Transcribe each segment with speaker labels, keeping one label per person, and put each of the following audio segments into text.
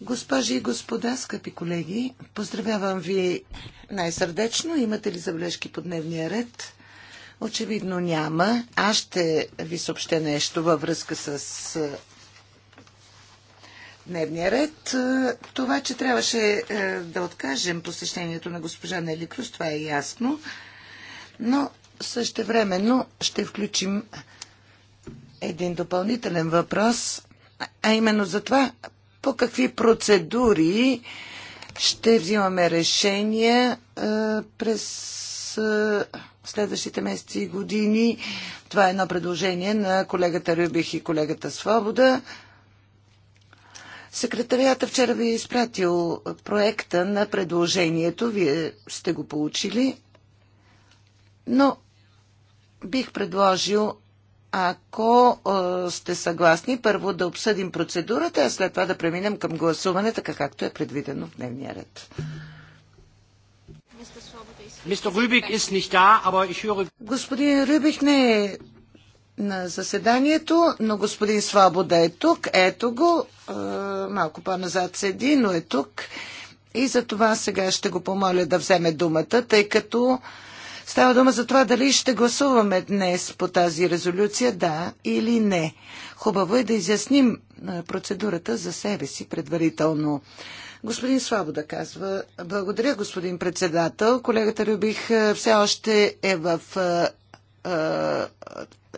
Speaker 1: Госпожи и господа, скъпи колеги, поздравявам ви най-сърдечно. Имате ли забележки по дневния ред? Очевидно няма. Аз ще ви съобщя нещо във връзка с дневния ред. Това, че трябваше да откажем посещението на госпожа Нели Крус, това е ясно. Но също времено ще включим един допълнителен въпрос, а именно за това по какви процедури ще взимаме решения през следващите месеци и години. Това е едно предложение на колегата Рюбих и колегата Свобода. Секретарията вчера ви е изпратил проекта на предложението. Вие сте го получили. Но бих предложил ако е, сте съгласни, първо да обсъдим процедурата, а след това да преминем към гласуване, така както е предвидено в дневния ред. Господин Рюбих не е на заседанието, но господин Свобода е тук. Ето го. Е, малко по-назад седи, но е тук. И за това сега ще го помоля да вземе думата, тъй като Става дума за това дали ще гласуваме днес по тази резолюция, да или не. Хубаво е да изясним процедурата за себе си предварително. Господин Свобода казва, благодаря господин председател. Колегата Любих все още е в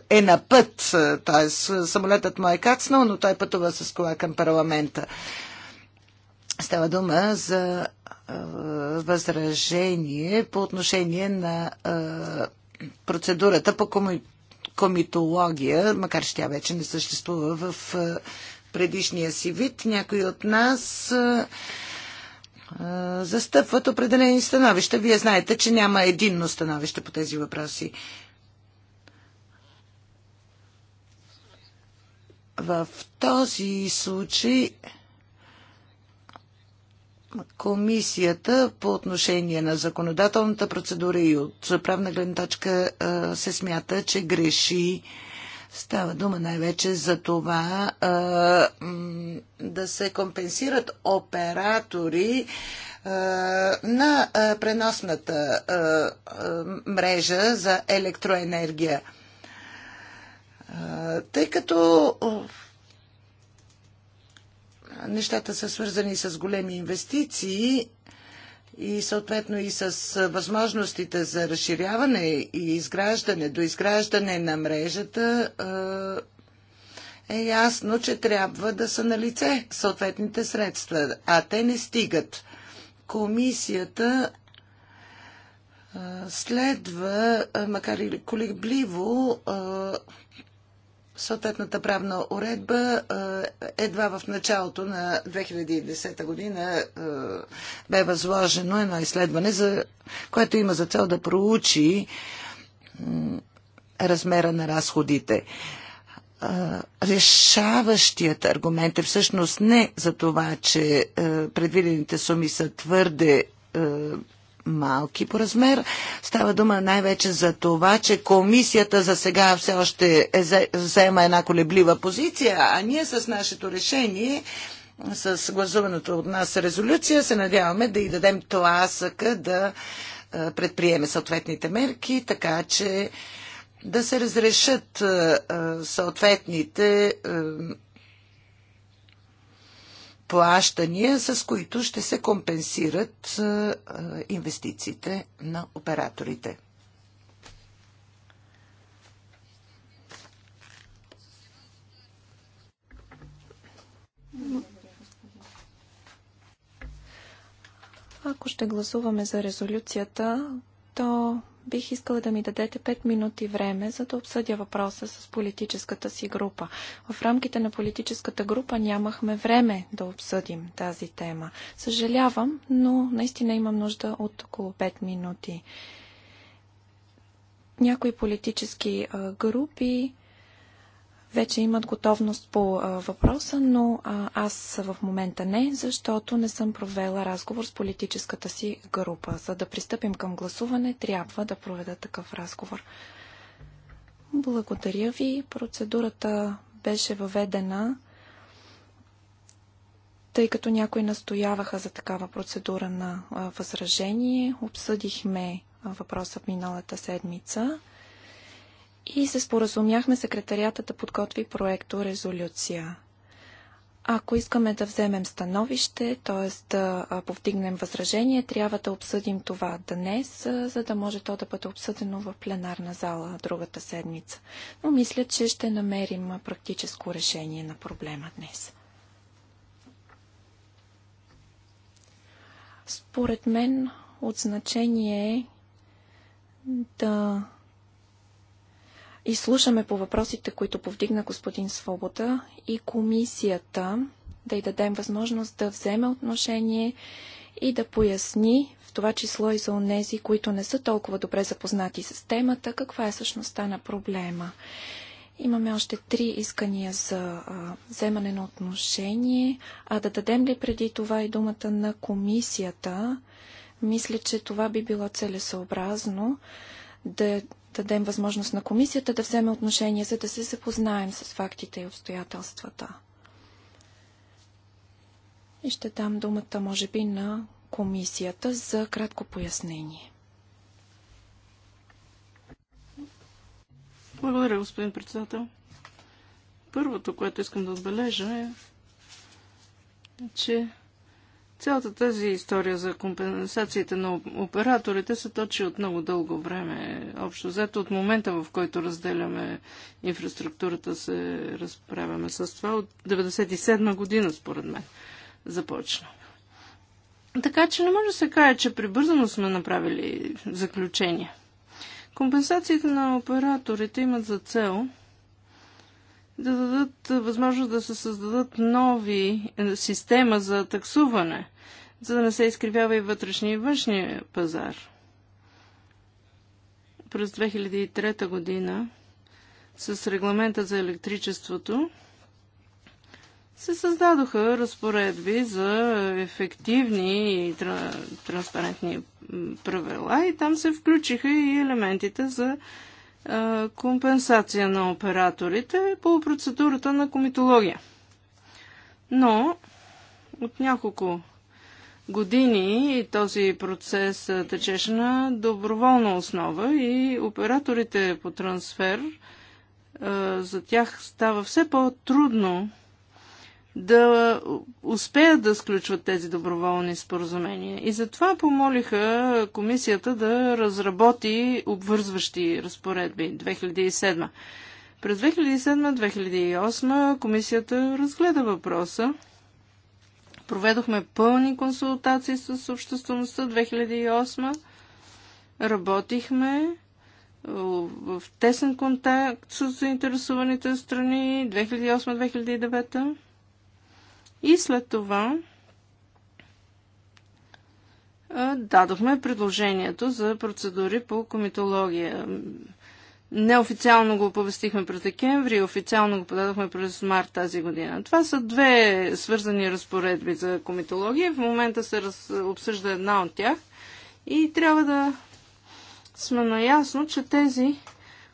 Speaker 1: е на път, т.е. самолетът му е кацнал, но той пътува с кола към парламента. Става дума за възражение по отношение на процедурата по комитология, макар че тя вече не съществува в предишния си вид. Някои от нас застъпват определени становища. Вие знаете, че няма единно становище по тези въпроси. В този случай Комисията по отношение на законодателната процедура и от правна гледна точка се смята, че греши. Става дума най-вече за това да се компенсират оператори на преносната мрежа за електроенергия. Тъй като нещата са свързани с големи инвестиции и съответно и с възможностите за разширяване и изграждане, до изграждане на мрежата, е, е ясно, че трябва да са на лице съответните средства, а те не стигат. Комисията следва, макар и колебливо, Съответната правна уредба е, едва в началото на 2010 година е, бе възложено едно изследване, за, което има за цел да проучи размера на разходите. Е, решаващият аргумент е всъщност не за това, че предвидените суми са твърде малки по размер. Става дума най-вече за това, че комисията за сега все още е, заема една колеблива позиция, а ние с нашето решение с гласуваното от нас резолюция се надяваме да й дадем тласъка да е, предприеме съответните мерки, така че да се разрешат е, е, съответните плащания, с които ще се компенсират е, е, инвестициите на операторите.
Speaker 2: Ако ще гласуваме за резолюцията, то Бих искала да ми дадете 5 минути време, за да обсъдя въпроса с политическата си група. В рамките на политическата група нямахме време да обсъдим тази тема. Съжалявам, но наистина имам нужда от около 5 минути. Някои политически групи вече имат готовност по въпроса, но аз в момента не, защото не съм провела разговор с политическата си група. За да пристъпим към гласуване, трябва да проведа такъв разговор. Благодаря ви. Процедурата беше въведена, тъй като някои настояваха за такава процедура на възражение. Обсъдихме въпроса миналата седмица и се споразумяхме секретарията да подготви проекто резолюция. Ако искаме да вземем становище, т.е. да повдигнем възражение, трябва да обсъдим това днес, за да може то да бъде обсъдено в пленарна зала другата седмица. Но мисля, че ще намерим практическо решение на проблема днес. Според мен от значение е да изслушаме по въпросите, които повдигна господин Свобода и комисията, да й дадем възможност да вземе отношение и да поясни, в това число и за онези, които не са толкова добре запознати с темата, каква е същността на проблема. Имаме още три искания за а, вземане на отношение. А да дадем ли преди това и думата на комисията? Мисля, че това би било целесообразно да дадем възможност на комисията да вземе отношение, за да се запознаем с фактите и обстоятелствата. И ще дам думата, може би, на комисията за кратко пояснение. Благодаря, господин
Speaker 3: председател. Първото, което искам да отбележа е, че Цялата тази история за компенсациите на операторите се точи от много дълго време. Общо взето от момента, в който разделяме инфраструктурата, се разправяме с това. От 1997 година, според мен, започна. Така че не може да се каже, че прибързано сме направили заключения. Компенсациите на операторите имат за цел – да дадат възможност да се създадат нови е, система за таксуване, за да не се изкривява и вътрешния и външния пазар. През 2003 година с регламента за електричеството се създадоха разпоредби за ефективни и транспарентни правила и там се включиха и елементите за компенсация на операторите по процедурата на комитология. Но от няколко години този процес течеше на доброволна основа и операторите по трансфер за тях става все по-трудно да успеят да сключват тези доброволни споразумения. И затова помолиха комисията да разработи обвързващи разпоредби 2007. През 2007-2008 комисията разгледа въпроса. Проведохме пълни консултации с обществеността 2008. Работихме в тесен контакт с заинтересованите страни 2008-2009 и след това дадохме предложението за процедури по комитология. Неофициално го оповестихме през декември, официално го подадохме през март тази година. Това са две свързани разпоредби за комитология. В момента се раз... обсъжда една от тях и трябва да сме наясно, че тези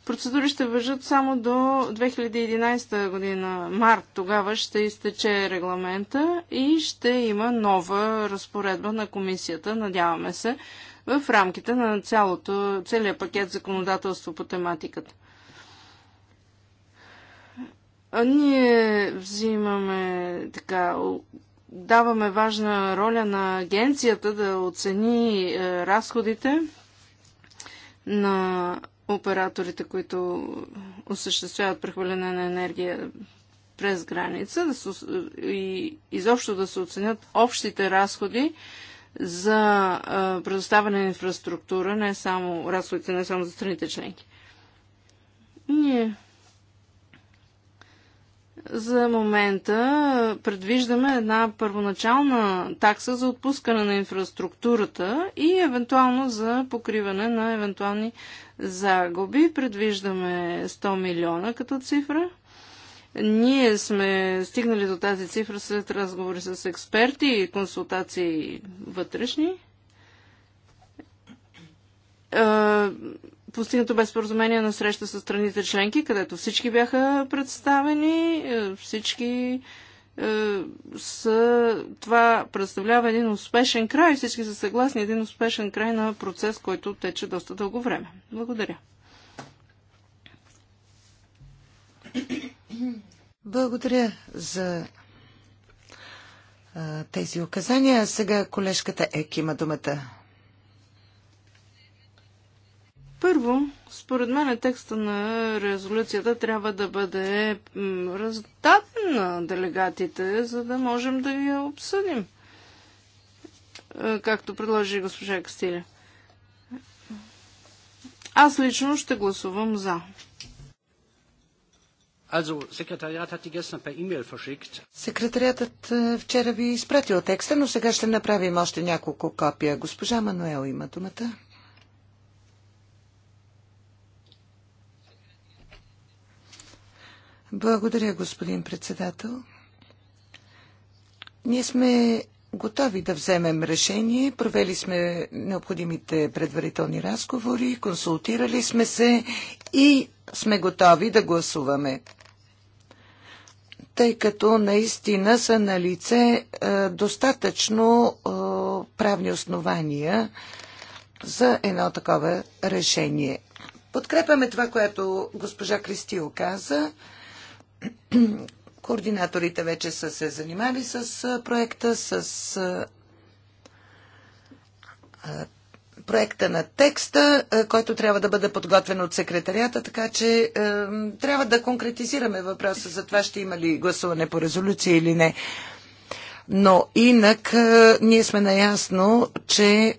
Speaker 3: Процедури ще въжат само до 2011 година, март. Тогава ще изтече регламента и ще има нова разпоредба на комисията, надяваме се, в рамките на цялото, целият пакет законодателство по тематиката. А ние взимаме така, даваме важна роля на агенцията да оцени е, разходите на операторите, които осъществяват прехвърляне на енергия през граница да се, и изобщо да се оценят общите разходи за а, предоставяне на инфраструктура, не само разходите не само за страните членки. Ние за момента предвиждаме една първоначална такса за отпускане на инфраструктурата и евентуално за покриване на евентуални загуби. Предвиждаме 100 милиона като цифра. Ние сме стигнали до тази цифра след разговори с експерти и консултации вътрешни е, постигнато без споразумение на среща с страните членки, където всички бяха представени, е, всички е, са, това представлява един успешен край, всички са съгласни, един успешен край на процес, който тече доста дълго време.
Speaker 1: Благодаря. Благодаря за тези указания. Сега колежката Ек има думата.
Speaker 3: Първо, според мен текста на резолюцията трябва да бъде раздаден на делегатите, за да можем да я обсъдим, както предложи госпожа Кастиля. Аз лично ще гласувам за.
Speaker 1: Секретариатът е, вчера ви изпратил текста, но сега ще направим още няколко копия. Госпожа Мануел има думата. Благодаря, господин председател. Ние сме готови да вземем решение. Провели сме необходимите предварителни разговори, консултирали сме се и сме готови да гласуваме. Тъй като наистина са на лице е, достатъчно е, правни основания за едно такова решение. Подкрепяме това, което госпожа Кристил каза. Координаторите вече са се занимали с проекта, с проекта на текста, който трябва да бъде подготвен от секретарията, така че трябва да конкретизираме въпроса за това ще има ли гласуване по резолюция или не. Но инак ние сме наясно, че е,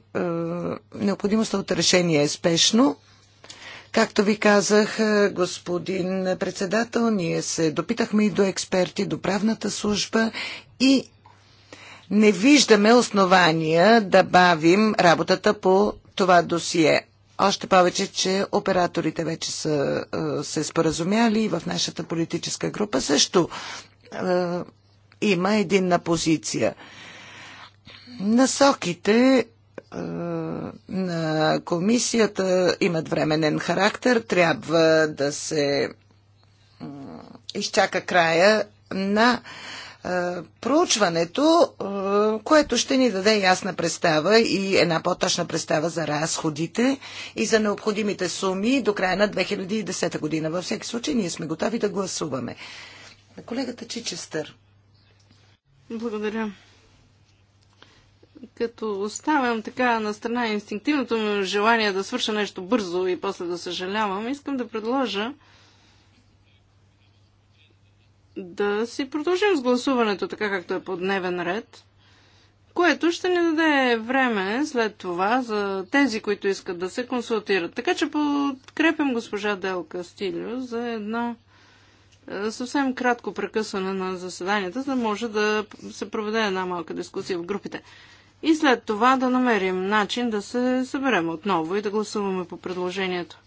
Speaker 1: необходимостта от решение е спешно Както ви казах, е, господин председател, ние се допитахме и до експерти, до правната служба и не виждаме основания да бавим работата по това досие. Още повече, че операторите вече са е, се споразумяли и в нашата политическа група също е, има единна позиция. Насоките е, на комисията имат временен характер. Трябва да се изчака края на е, проучването, е, което ще ни даде ясна представа и една по-точна представа за разходите и за необходимите суми до края на 2010 година. Във всеки случай ние сме готови да гласуваме. Колегата Чичестър.
Speaker 3: Благодаря. Като оставям така на страна инстинктивното ми желание да свърша нещо бързо и после да съжалявам, искам да предложа да си продължим с гласуването така както е по дневен ред, което ще ни даде време след това за тези, които искат да се консултират. Така че подкрепям госпожа Делка Стилио за едно е, съвсем кратко прекъсване на заседанията, за да може да се проведе една малка дискусия в групите и след това да намерим начин да се съберем отново и да гласуваме по предложението.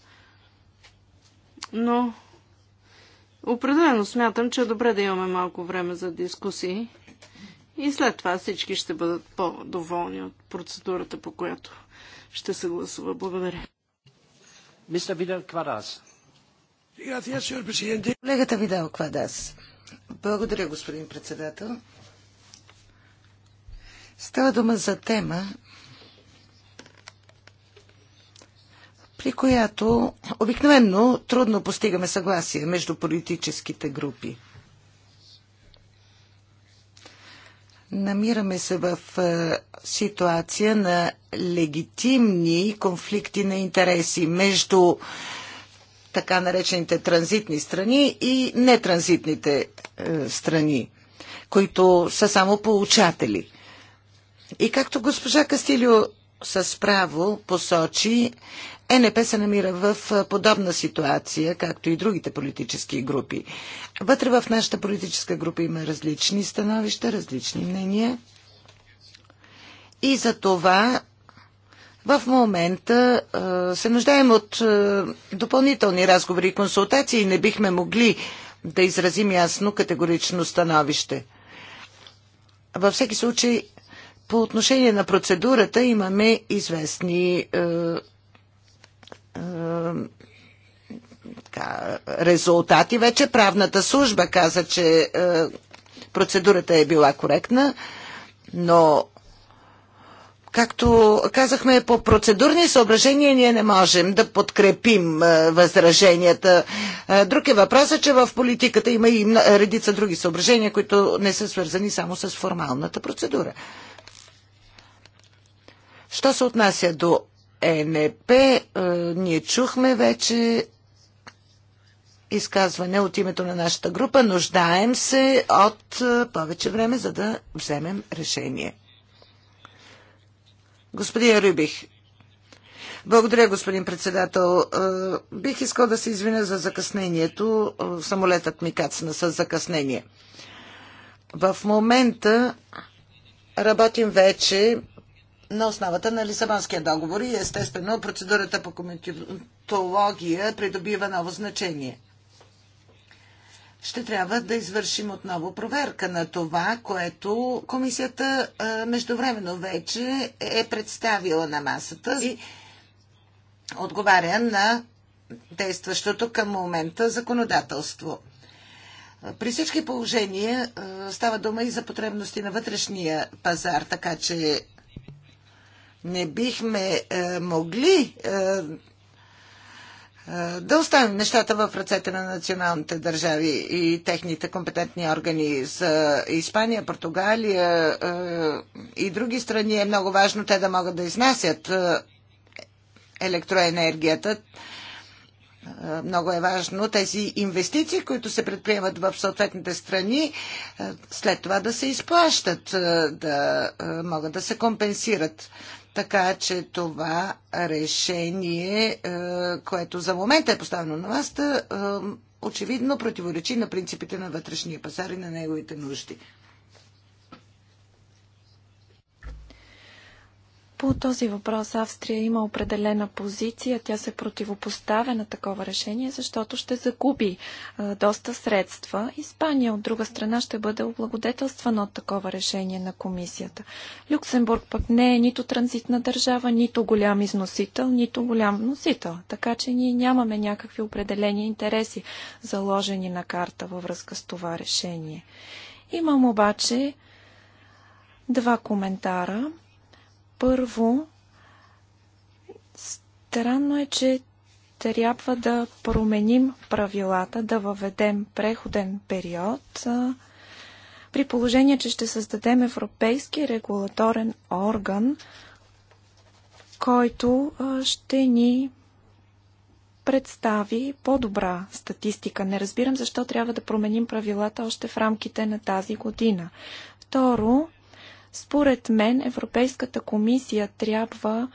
Speaker 3: Но определено смятам, че е добре да имаме малко време за дискусии и след това всички ще бъдат по-доволни от процедурата, по която ще се гласува.
Speaker 4: Благодаря. Мистер Видел Квадас.
Speaker 1: Видел Квадас. Благодаря, господин председател. Става дума за тема, при която обикновенно трудно постигаме съгласие между политическите групи. Намираме се в е, ситуация на легитимни конфликти на интереси между така наречените транзитни страни и нетранзитните е, страни, които са само получатели и както госпожа Кастилио с право посочи, е НП се намира в подобна ситуация, както и другите политически групи. Вътре в нашата политическа група има различни становища, различни мнения. И за това в момента се нуждаем от допълнителни разговори и консултации и не бихме могли да изразим ясно категорично становище. Във всеки случай по отношение на процедурата имаме известни е, е, резултати. Вече правната служба каза, че е, процедурата е била коректна, но Както казахме, по процедурни съображения ние не можем да подкрепим е, възраженията. Е, друг е въпросът, че в политиката има и редица други съображения, които не са свързани само с формалната процедура. Що се отнася до ЕНП, е, ние чухме вече изказване от името на нашата група. Нуждаем се от е, повече време, за да вземем решение. Господин Рюбих, благодаря, господин председател. Е, бих искал да се извиня за закъснението. Самолетът ми кацна с закъснение. В момента работим вече на основата на Лисабонския договор и естествено процедурата по кометология придобива ново значение. Ще трябва да извършим отново проверка на това, което комисията междувременно вече е представила на масата и отговаря на действащото към момента законодателство. При всички положения става дума и за потребности на вътрешния пазар, така че не бихме е, могли е, е, да оставим нещата в ръцете на националните държави и техните компетентни органи за Испания, Португалия и други страни е много важно те да могат да изнасят електроенергията. Много е важно тези инвестиции, които се предприемат в съответните страни, след това да се изплащат, да могат да се компенсират. Така че това решение, е, което за момента е поставено на масата, е, очевидно противоречи на принципите на вътрешния пазар и на неговите нужди.
Speaker 2: По този въпрос Австрия има определена позиция. Тя се противопоставя на такова решение, защото ще загуби а, доста средства. Испания, от друга страна, ще бъде облагодетелствана от такова решение на комисията. Люксембург пък не е нито транзитна държава, нито голям износител, нито голям вносител. Така че ние нямаме някакви определени интереси, заложени на карта във връзка с това решение. Имам обаче два коментара. Първо, странно е, че трябва да променим правилата, да въведем преходен период, при положение, че ще създадем европейски регулаторен орган, който ще ни представи по-добра статистика. Не разбирам защо трябва да променим правилата още в рамките на тази година. Второ, според мен Европейската комисия трябва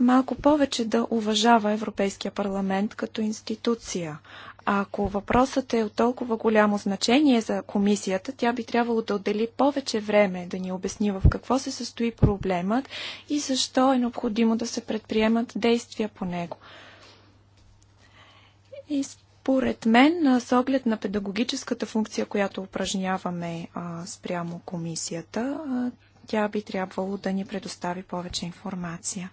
Speaker 2: малко повече да уважава Европейския парламент като институция. А ако въпросът е от толкова голямо значение за комисията, тя би трябвало да отдели повече време да ни обясни в какво се състои проблемът и защо е необходимо да се предприемат действия по него. И според мен, с оглед на педагогическата функция, която упражняваме а, спрямо комисията, а, тя би трябвало да ни предостави повече информация.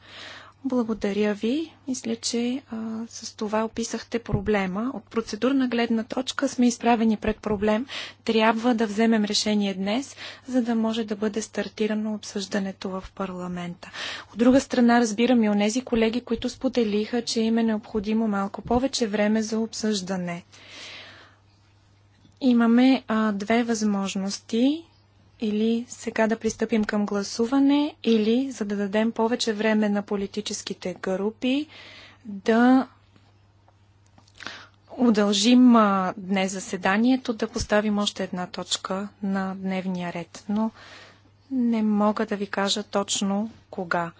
Speaker 2: Благодаря ви. Мисля, че а, с това описахте проблема. От процедурна гледна точка сме изправени пред проблем. Трябва да вземем решение днес, за да може да бъде стартирано обсъждането в парламента. От друга страна, разбирам и онези колеги, които споделиха, че им е необходимо малко повече време за обсъждане. Имаме а, две възможности или сега да пристъпим към гласуване, или за да дадем повече време на политическите групи да удължим а, днес заседанието, да поставим още една точка на дневния ред. Но не мога да ви кажа точно кога.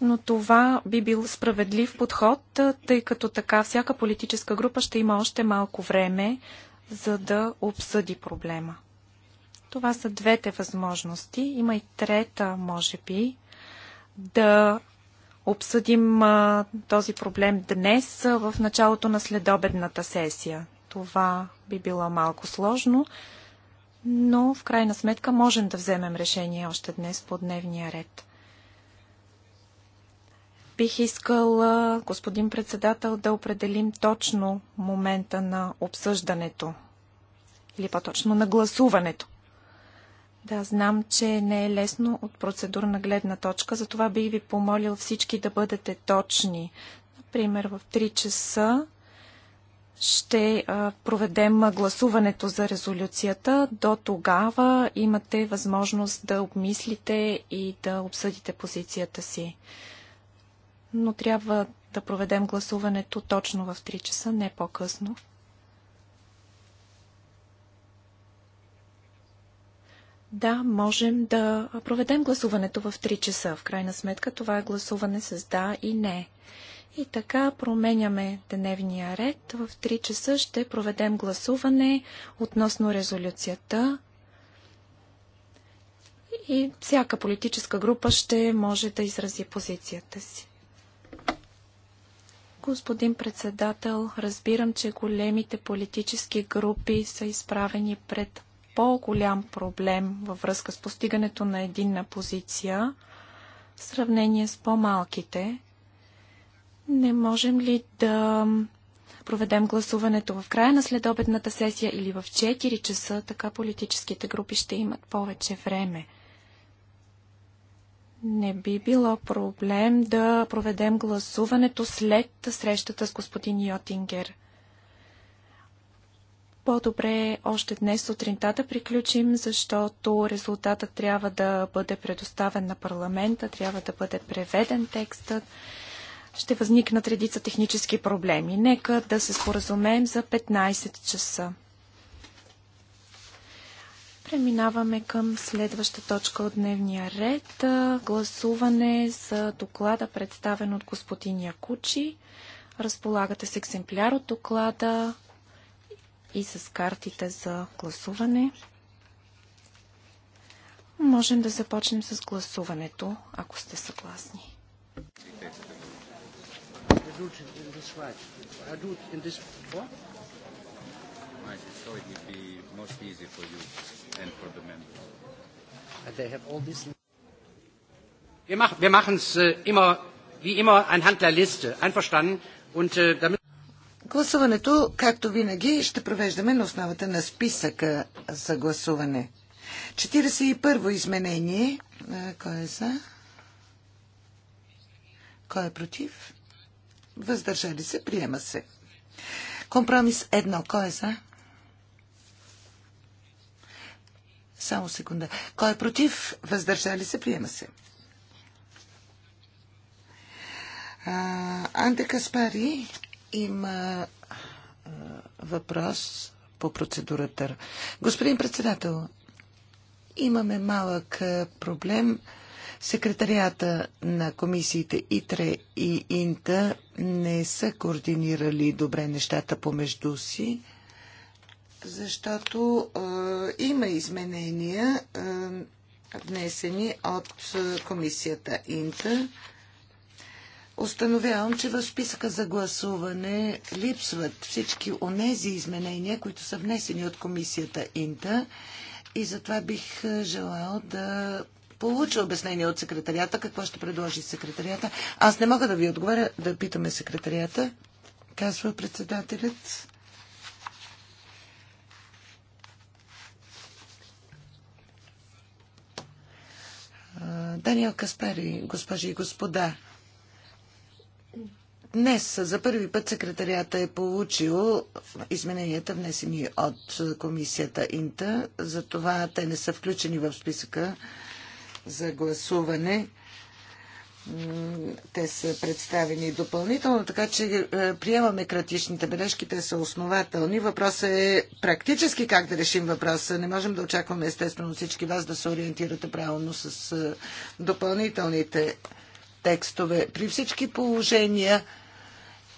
Speaker 2: Но това би бил справедлив подход, тъй като така всяка политическа група ще има още малко време, за да обсъди проблема. Това са двете възможности. Има и трета, може би, да обсъдим а, този проблем днес а, в началото на следобедната сесия. Това би било малко сложно, но в крайна сметка можем да вземем решение още днес по дневния ред. Бих искал, а, господин председател, да определим точно момента на обсъждането или по-точно на гласуването. Да, знам, че не е лесно от процедурна гледна точка, затова бих ви помолил всички да бъдете точни. Например, в 3 часа ще проведем гласуването за резолюцията. До тогава имате възможност да обмислите и да обсъдите позицията си. Но трябва да проведем гласуването точно в 3 часа, не по-късно. Да, можем да проведем гласуването в 3 часа. В крайна сметка това е гласуване с да и не. И така променяме дневния ред. В 3 часа ще проведем гласуване относно резолюцията. И всяка политическа група ще може да изрази позицията си. Господин председател, разбирам, че големите политически групи са изправени пред по-голям проблем във връзка с постигането на единна позиция в сравнение с по-малките. Не можем ли да проведем гласуването в края на следобедната сесия или в 4 часа, така политическите групи ще имат повече време. Не би било проблем да проведем гласуването след срещата с господин Йотингер – по-добре още днес сутринта да приключим, защото резултатът трябва да бъде предоставен на парламента, трябва да бъде преведен текстът. Ще възникнат редица технически проблеми. Нека да се споразумеем за 15 часа. Преминаваме към следваща точка от дневния ред. Гласуване за доклада, представен от господин Якучи. Разполагате с екземпляр от доклада и с картите за гласуване. Можем да започнем с гласуването, ако сте съгласни.
Speaker 4: Wir machen es äh, immer, wie immer, anhand der Liste. Einverstanden? Und, äh, damit
Speaker 1: Гласуването, както винаги, ще провеждаме на основата на списъка за гласуване. 41-во изменение. Кой е за? Кой е против? Въздържали се? Приема се. Компромис 1. Кой е за? Само секунда. Кой е против? Въздържали се? Приема се. А, Анте Каспари има въпрос по процедурата. Господин председател, имаме малък проблем. Секретарията на комисиите ИТРЕ и ИНТА не са координирали добре нещата помежду си, защото а, има изменения А, внесени от комисията ИНТА Установявам, че в списъка за гласуване липсват всички онези изменения, които са внесени от комисията Инта и затова бих е, желал да получа обяснение от секретарията, какво ще предложи секретарията. Аз не мога да ви отговаря, да питаме секретарията, казва председателят. Е, Даниел Каспери, госпожи и господа, Днес за първи път секретарията е получил измененията, внесени от комисията Инта. Затова те не са включени в списъка за гласуване. Те са представени допълнително, така че е, приемаме кратичните бележки, те са основателни. Въпросът е практически как да решим въпроса. Не можем да очакваме естествено всички вас да се ориентирате правилно с е, допълнителните текстове. При всички положения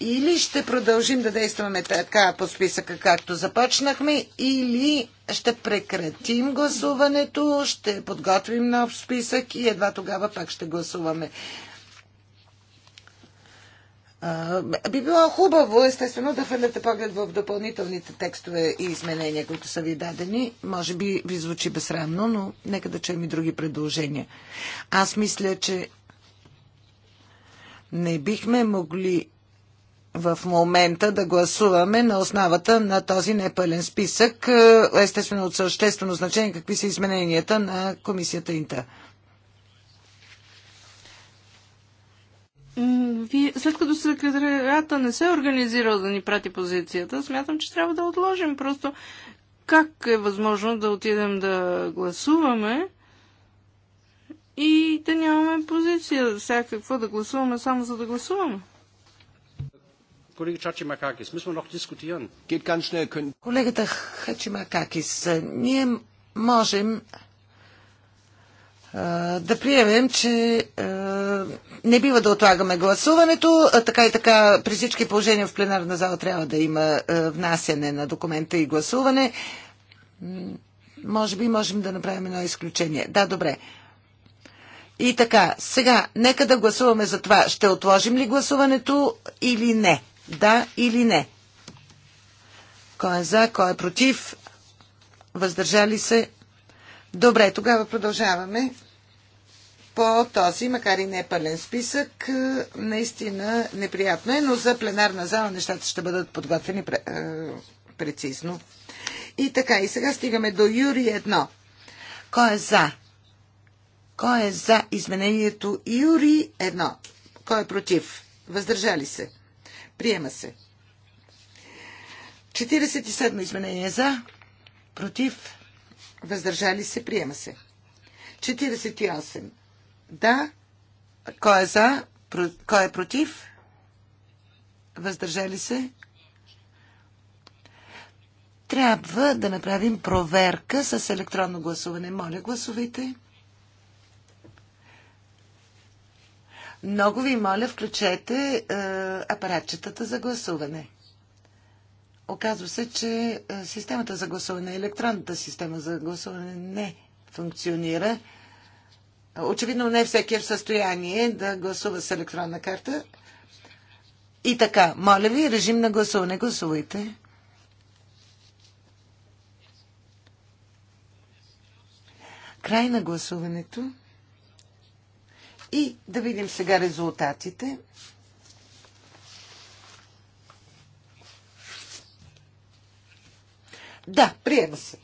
Speaker 1: или ще продължим да действаме така по списъка, както започнахме, или ще прекратим гласуването, ще подготвим нов списък и едва тогава пак ще гласуваме. Би било хубаво, естествено, да хвърляте поглед в допълнителните текстове и изменения, които са ви дадени. Може би ви звучи безсрамно, но нека да чуем и други предложения. Аз мисля, че не бихме могли в момента да гласуваме на основата на този непълен списък. Е, естествено от съществено значение какви са измененията на комисията Инта.
Speaker 3: Вие, след като секретарията не се е организирал да ни прати позицията, смятам, че трябва да отложим. Просто как е възможно да отидем да гласуваме и да нямаме позиция. Сега какво да гласуваме, само
Speaker 4: за да гласуваме? Kollege Chachimakakis, müssen wir noch diskutieren. Geht ganz schnell. Können...
Speaker 1: Колегата Хачимакакис, ние можем да приемем, че не бива да отлагаме гласуването. Така и така, при всички положения в пленарна зала трябва да има внасяне на документа и гласуване. Може би можем да направим едно изключение. Да, добре. И така, сега, нека да гласуваме за това. Ще отложим ли гласуването или не? Да или не? Кой е за, кой е против? Въздържали се? Добре, тогава продължаваме по този, макар и не е пълен списък. Е, наистина неприятно е, но за пленарна зала нещата ще бъдат подготвени е, прецизно. И така, и сега стигаме до Юри едно. Кой е за? Кой е за изменението Юри едно? Кой е против? Въздържали се? Приема се. 47 изменение за, против, въздържали се, приема се. 48. Да. Кой е за? Кой е против? Въздържали се? Трябва да направим проверка с електронно гласуване. Моля, гласувайте. Много ви моля, включете е, апаратчетата за гласуване. Оказва се, че е, системата за гласуване, електронната система за гласуване не функционира. Очевидно не всеки е в състояние да гласува с електронна карта. И така, моля ви, режим на гласуване. Гласувайте. Край на гласуването. И да видим сега резултатите. Да, приема се.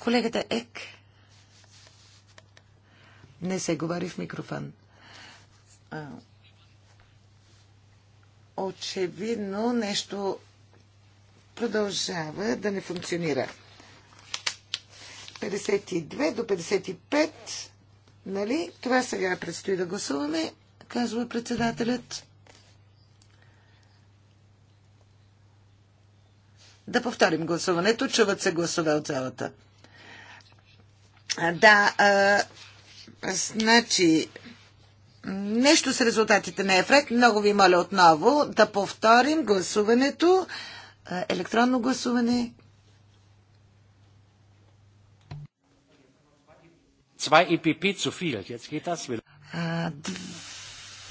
Speaker 1: Колегата Ек не се говори в микрофон. Очевидно нещо продължава да не функционира. 52 до 55, нали? Това сега предстои да гласуваме, казва председателят. Да повторим гласуването. Чуват се гласове от залата. Да, а, значи, нещо с резултатите не е вред. Много ви моля отново да повторим гласуването. Електронно гласуване,
Speaker 4: Zwei EPP zu viel. Jetzt geht das wieder.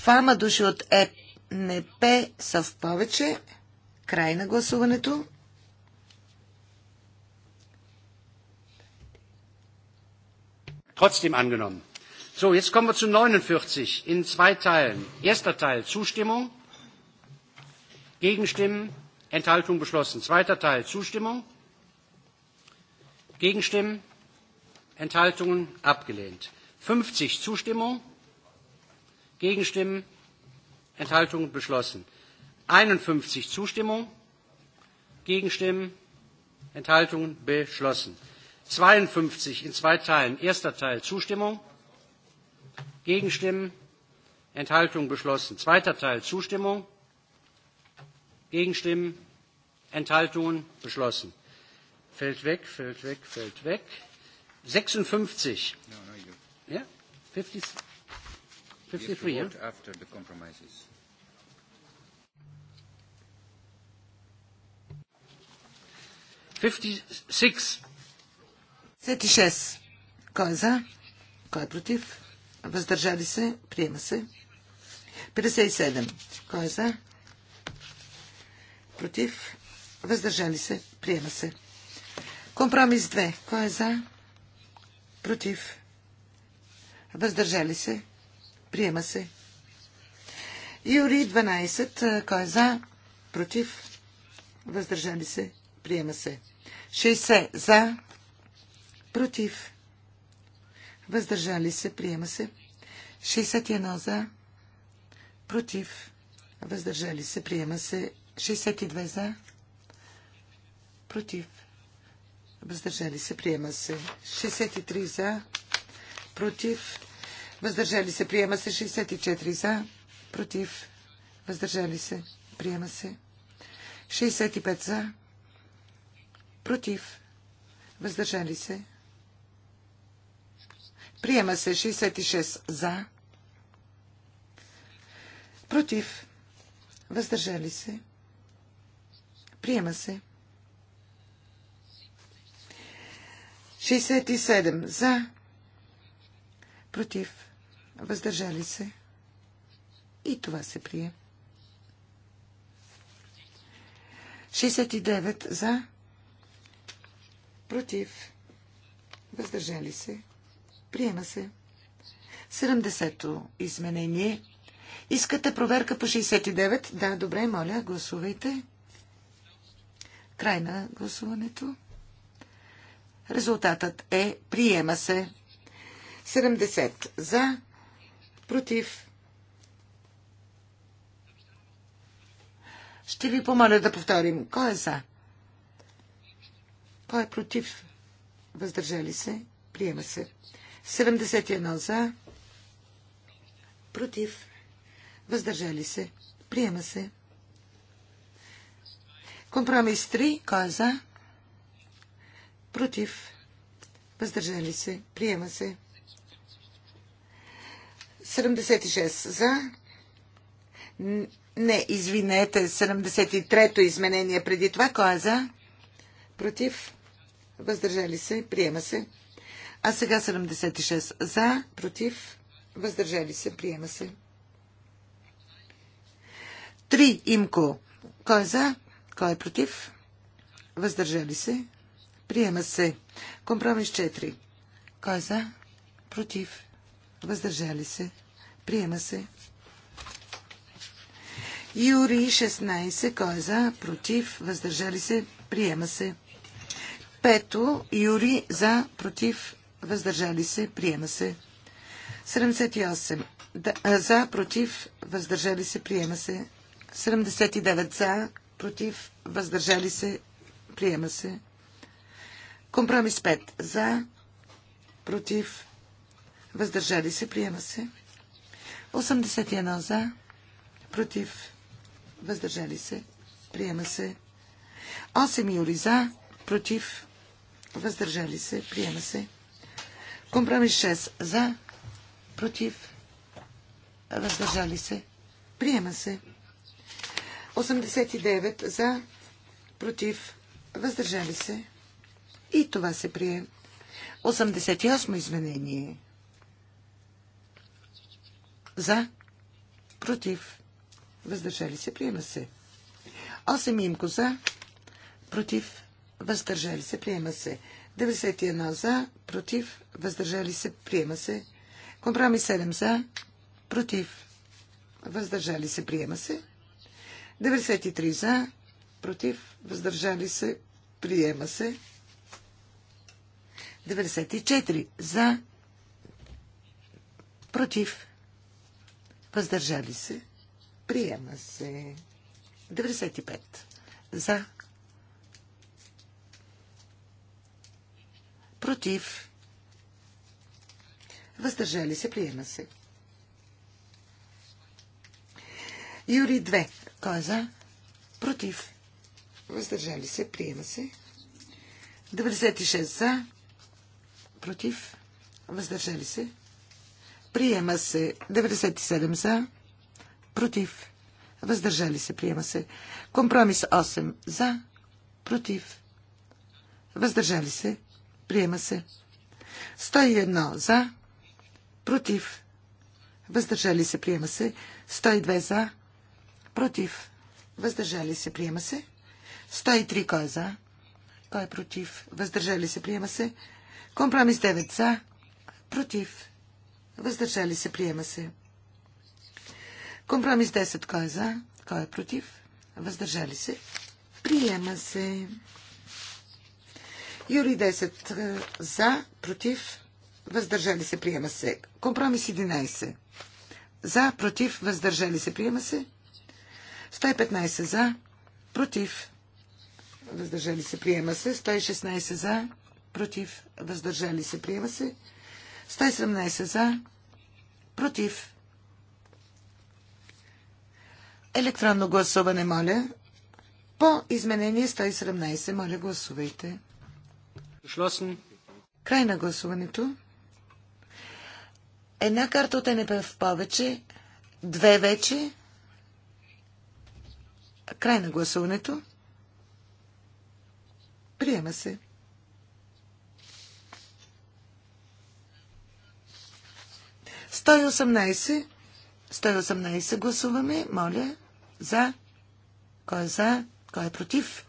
Speaker 1: двама души от ЕНП са в повече. Край на гласуването.
Speaker 4: Trotzdem angenommen. So, jetzt kommen wir zu 49 in zwei Teilen. Erster Teil Zustimmung, Gegenstimmen, Enthaltung beschlossen. Zweiter Teil Zustimmung, Gegenstimmen, Enthaltungen abgelehnt. 50 Zustimmung, Gegenstimmen, Enthaltungen beschlossen. 51 Zustimmung, Gegenstimmen, Enthaltungen beschlossen. 52 in zwei Teilen. Erster Teil Zustimmung, Gegenstimmen, Enthaltungen beschlossen. Zweiter Teil Zustimmung, Gegenstimmen, Enthaltungen beschlossen. Fällt weg, fällt weg, fällt weg. 56. No, no, you. Yeah? 50, 53, yeah? After the compromises. Fifty-six.
Speaker 1: 56. Кой е за? Кой е против? Въздържали се? Приема се. 57. Кой е за? Против? Въздържали се? Приема се. Компромис 2. Кой е за? Против. Въздържали се. Приема се. Юри 12. Кой е за? Против. Въздържали се. Приема се. 60. За. Против. Въздържали се. Приема се. 61 за. Против. Въздържали се. Приема се. 62 за. Против въздържали се, приема се. 63 за, против, въздържали се, приема се. 64 за, против, въздържали се, приема се. 65 за, против, въздържали се. Приема се 66 за, против, въздържали се. Приема се. 67 за, против, въздържали се. И това се прие. 69 за, против, въздържали се. Приема се. 70-то изменение. Искате проверка по 69? Да, добре, моля, гласувайте. Край на гласуването. Резултатът е приема се. 70 за, против. Ще ви помоля да повторим. Кой е за? Кой е против? Въздържали се? Приема се. 71 за. Против. Въздържали се. Приема се. Компромис 3. Кой е за? против, въздържали се, приема се. 76 за. Не, извинете, 73-то изменение преди това. Кой е за? Против? Въздържали се? Приема се. А сега 76 за, против, въздържали се, приема се. Три имко. Кой е за? Кой е против? Въздържали се? Приема се. Компромис 4. Кой е за? Против. Въздържали се. Приема се. Юри 16. Кой е за? Против. Въздържали се. Приема се. Пето. Юри за. Против. Въздържали се. Приема се. 78. Да, за. Против. Въздържали се. Приема се. 79 за. Против. Въздържали се. Приема се. Компромис 5 за, против, въздържали се, приема се. 81 за, против, въздържали се, приема се. 8 юли за, против, въздържали се, приема се. Компромис 6 за, против, въздържали се, приема се. 89 за, против, въздържали се, и това се прие. 88 изменение. За. Против. Въздържали се. Приема се. 8 имко за. Против. Въздържали се. Приема се. 91 за. Против. Въздържали се. Приема се. Компромис 7 за. Против. Въздържали се. Приема се. 93 за. Против. Въздържали се. Приема се. 94 за, против, въздържали се, приема се. 95 за, против, въздържали се, приема се. Юри 2. Кой е за? Против. Въздържали се. Приема се. 96 за. Против. Въздържали се. Приема се 97 за. Против. Въздържали се. Приема се. Компромис 8 за. Против. Въздържали се. Приема се. 101 за. Против. Въздържали се. Приема се. 102 за. Против. Въздържали се. Приема се. 103 кой е за? Кой е против? Въздържали се. Приема се. Компромис 9 за, против, въздържали се, приема се. Компромис 10 кой е за, кой е против, въздържали се, приема се. Юри 10 е, за, против, въздържали се, приема се. Компромис 11 за, против, въздържали се, приема се. 115 за, против, въздържали се, приема се. 116 за, против, въздържали се, приема се. 117 за, против. Електронно гласуване, моля. По изменение 117, моля, гласувайте. Шлосен. Край на гласуването. Една карта от НП в повече, две вече. Край на гласуването. Приема се. 118. 118 гласуваме. Моля. За. Кой е за? Кой е против?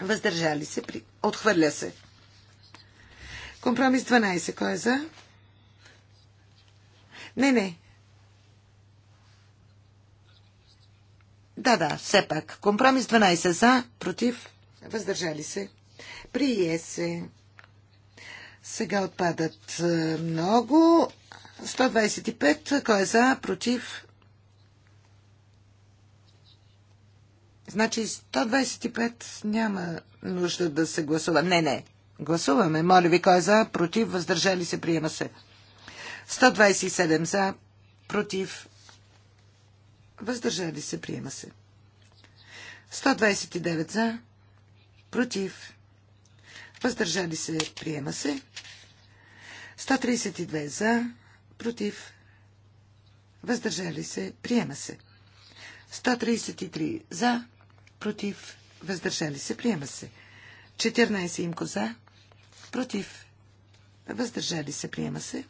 Speaker 1: Въздържали се. При... Отхвърля се. Компромис 12. Кой е за? Не, не. Да, да, все пак. Компромис 12 за, против, въздържали се. Прие се. Сега отпадат много. 125. Кой е за? Против? Значи 125 няма нужда да се гласува. Не, не. Гласуваме. Моля ви, кой е за? Против? Въздържали се? Приема се. 127 за. Против? Въздържали се? Приема се. 129 за. Против? Въздържали се? Приема се. 132 за против, въздържали се, приема се. 133 за, против, въздържали се, приема се. 14 имко за, против, въздържали се, приема се.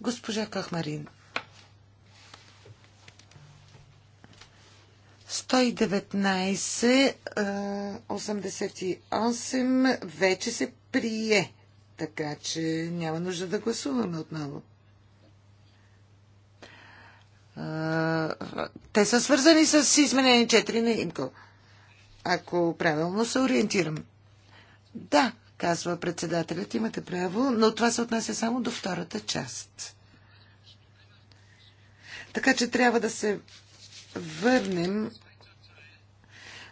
Speaker 1: Госпожа Кохмарин. 119, 88 вече се прие. Така че няма нужда да гласуваме отново. Те са свързани с изменение 4 на Имко. Ако правилно се ориентирам. Да, казва председателят, имате право, но това се отнася само до втората част. Така че трябва да се върнем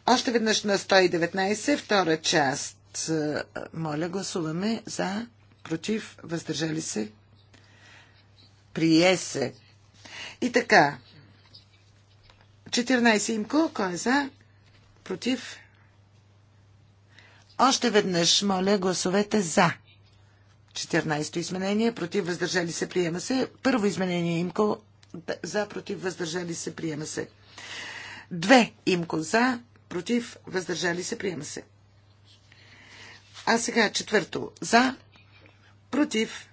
Speaker 1: още веднъж на 119, втора част. Е, моля, гласуваме за, против, въздържали се. Прие се. И така. 14 имко, кой е за? Против? Още веднъж, моля, гласовете за. 14-то изменение, против, въздържали се, приема се. Първо изменение имко, за, против, въздържали се, приема се. Две имко за, против, въздържали се, приема се. А сега четвърто. За, против,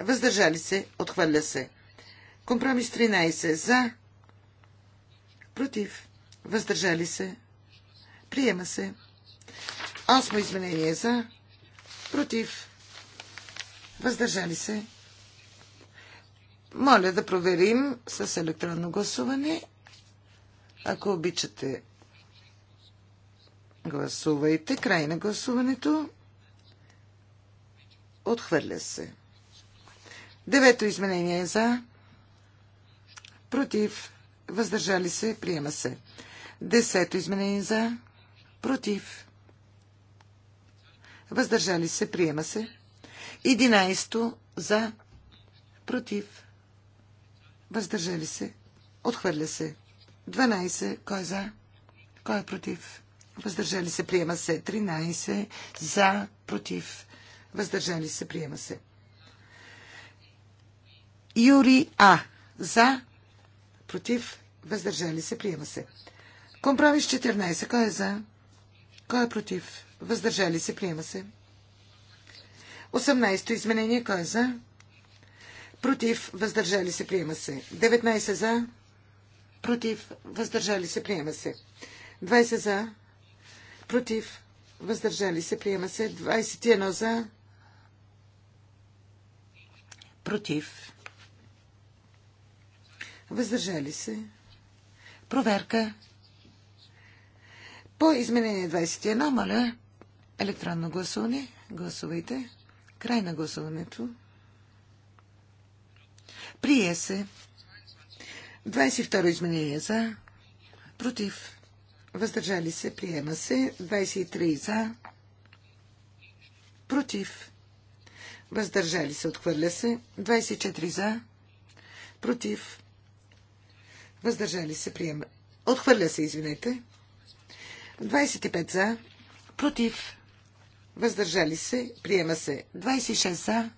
Speaker 1: въздържали се, отхвърля се. Компромис 13. За, против, въздържали се, приема се. Осмо изменение за, против, въздържали се. Моля да проверим с електронно гласуване. Ако обичате, Гласувайте. Край на гласуването. Отхвърля се. Девето изменение е за. Против. Въздържали се. Приема се. Десето изменение е за. Против. Въздържали се. Приема се. Единайсто за. Против. Въздържали се. Отхвърля се. 12. Кой е за? Кой е против? въздържали се, приема се. 13 за, против, въздържали се, приема се. Юри А. За, против, въздържали се, приема се. Компромис 14. Кой е за? Кой е против? Въздържали се, приема се. 18 изменение. Кой е за? Против, въздържали се, приема се. 19 за, против, въздържали се, приема се. 20 за, против, въздържали се, приема се 21 за, против, въздържали се, проверка по изменение 21, моля, електронно гласуване, гласувайте, край на гласуването, прие се, 22 изменение за, против, въздържали се, приема се. 23 за, против, въздържали се, отхвърля се. 24 за, против, въздържали се, приема. Отхвърля се, извинете. 25 за, против, въздържали се, приема се. 26 за,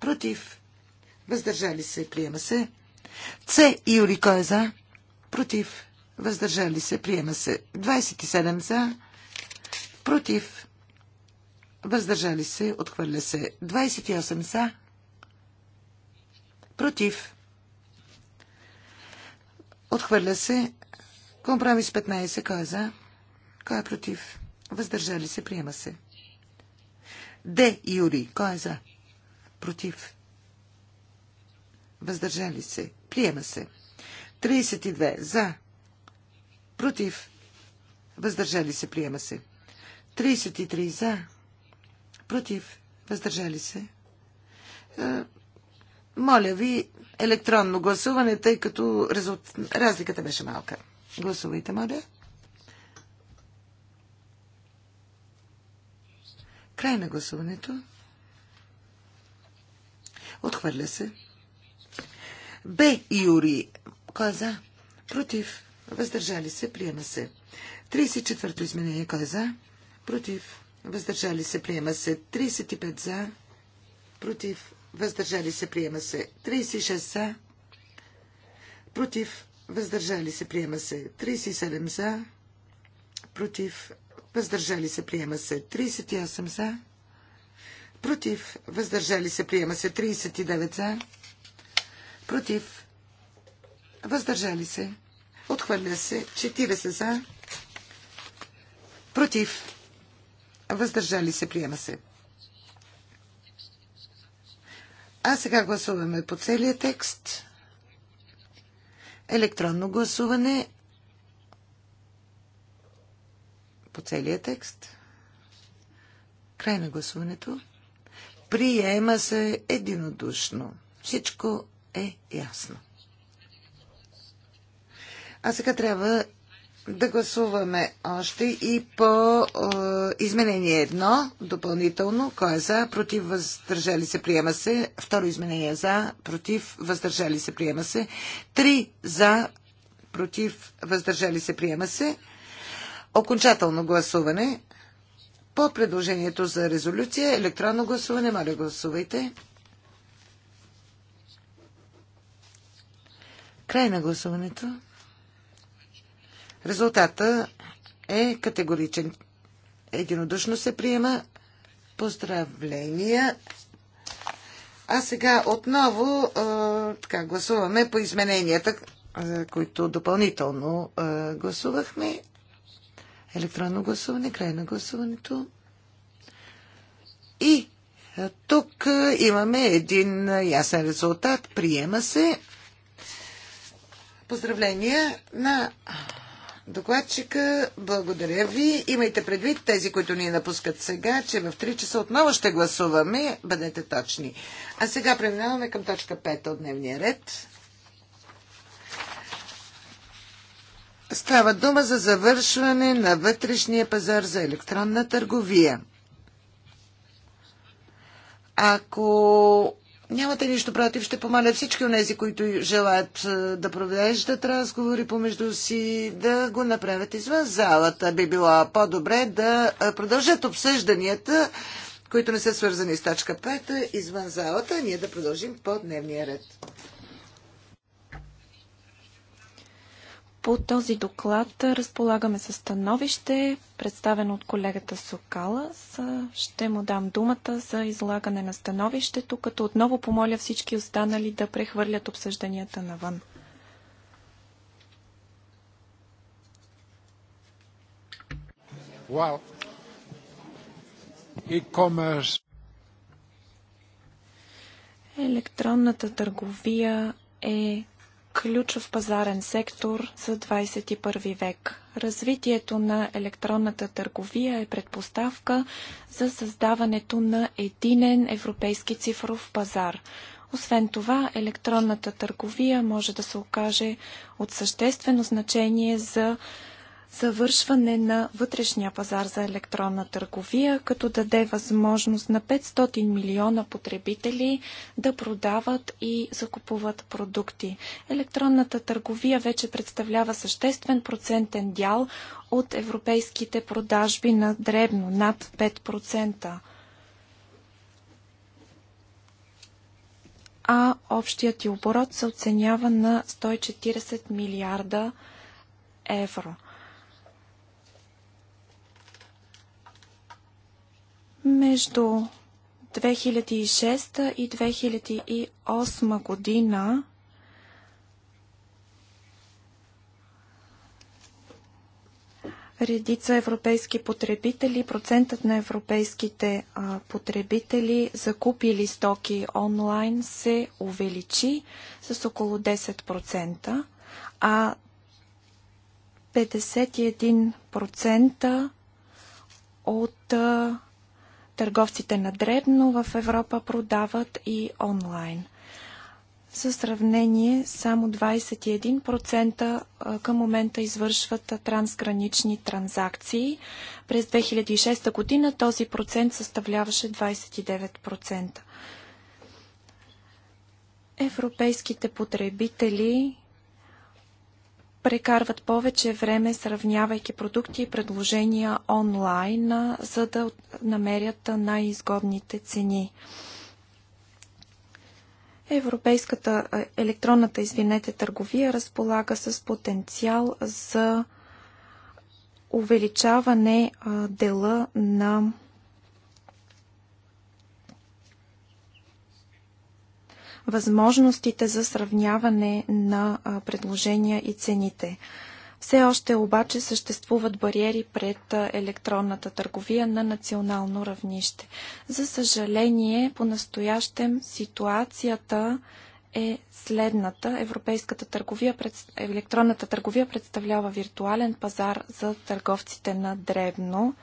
Speaker 1: против, въздържали се, приема се. С. Юри, кой е за? Против въздържали се, приема се. 27 за, против, въздържали се, отхвърля се. 28 за, против, отхвърля се. Компромис 15, кой е за, кой е против, въздържали се, приема се. Д. Юри, кой е за, против, въздържали се, приема се. 32 за, Против. Въздържали се. Приема се. 33 за. Против. Въздържали се. Е, моля ви, електронно гласуване, тъй като резулт... разликата беше малка. Гласувайте, моля. Край на гласуването. Отхвърля се. Б. Юри. Кой е за? Против. Въздържали се. Приема се. 34-то изменение. Кой е за? Против. Въздържали се. Приема се. 35 за. Против. Въздържали се. Приема се. 36 за. Против. Въздържали се. Приема се. 37 за. Против. Въздържали се. Приема се. 38 за. Против. Въздържали се. Приема се. 39 за. Против. Въздържали се. Отхвърля се 40 за. Против. Въздържали се. Приема се. А сега гласуваме по целия текст. Електронно гласуване по целия текст. Край на гласуването. Приема се единодушно. Всичко е ясно. А сега трябва да гласуваме още и по е, изменение едно допълнително. Кой е за, против, въздържали се, приема се. Второ изменение е за, против, въздържали се, приема се. Три за, против, въздържали се, приема се. Окончателно гласуване по предложението за резолюция. Електронно гласуване. Моля, гласувайте. Край на гласуването. Резултата е категоричен. Единодушно се приема. Поздравления! А сега отново така, гласуваме по измененията, които допълнително гласувахме. Електронно гласуване, край на гласуването. И тук имаме един ясен резултат. Приема се. Поздравления на докладчика. Благодаря ви. Имайте предвид тези, които ни напускат сега, че в 3 часа отново ще гласуваме. Бъдете точни. А сега преминаваме към точка 5 от дневния ред. Става дума за завършване на вътрешния пазар за електронна търговия. Ако Нямате нищо против, ще помаля всички от тези, които желаят е, да провеждат разговори помежду си, да го направят извън залата. Би било по-добре да е, продължат обсъжданията, които не са свързани с точка 5, извън залата, а ние да продължим по дневния ред.
Speaker 2: По този доклад разполагаме със становище, представено от колегата Сокалас. Ще му дам думата за излагане на становището, като отново помоля всички останали да прехвърлят обсъжданията навън.
Speaker 4: Wow. E
Speaker 2: Електронната търговия е ключов пазарен сектор за 21 век. Развитието на електронната търговия е предпоставка за създаването на единен европейски цифров пазар. Освен това, електронната търговия може да се окаже от съществено значение за завършване на вътрешния пазар за електронна търговия, като даде възможност на 500 милиона потребители да продават и закупуват продукти. Електронната търговия вече представлява съществен процентен дял от европейските продажби на дребно, над 5%. а общият ти оборот се оценява на 140 милиарда евро. Между 2006 и 2008 година редица европейски потребители, процентът на европейските а, потребители закупили стоки онлайн се увеличи с около 10%, а 51% от а, Търговците на дребно в Европа продават и онлайн. За сравнение, само 21% към момента извършват трансгранични транзакции. През 2006 година този процент съставляваше 29%. Европейските потребители прекарват повече време, сравнявайки продукти и предложения онлайн, за да намерят най-изгодните цени. Европейската електронната, извинете, търговия разполага с потенциал за увеличаване дела на възможностите за сравняване на предложения и цените. Все още обаче съществуват бариери пред електронната търговия на национално равнище. За съжаление, по-настоящем ситуацията е следната. Европейската търговия, електронната търговия представлява виртуален пазар за търговците на дребно.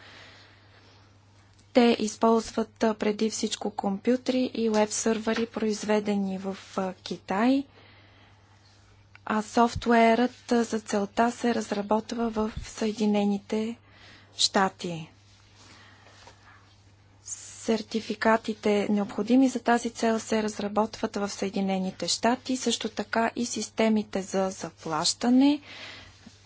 Speaker 2: Те използват преди всичко компютри и веб-сървъри, произведени в Китай, а софтуерът за целта се разработва в Съединените щати. Сертификатите, необходими за тази цел, се разработват в Съединените щати, също така и системите за заплащане –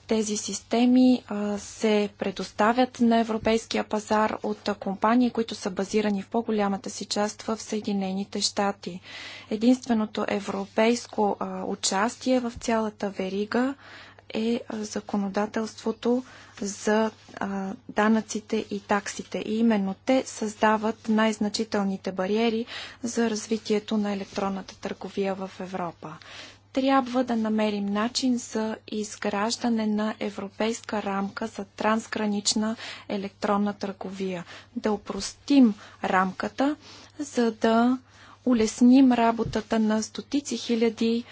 Speaker 2: тези системи се предоставят на европейския пазар от компании, които са базирани в по-голямата си част в Съединените щати. Единственото европейско участие в цялата верига е законодателството за а, данъците и таксите. И именно те създават най-значителните бариери за развитието на електронната търговия в Европа трябва да намерим начин за изграждане на европейска рамка за трансгранична електронна търговия. Да упростим рамката, за да улесним работата на стотици хиляди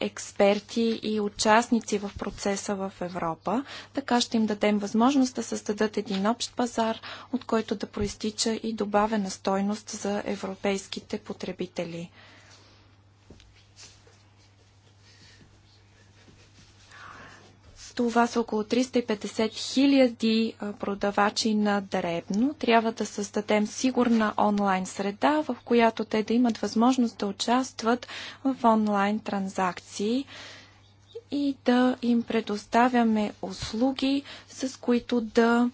Speaker 2: експерти и участници в процеса в Европа. Така ще им дадем възможност да създадат един общ пазар, от който да проистича и добавена стойност за европейските потребители. Това са около 350 хиляди продавачи на дребно. Трябва да създадем сигурна онлайн среда, в която те да имат възможност да участват в онлайн транзакции и да им предоставяме услуги, с които да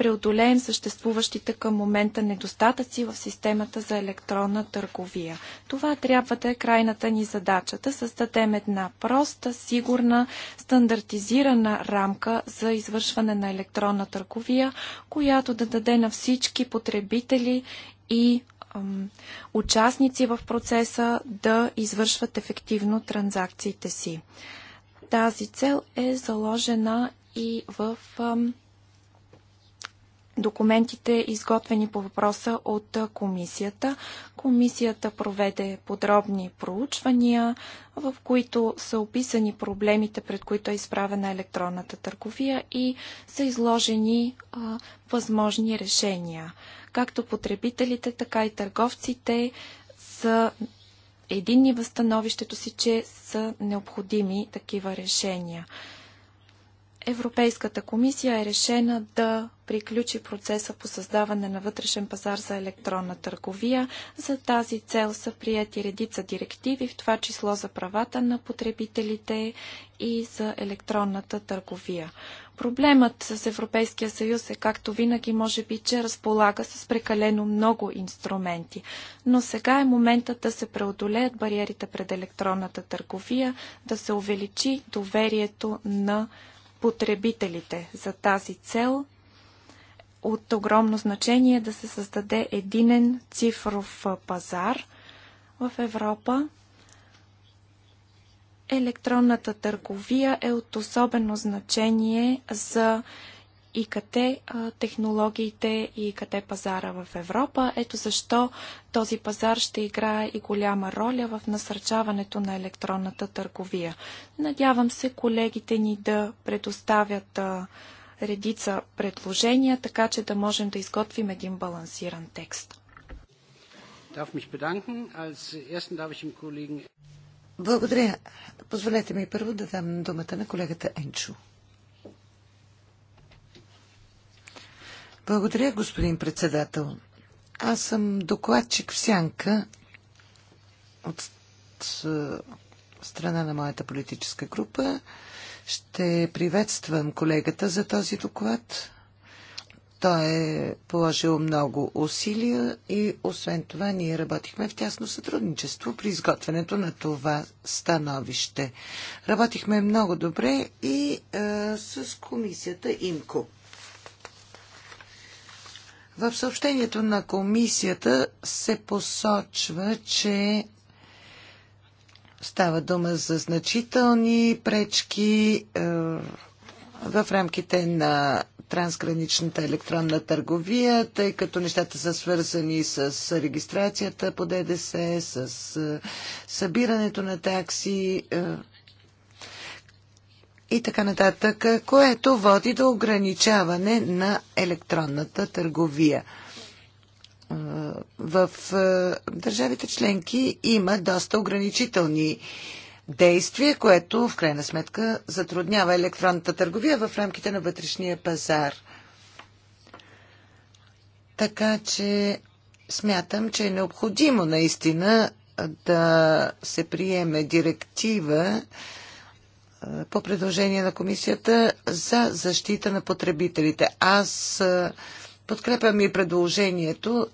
Speaker 2: преодолеем съществуващите към момента недостатъци в системата за електронна търговия. Това трябва да е крайната ни задача да създадем една проста, сигурна, стандартизирана рамка за извършване на електронна търговия, която да даде на всички потребители и участници в процеса да извършват ефективно транзакциите си. Тази цел е заложена и в документите, изготвени по въпроса от комисията. Комисията проведе подробни проучвания, в които са описани проблемите, пред които е изправена електронната търговия и са изложени а, възможни решения. Както потребителите, така и търговците са единни възстановището си, че са необходими такива решения. Европейската комисия е решена да приключи процеса по създаване на вътрешен пазар за електронна търговия. За тази цел са прияти редица директиви, в това число за правата на потребителите и за електронната търговия. Проблемът с Европейския съюз е, както винаги, може би, че разполага с прекалено много инструменти. Но сега е моментът да се преодолеят бариерите пред електронната търговия, да се увеличи доверието на потребителите. За тази цел от огромно значение е да се създаде единен цифров пазар в Европа. Електронната търговия е от особено значение за и къде технологиите и къде пазара в Европа. Ето защо този пазар ще играе и голяма роля в насърчаването на електронната търговия. Надявам се колегите ни да предоставят редица предложения, така че да можем да изготвим един балансиран текст.
Speaker 1: Благодаря. Позволете ми първо да дам думата на колегата Енчо. Благодаря, господин председател. Аз съм докладчик в Сянка от страна на моята политическа група. Ще приветствам колегата за този доклад. Той е положил много усилия и освен това ние работихме в тясно сътрудничество при изготвянето на това становище. Работихме много добре и е, с комисията ИМКО. В съобщението на комисията се посочва, че става дума за значителни пречки е, в рамките на трансграничната електронна търговия, тъй като нещата са свързани с регистрацията по ДДС, с е, събирането на такси. Е, и така нататък, което води до ограничаване на електронната търговия. Е, в е, държавите членки има доста ограничителни действия, което в крайна сметка затруднява електронната търговия в рамките на вътрешния пазар. Така че смятам, че е необходимо наистина да се приеме директива по предложение на комисията за защита на потребителите. Аз подкрепям и предложението,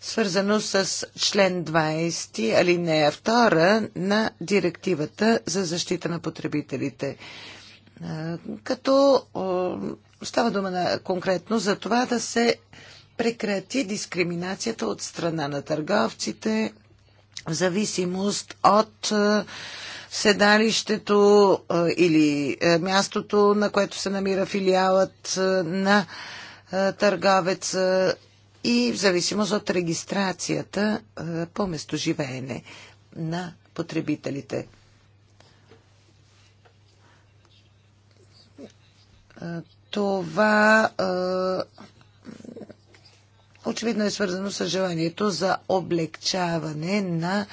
Speaker 1: свързано с член 20, алинея 2 на директивата за защита на потребителите. Като става дума на, конкретно за това да се прекрати дискриминацията от страна на търговците в зависимост от седалището или мястото, на което се намира филиалът на търговеца и в зависимост от регистрацията по местоживеене на потребителите. Това очевидно е свързано с желанието за облегчаване на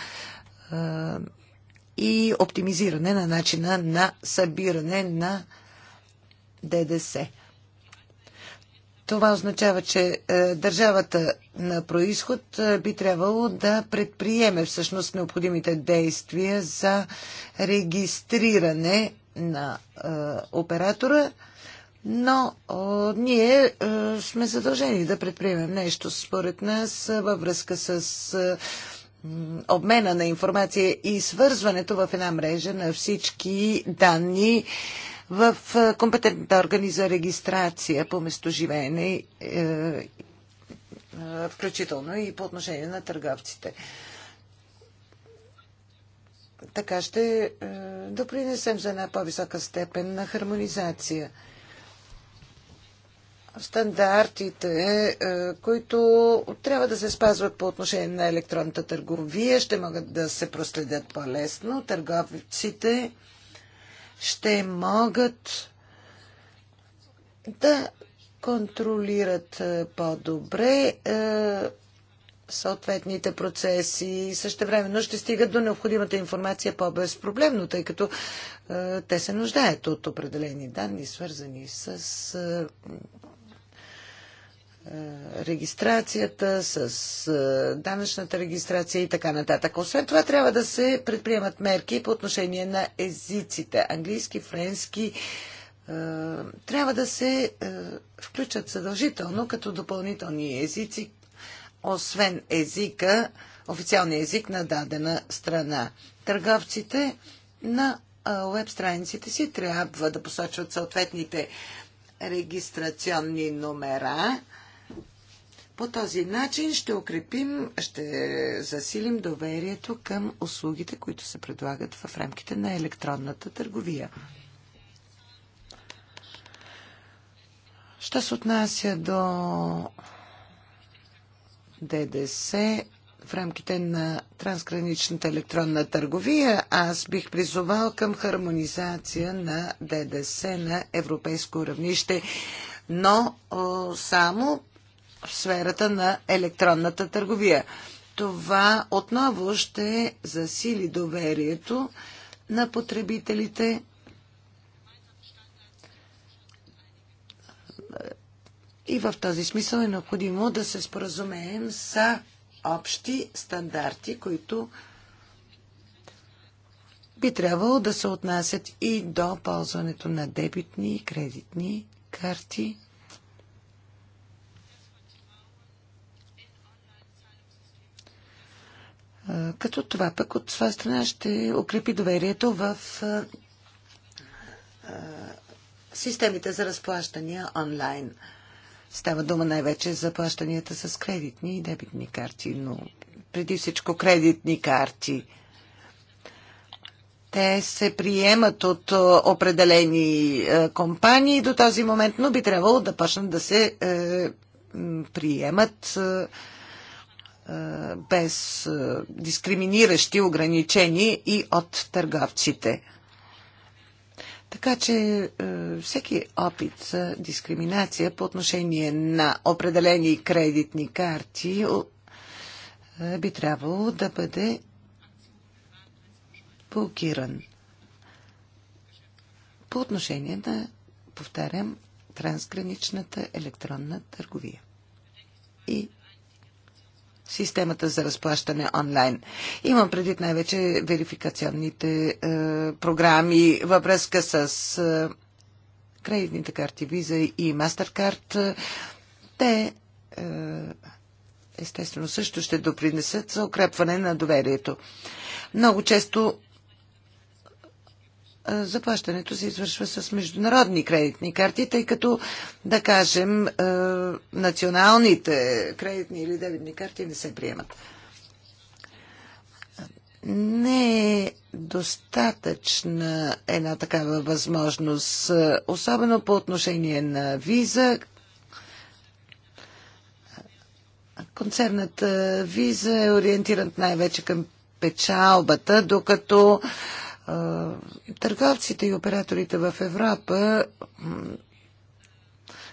Speaker 1: и оптимизиране на начина на събиране на ДДС. Това означава, че е, държавата на происход е, би трябвало да предприеме всъщност необходимите действия за регистриране на е, оператора, но е, ние е, сме задължени да предприемем нещо според нас във връзка с е, обмена на информация и свързването в една мрежа на всички данни в е, компетентните органи за регистрация по местоживеене, е, е, включително и по отношение на търговците. Така ще допринесем за една по-висока степен на хармонизация – стандартите, е, които трябва да се спазват по отношение на електронната търговия, ще могат да се проследят по-лесно. Търговците ще могат да контролират е, по-добре е, съответните процеси и също времено ще стигат до необходимата информация по-безпроблемно, тъй като те се нуждаят от определени данни, свързани с е, регистрацията, с е, данъчната регистрация и така нататък. Освен това трябва да се предприемат мерки по отношение на езиците. Английски, френски е, трябва да се включат задължително като допълнителни езици, освен езика, официалния език на дадена страна. Търговците на веб страниците си трябва да посочват съответните регистрационни номера по този начин ще укрепим, ще засилим доверието към услугите, които се предлагат в рамките на електронната търговия. Що се отнася до ДДС в рамките на трансграничната електронна търговия, аз бих призовал към хармонизация на ДДС на европейско равнище, но само в сферата на електронната търговия. Това отново ще засили доверието на потребителите и в този смисъл е необходимо да се споразумеем с общи стандарти, които би трябвало да се отнасят и до ползването на дебитни и кредитни карти. като това пък от своя страна ще укрепи доверието в системите за разплащания онлайн. Става дума най-вече за плащанията с кредитни и дебитни карти, но преди всичко кредитни карти. Те се приемат от определени компании до този момент, но би трябвало да почнат да се е, приемат е, без е, дискриминиращи ограничения и от търговците. Така че е, всеки опит за дискриминация по отношение на определени кредитни карти би трябвало да бъде блокиран. По отношение на, повтарям, трансграничната електронна търговия и системата за разплащане онлайн. Имам предвид най-вече верификационните е, програми във връзка с е, кредитните карти Visa и MasterCard. Те е, естествено също ще допринесат за укрепване на доверието. Много често заплащането се извършва с международни кредитни карти, тъй като, да кажем, националните кредитни или дебитни карти не се приемат. Не е достатъчна една такава възможност, особено по отношение на виза. Концернът виза е ориентиран най-вече към печалбата, докато Търговците и операторите в Европа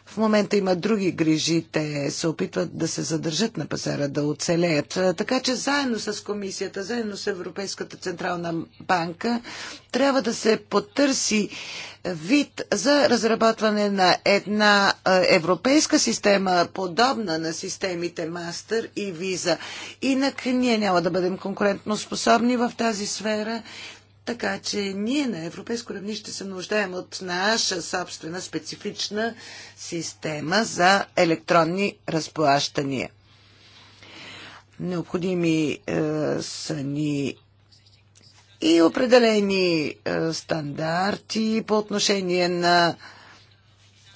Speaker 1: в момента имат други грижи. Те се опитват да се задържат на пазара, да оцелеят. Така че заедно с комисията, заедно с Европейската централна банка, трябва да се потърси вид за разработване на една европейска система, подобна на системите Мастер и Виза. Инак ние няма да бъдем конкурентно способни в тази сфера. Така че ние на европейско равнище се нуждаем от наша собствена специфична система за електронни разплащания. Необходими е, са ни и определени е, стандарти по отношение на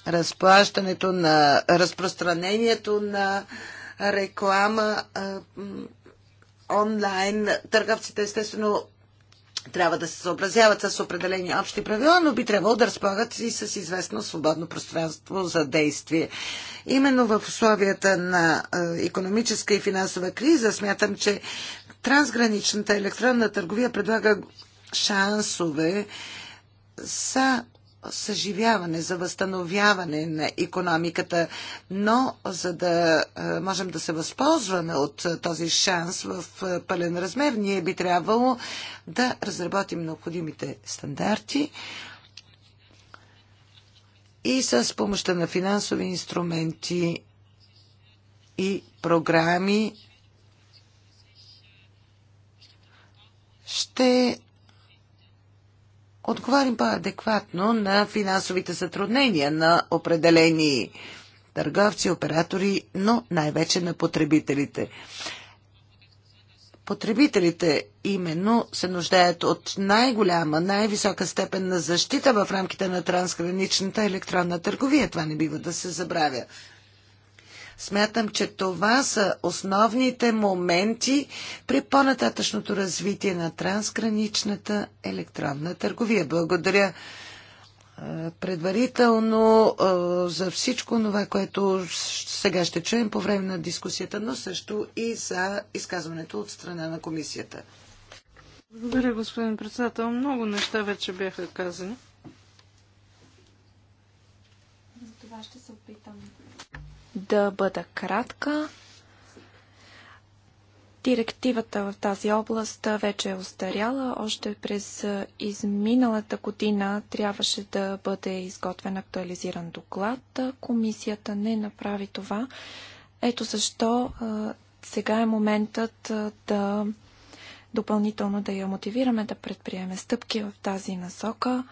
Speaker 1: разплащането, на разпространението на реклама е, онлайн. Търговците естествено трябва да се съобразяват с определени общи правила, но би трябвало да разполагат и с известно свободно пространство за действие. Именно в условията на економическа и финансова криза смятам, че трансграничната електронна търговия предлага шансове за съживяване, за възстановяване на економиката, но за да е, можем да се възползваме от е, този шанс в е, пълен размер, ние би трябвало да разработим необходимите стандарти и с помощта на финансови инструменти и програми ще отговорим по-адекватно на финансовите затруднения на определени търговци, оператори, но най-вече на потребителите. Потребителите именно се нуждаят от най-голяма, най-висока степен на защита в рамките на трансграничната електронна търговия. Това не бива да се забравя. Смятам, че това са основните моменти при по-нататъчното развитие на трансграничната електронна търговия. Благодаря предварително за всичко това, което сега ще чуем по време на дискусията, но също и за изказването от страна на комисията. Благодаря, господин председател. Много
Speaker 3: неща вече бяха казани.
Speaker 2: За това ще се опитам да бъда кратка. Директивата в тази област вече е устаряла. Още през изминалата година трябваше да бъде изготвен актуализиран доклад. Комисията не направи това. Ето защо сега е моментът да допълнително да я мотивираме да предприеме стъпки в тази насока.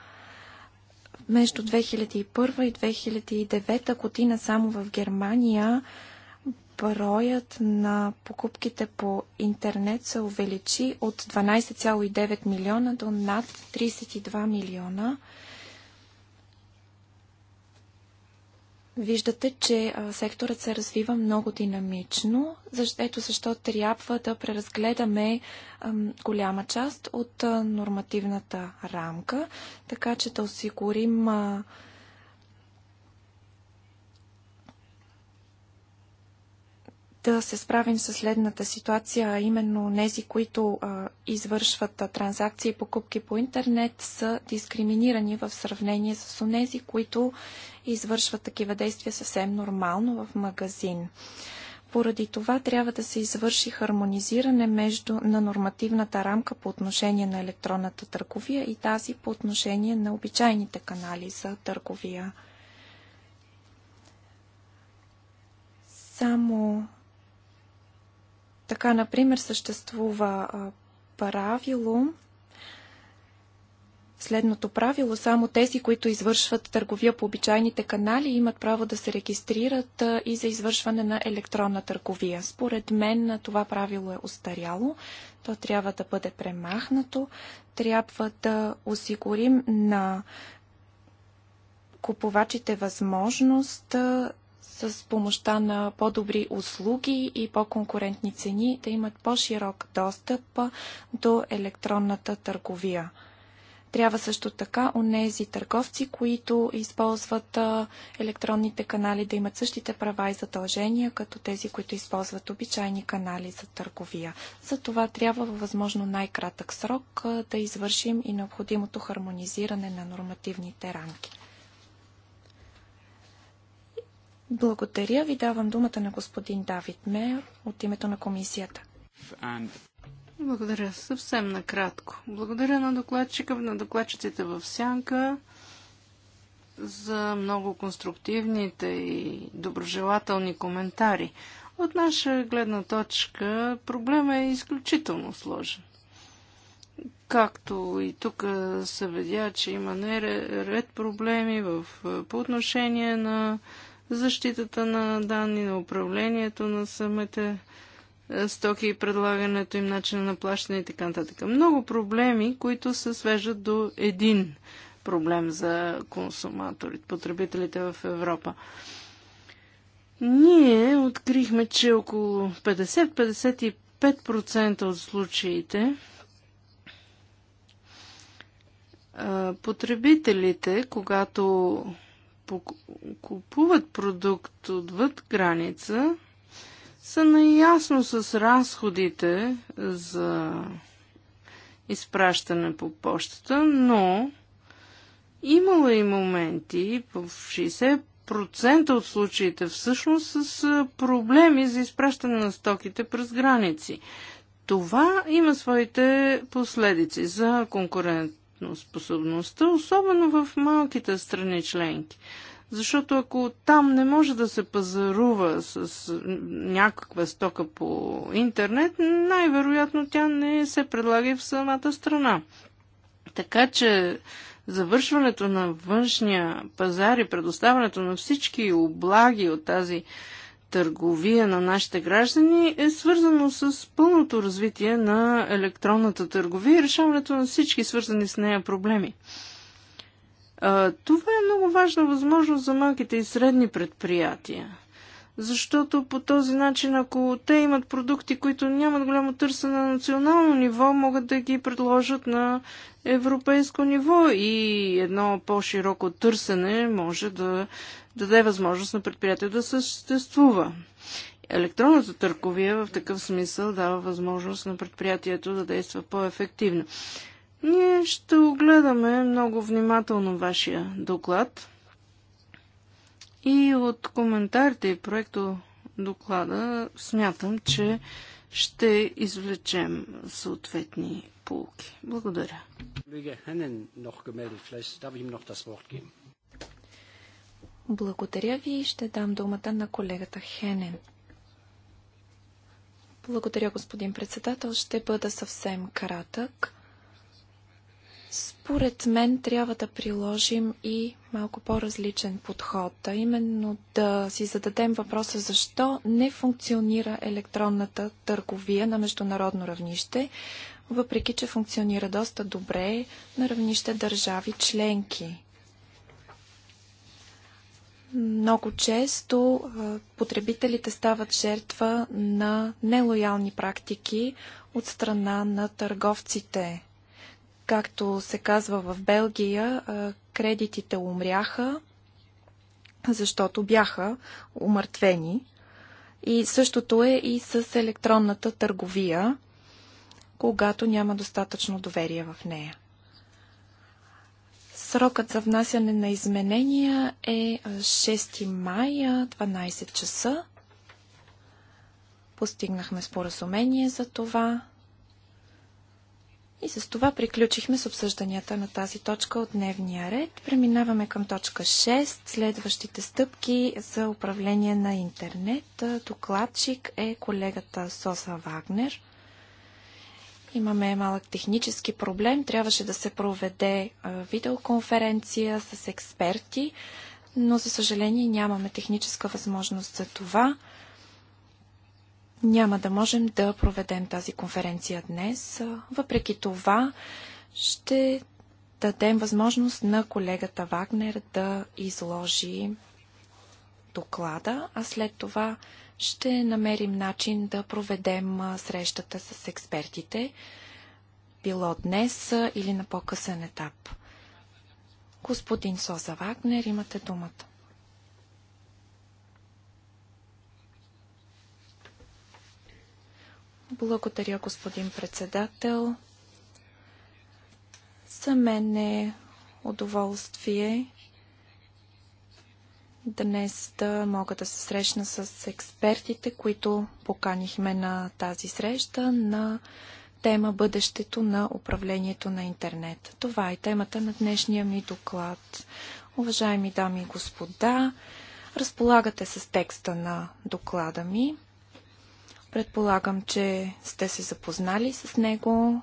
Speaker 2: Между 2001 и 2009 година само в Германия броят на покупките по интернет се увеличи от 12,9 милиона до над 32 милиона. Виждате, че секторът се развива много динамично. защото защото трябва да преразгледаме голяма част от нормативната рамка, така че да осигурим да се справим с следната ситуация, а именно нези, които а, извършват а, транзакции и покупки по интернет, са дискриминирани в сравнение с онези, които извършват такива действия съвсем нормално в магазин. Поради това трябва да се извърши хармонизиране между на нормативната рамка по отношение на електронната търговия и тази по отношение на обичайните канали за търговия. Само така, например, съществува правило, следното правило, само тези, които извършват търговия по обичайните канали, имат право да се регистрират и за извършване на електронна търговия. Според мен това правило е устаряло, то трябва да бъде премахнато, трябва да осигурим на купувачите възможност с помощта на по-добри услуги и по-конкурентни цени да имат по-широк достъп до електронната търговия. Трябва също така нези търговци, които използват електронните канали да имат същите права и задължения, като тези, които използват обичайни канали за търговия. За това трябва във възможно най-кратък срок да извършим и необходимото хармонизиране на нормативните рамки. Благодаря ви. Давам думата на господин Давид Мейер от името на комисията. Благодаря. Съвсем накратко.
Speaker 3: Благодаря на докладчика, на докладчиците в Сянка за много конструктивните и доброжелателни коментари. От наша гледна точка проблема е изключително сложен. Както и тук се видя, че има ред проблеми в, по отношение на защитата на данни, на управлението на самите е, стоки и предлагането им, начина на плащане и така нататък. Много проблеми, които се свежат до един проблем за консуматорите, потребителите в Европа. Ние открихме, че около 50-55% от случаите е, потребителите, когато купуват продукт отвъд граница, са наясно с разходите за изпращане по почтата, но имало и моменти в 60% от случаите всъщност с проблеми за изпращане на стоките през граници. Това има своите последици за конкурент конкурентоспособността, особено в малките страни членки. Защото ако там не може да се пазарува с някаква стока по интернет, най-вероятно тя не се предлага и в самата страна. Така че завършването на външния пазар и предоставянето на всички облаги от тази търговия на нашите граждани е свързано с пълното развитие на електронната търговия и решаването на всички свързани с нея проблеми. Това е много важна възможност за малките и средни предприятия. Защото по този начин, ако те имат продукти, които нямат голямо търсене на национално ниво, могат да ги предложат на европейско ниво и едно по-широко търсене може да даде възможност на предприятието да съществува. Електронната търговия в такъв смисъл дава възможност на предприятието да действа по-ефективно. Ние ще огледаме много внимателно вашия доклад и от коментарите и проекто доклада смятам, че ще извлечем съответни полки. Благодаря.
Speaker 2: Благодаря ви и ще дам думата на колегата Хенен. Благодаря, господин председател. Ще бъда съвсем кратък. Според мен трябва да приложим и малко по-различен подход, а именно да си зададем въпроса защо не функционира електронната търговия на международно равнище, въпреки че функционира доста добре на равнище държави членки. Много често потребителите стават жертва на нелоялни практики от страна на търговците. Както се казва в Белгия, кредитите умряха, защото бяха умъртвени. И същото е и с електронната търговия, когато няма достатъчно доверие в нея. Срокът за внасяне на изменения е 6 май, 12 часа. Постигнахме споразумение за това. И с това приключихме с обсъжданията на тази точка от дневния ред. Преминаваме към точка 6. Следващите стъпки за управление на интернет. Докладчик е колегата Соса Вагнер. Имаме малък технически проблем. Трябваше да се проведе видеоконференция с експерти, но за съжаление нямаме техническа възможност за това. Няма да можем да проведем тази конференция днес. Въпреки това, ще дадем възможност на колегата Вагнер да изложи доклада, а след това ще намерим начин да проведем срещата с експертите, било днес или на по-късен етап. Господин Соза Вагнер, имате думата. Благодаря, господин председател. За мен е удоволствие днес да мога да се срещна с експертите, които поканихме на тази среща на тема Бъдещето на управлението на интернет. Това е темата на днешния ми доклад. Уважаеми дами и господа, разполагате с текста на доклада ми. Предполагам, че сте се запознали с него.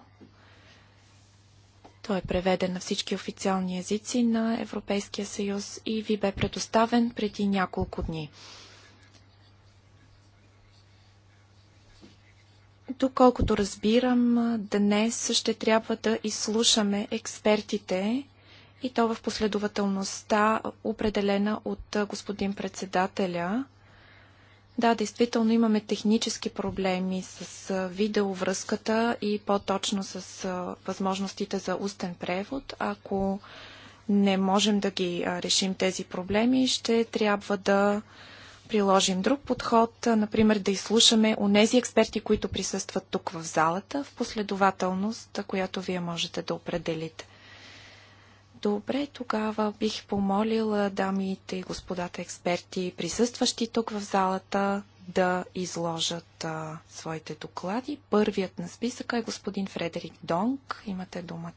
Speaker 2: Той е преведен на всички официални езици на Европейския съюз и ви бе предоставен преди няколко дни. Доколкото разбирам, днес ще трябва да изслушаме експертите и то в последователността, определена от господин председателя. Да, действително имаме технически проблеми с видеовръзката и по-точно с възможностите за устен превод. Ако не можем да ги решим тези проблеми, ще трябва да приложим друг подход, например да изслушаме онези експерти, които присъстват тук в залата, в последователност, която вие можете да определите. Добре, тогава бих помолила дамите и господата експерти, присъстващи тук в залата, да изложат а, своите доклади. Първият на списъка е господин Фредерик Донг. Имате думата.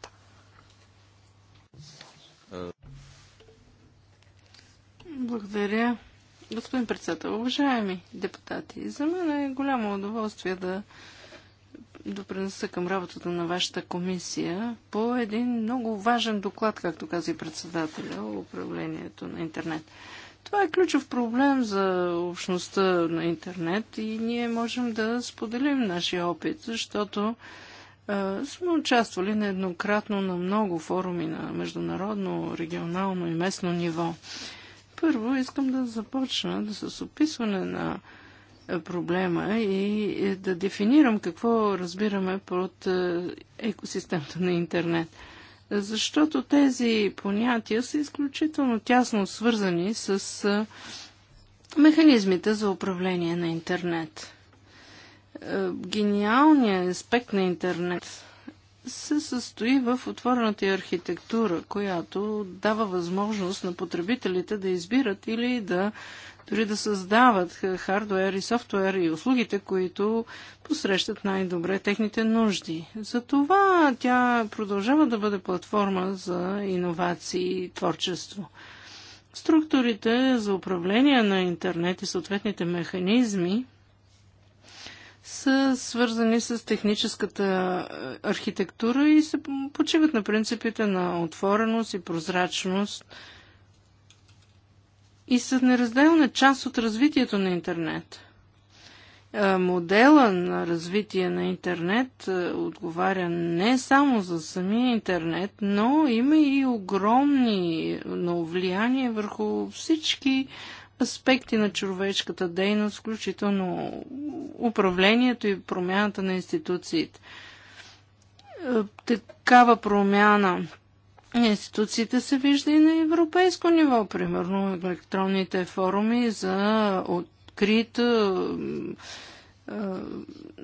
Speaker 3: Благодаря. Господин председател, уважаеми депутати, за мен е голямо удоволствие да допринеса към работата на вашата комисия по един много важен доклад, както каза и председателя, управлението на интернет. Това е ключов проблем за общността на интернет и ние можем да споделим нашия опит, защото е, сме участвали нееднократно на много форуми на международно, регионално и местно ниво. Първо искам да започна да с описване на проблема и да дефинирам какво разбираме под е, екосистемата на интернет. Защото тези понятия са изключително тясно свързани с е, механизмите за управление на интернет. Е, гениалният аспект на интернет се състои в отворената архитектура, която дава възможност на потребителите да избират или да дори да създават хардуер и софтуер и услугите, които посрещат най-добре техните нужди. Затова тя продължава да бъде платформа за иновации и творчество. Структурите за управление на интернет и съответните механизми са свързани с техническата е, архитектура и се почиват на принципите на отвореност и прозрачност – и са неразделна част от развитието на интернет. Е, модела на развитие на интернет е, отговаря не само за самия интернет, но има и огромни но влияние върху всички аспекти на човешката дейност, включително управлението и промяната на институциите. Е, такава промяна институциите се вижда и на европейско ниво, примерно електронните форуми за открит е, е,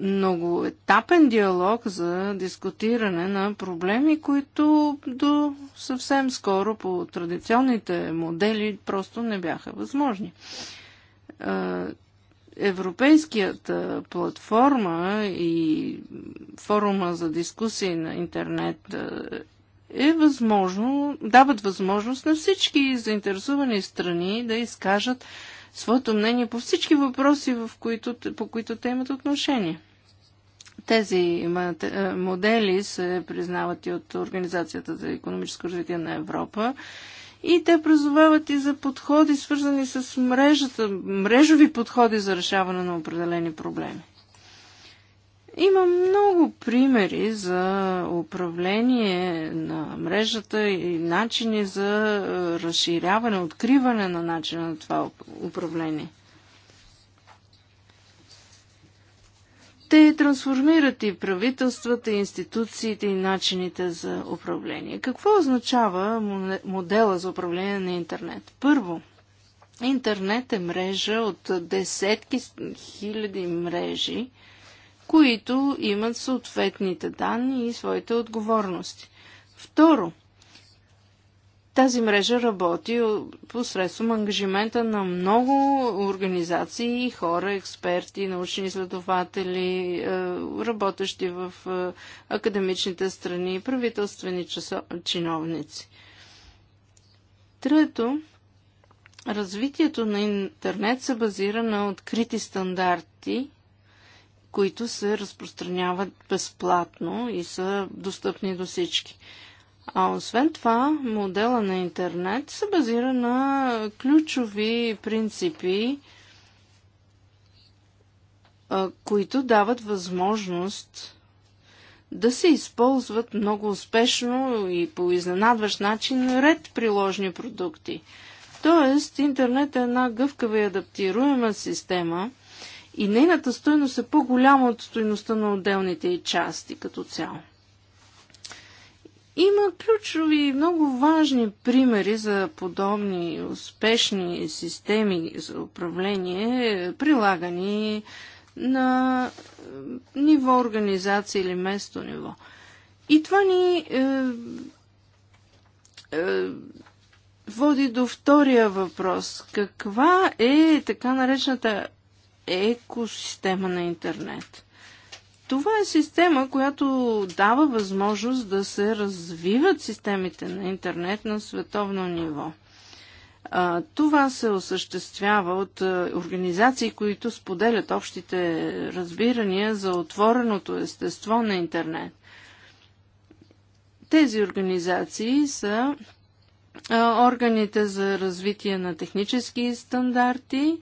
Speaker 3: многоетапен диалог за дискутиране на проблеми, които до съвсем скоро по традиционните модели просто не бяха възможни. Е, европейският платформа и форума за дискусии на интернет е възможно, дават възможност на всички заинтересовани страни да изкажат своето мнение по всички въпроси, в които, по които те имат отношение. Тези е, модели се признават и от Организацията за економическо развитие на Европа и те призовават и за подходи, свързани с мрежата, мрежови подходи за решаване на определени проблеми. Има много примери за управление на мрежата и начини за е, разширяване, откриване на начина на това управление. Те трансформират и правителствата, институциите, и начините за управление. Какво означава модела за управление на интернет? Първо, интернет е мрежа от десетки хиляди мрежи, които имат съответните данни и своите отговорности. Второ, тази мрежа работи посредством ангажимента на много организации, хора, експерти, научни изследователи, е, работещи в е, академичните страни, правителствени чиновници. Трето, развитието на интернет се базира на открити стандарти които се разпространяват безплатно и са достъпни до всички. А освен това, модела на интернет се базира на ключови принципи, които дават възможност да се използват много успешно и по изненадващ начин ред приложни продукти. Тоест, интернет е една гъвкава и адаптируема система, и нейната стойност е по-голяма от стойността на отделните й части като цяло. Има ключови и много важни примери за подобни успешни системи за управление, прилагани на ниво организация или место ниво. И това ни е, е, води до втория въпрос. Каква е така наречената екосистема на интернет. Това е система, която дава възможност да се развиват системите на интернет на световно ниво. Това се осъществява от организации, които споделят общите разбирания за отвореното естество на интернет. Тези организации са органите за развитие на технически стандарти,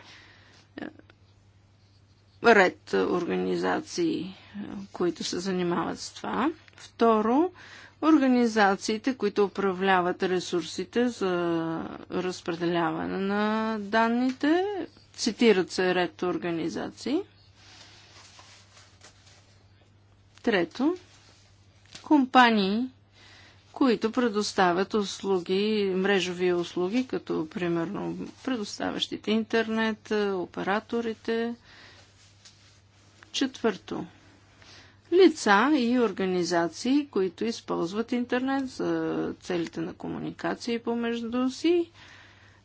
Speaker 3: ред организации, които се занимават с това. Второ, организациите, които управляват ресурсите за разпределяване на данните. Цитират се ред организации. Трето, компании, които предоставят услуги, мрежови услуги, като примерно предоставящите интернет, операторите, Четвърто. Лица и организации, които използват интернет за целите на комуникации помежду си,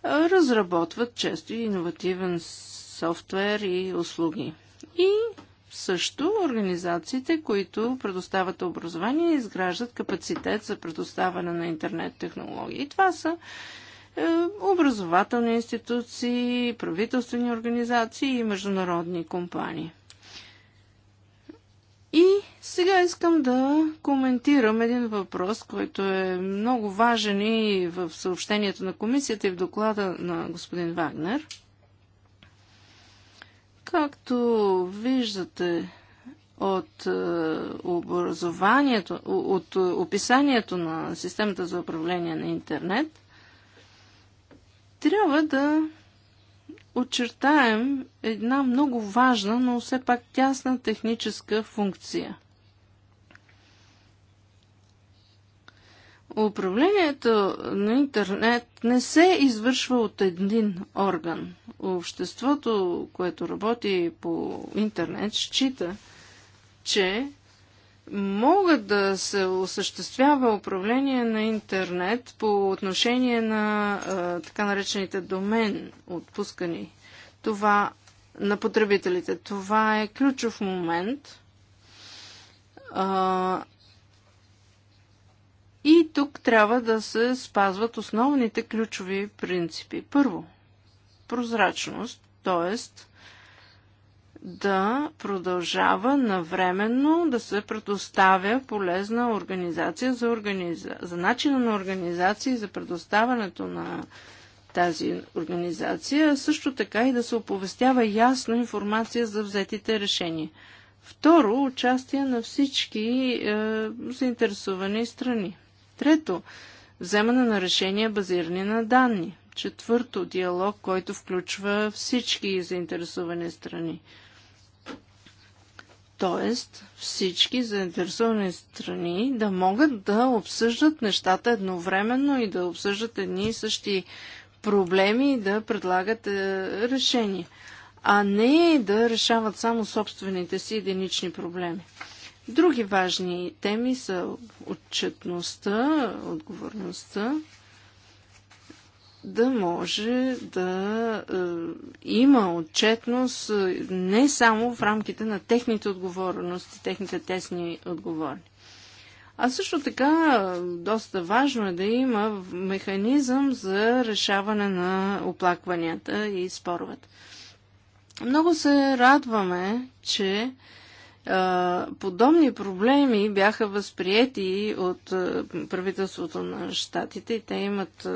Speaker 3: разработват често иновативен софтуер и услуги. И също организациите, които предоставят образование и изграждат капацитет за предоставяне на интернет технологии. Това са е, образователни институции, правителствени организации и международни компании. И сега искам да коментирам един въпрос, който е много важен и в съобщението на комисията и в доклада на господин Вагнер. Както виждате от е, образованието, от е, описанието на системата за управление на интернет, трябва да очертаем една много важна, но все пак тясна техническа функция. Управлението на интернет не се извършва от един орган. Обществото, което работи по интернет, счита, че Мога да се осъществява управление на интернет по отношение на а, така наречените домен отпускани това на потребителите. Това е ключов момент. А, и тук трябва да се спазват основните ключови принципи. Първо, прозрачност, т.е да продължава навременно да се предоставя полезна организация за, организа... за начина на организация и за предоставянето на тази организация, също така и да се оповестява ясно информация за взетите решения. Второ, участие на всички е, заинтересовани страни. Трето, вземане на решения базирани на данни. Четвърто, диалог, който включва всички заинтересовани страни. Тоест всички заинтересовани страни да могат да обсъждат нещата едновременно и да обсъждат едни и същи проблеми и да предлагат е, решения, а не да решават само собствените си единични проблеми. Други важни теми са отчетността, отговорността, да може да е, има отчетност е, не само в рамките на техните отговорности, техните тесни отговорни. А също така, доста важно е да има механизъм за решаване на оплакванията и споровете. Много се радваме, че подобни проблеми бяха възприети от правителството на щатите и те имат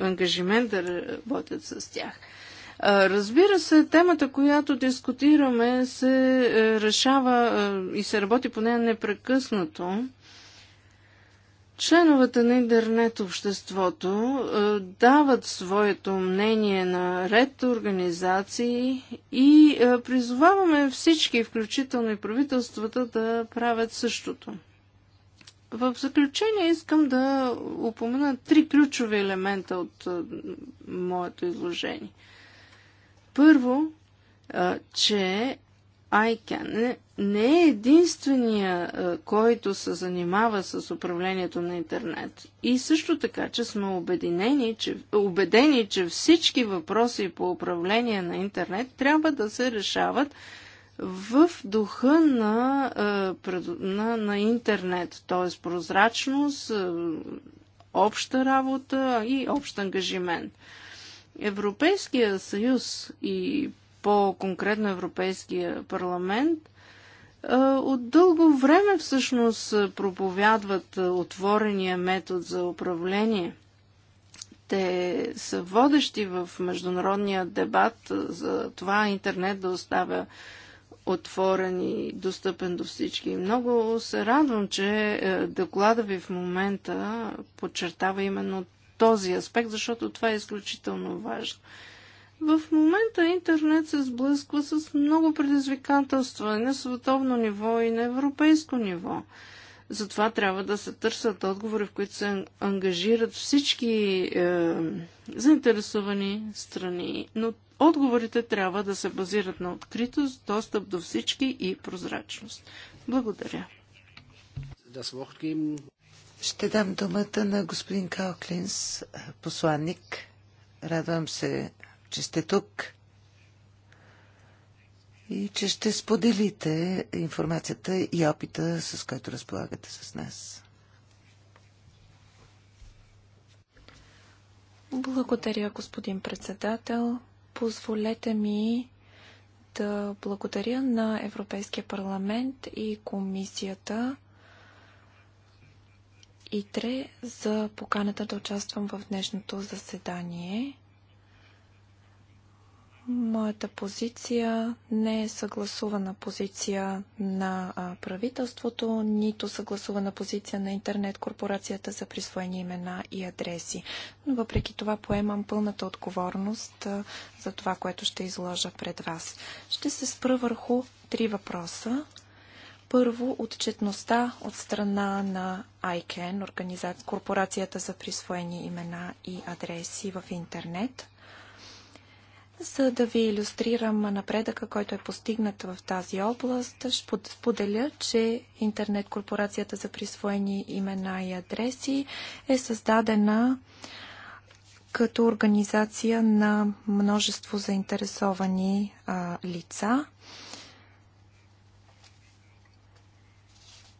Speaker 3: ангажимент да работят с тях. Разбира се, темата, която дискутираме, се е, решава и се работи по нея непрекъснато. Членовете на интернет обществото е, дават своето мнение на ред организации и е, призоваваме всички, включително и правителствата, да правят същото. В заключение искам да упомена три ключови елемента от е, моето изложение. Първо, е, че Айкен не, не е единствения, е, който се занимава с управлението на интернет. И също така, че сме убедени че, убедени, че всички въпроси по управление на интернет трябва да се решават в духа на, е, на, на интернет, т.е. прозрачност, е, обща работа и общ ангажимент. Европейския съюз и по-конкретно Европейския парламент, от дълго време всъщност проповядват отворения метод за управление. Те са водещи в международния дебат за това интернет да оставя отворен и достъпен до всички. Много се радвам, че е, доклада ви в момента подчертава именно този аспект, защото това е изключително важно. В момента интернет се сблъсква с много предизвикателства и на световно ниво, и на европейско ниво. Затова трябва да се търсят отговори, в които се ангажират всички е, заинтересовани страни. Но отговорите трябва да се базират на откритост, достъп до всички и
Speaker 1: прозрачност. Благодаря. Ще дам думата на господин Калклинс, посланник. Радвам се, че сте тук и че ще споделите информацията и опита, с който разполагате с нас.
Speaker 2: Благодаря, господин председател. Позволете ми да благодаря на Европейския парламент и комисията ИТРЕ за поканата да участвам в днешното заседание. Моята позиция не е съгласувана позиция на правителството, нито съгласувана позиция на интернет корпорацията за присвоени имена и адреси. Но въпреки това поемам пълната отговорност за това, което ще изложа пред вас. Ще се спра върху три въпроса. Първо, отчетността от страна на ICANN, корпорацията за присвоени имена и адреси в интернет – за да ви иллюстрирам напредъка, който е постигнат в тази област, ще споделя, че интернет корпорацията за присвоени имена и адреси е създадена като организация на множество заинтересовани а, лица.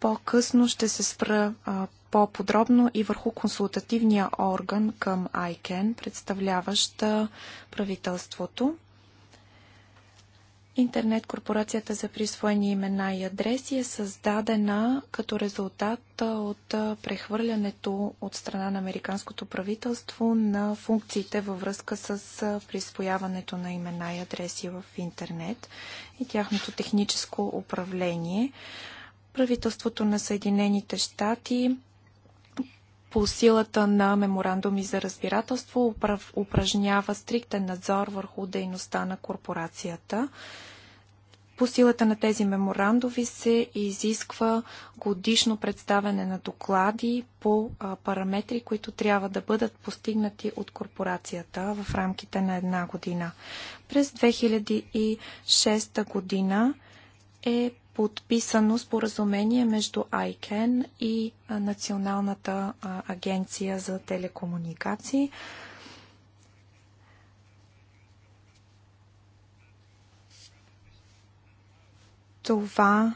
Speaker 2: По-късно ще се спра а, по-подробно и върху консултативния орган към ICANN, представляваща правителството. Интернет корпорацията за присвоени имена и адреси е създадена като резултат от прехвърлянето от страна на американското правителство на функциите във връзка с присвояването на имена и адреси в интернет и тяхното техническо управление. Правителството на Съединените щати по силата на меморандуми за разбирателство управ... упражнява стриктен надзор върху дейността на корпорацията. По силата на тези меморандови се изисква годишно представяне на доклади по параметри, които трябва да бъдат постигнати от корпорацията в рамките на една година. През 2006 година е подписано споразумение между ICANN и Националната агенция за телекомуникации. Това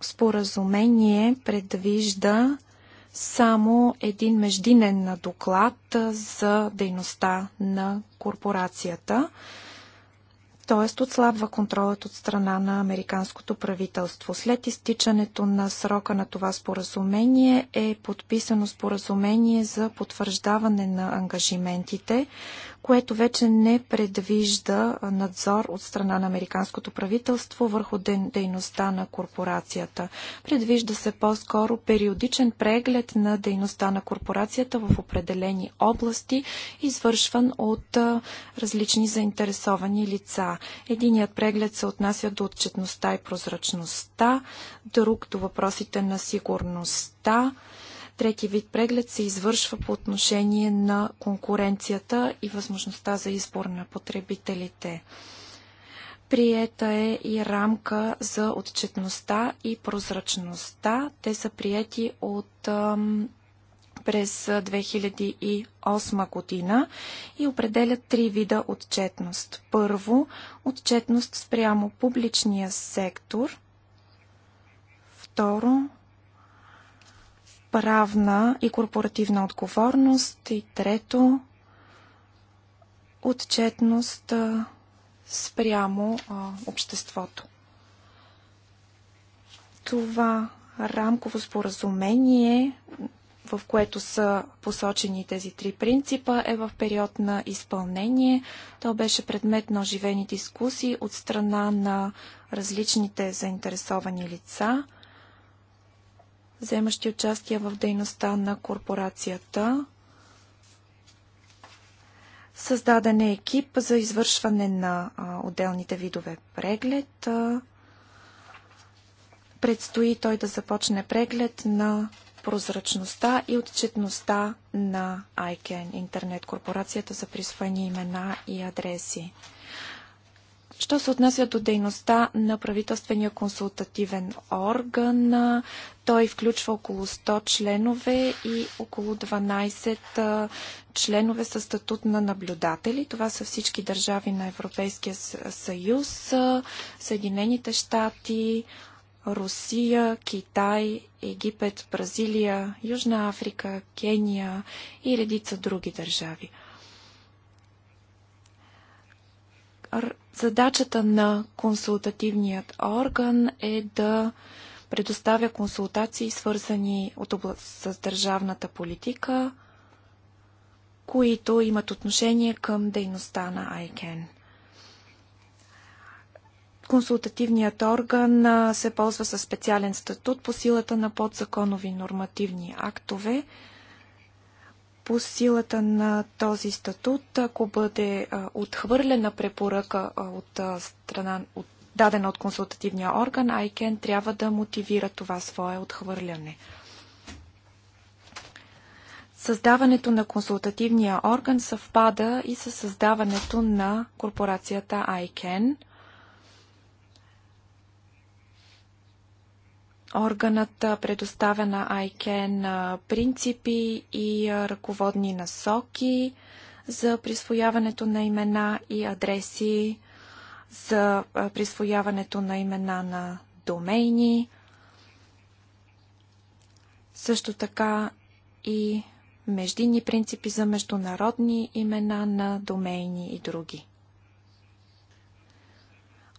Speaker 2: споразумение предвижда само един междинен доклад за дейността на корпорацията т.е. отслабва контролът от страна на американското правителство. След изтичането на срока на това споразумение е подписано споразумение за потвърждаване на ангажиментите, което вече не предвижда надзор от страна на американското правителство върху дейността на корпорацията. Предвижда се по-скоро периодичен преглед на дейността на корпорацията в определени области, извършван от различни заинтересовани лица. Единият преглед се отнася до отчетността и прозрачността, друг до въпросите на сигурността, Трети вид преглед се извършва по отношение на конкуренцията и възможността за избор на потребителите. Приета е и рамка за отчетността и прозрачността. Те са приети от през 2008 година и определят три вида отчетност. Първо, отчетност спрямо публичния сектор. Второ, правна и корпоративна отговорност. И трето, отчетност спрямо а, обществото. Това рамково споразумение, в което са посочени тези три принципа, е в период на изпълнение. То беше предмет на оживени дискусии от страна на различните заинтересовани лица – вземащи участие в дейността на корпорацията. Създаден е екип за извършване на отделните видове преглед. Предстои той да започне преглед на прозрачността и отчетността на ICANN, интернет корпорацията за присвоени имена и адреси. Що се отнася до дейността на правителствения консултативен орган, той включва около 100 членове и около 12 членове със статут на наблюдатели. Това са всички държави на Европейския съюз, Съединените щати, Русия, Китай, Египет, Бразилия, Южна Африка, Кения и редица други държави. Задачата на консултативният орган е да предоставя консултации, свързани от област, с държавната политика, които имат отношение към дейността на ICANN. Консултативният орган се ползва със специален статут по силата на подзаконови нормативни актове по силата на този статут, ако бъде отхвърлена препоръка от страна от дадена от консултативния орган, ICANN трябва да мотивира това свое отхвърляне. Създаването на консултативния орган съвпада и с създаването на корпорацията ICANN – Органът предоставя на ICANN принципи и ръководни насоки за присвояването на имена и адреси, за присвояването на имена на домейни, също така и междинни принципи за международни имена на домейни и други.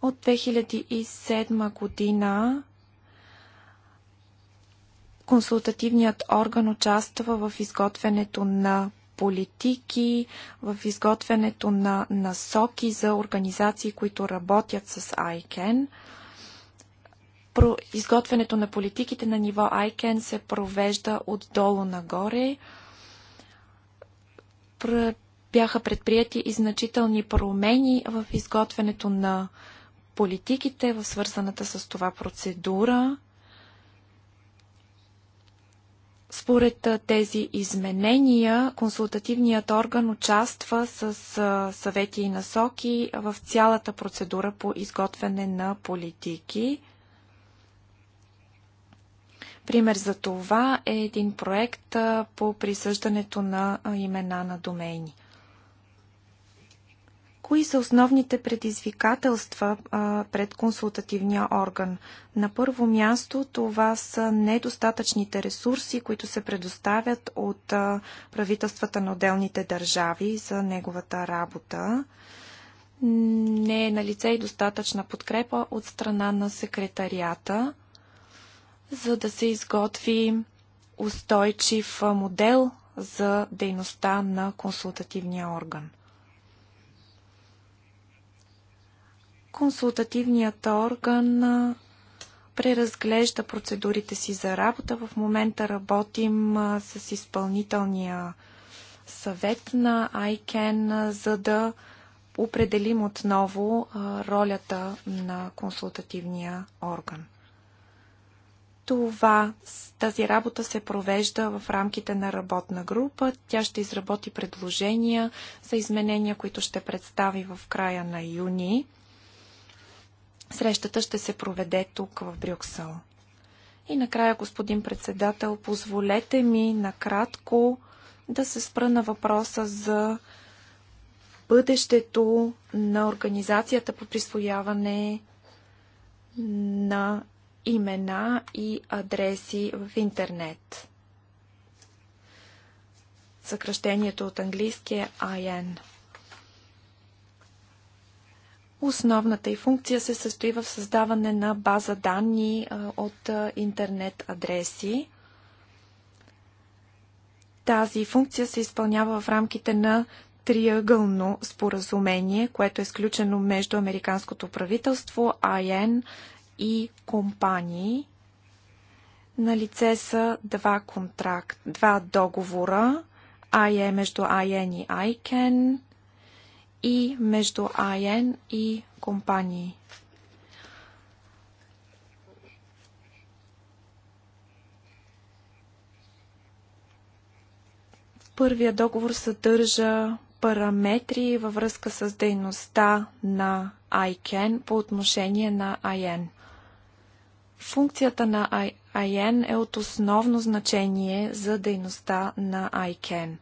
Speaker 2: От 2007 година Консултативният орган участва в изготвянето на политики, в изготвянето на насоки за организации, които работят с ICANN. Про изготвянето на политиките на ниво ICANN се провежда отдолу нагоре. Бяха предприяти и значителни промени в изготвянето на политиките в свързаната с това процедура. Според тези изменения, консултативният орган участва с съвети и насоки в цялата процедура по изготвяне на политики. Пример за това е един проект по присъждането на имена на домейни – Кои са основните предизвикателства а, пред консултативния орган? На първо място това са недостатъчните ресурси, които се предоставят от а, правителствата на отделните държави за неговата работа. Не е на лице и достатъчна подкрепа от страна на секретарията, за да се изготви устойчив модел за дейността на консултативния орган. Консултативният орган преразглежда процедурите си за работа. В момента работим с изпълнителния съвет на ICANN, за да определим отново ролята на консултативния орган. Това, тази работа се провежда в рамките на работна група. Тя ще изработи предложения за изменения, които ще представи в края на юни. Срещата ще се проведе тук в Брюксел. И накрая, господин председател, позволете ми накратко да се спра на въпроса за бъдещето на Организацията по присвояване на имена и адреси в интернет. Съкръщението от английския IN. Е Основната й функция се състои в създаване на база данни от интернет адреси. Тази функция се изпълнява в рамките на триъгълно споразумение, което е сключено между Американското правителство, АЕН и компании. На лице са два контракт, два договора, АЕ между АЕН и ICANN, и между АЕН и компании. Първия договор съдържа параметри във връзка с дейността на ICANN по отношение на IN. Функцията на IN е от основно значение за дейността на ICANN.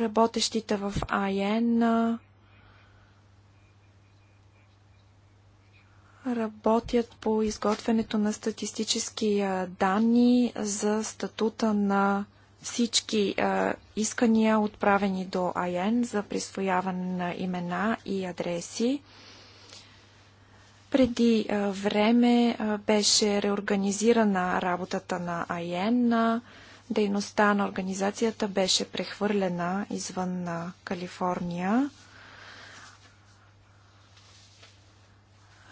Speaker 2: работещите в АЕН работят по изготвянето на статистически данни за статута на всички искания, отправени до АЕН за присвояване на имена и адреси. Преди време беше реорганизирана работата на АЕН. Дейността на организацията беше прехвърлена извън на Калифорния.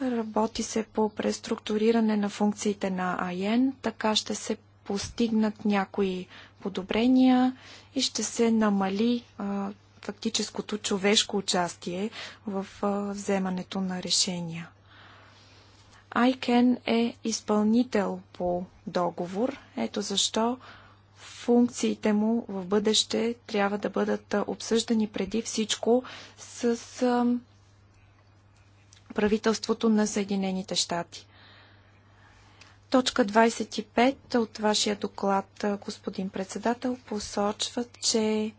Speaker 2: Работи се по преструктуриране на функциите на АЕН, така ще се постигнат някои подобрения и ще се намали а, фактическото човешко участие в а, вземането на решения. ICANN е изпълнител по договор. Ето защо функциите му в бъдеще трябва да бъдат обсъждани преди всичко с правителството на Съединените щати. Точка 25 от вашия доклад, господин председател, посочва, че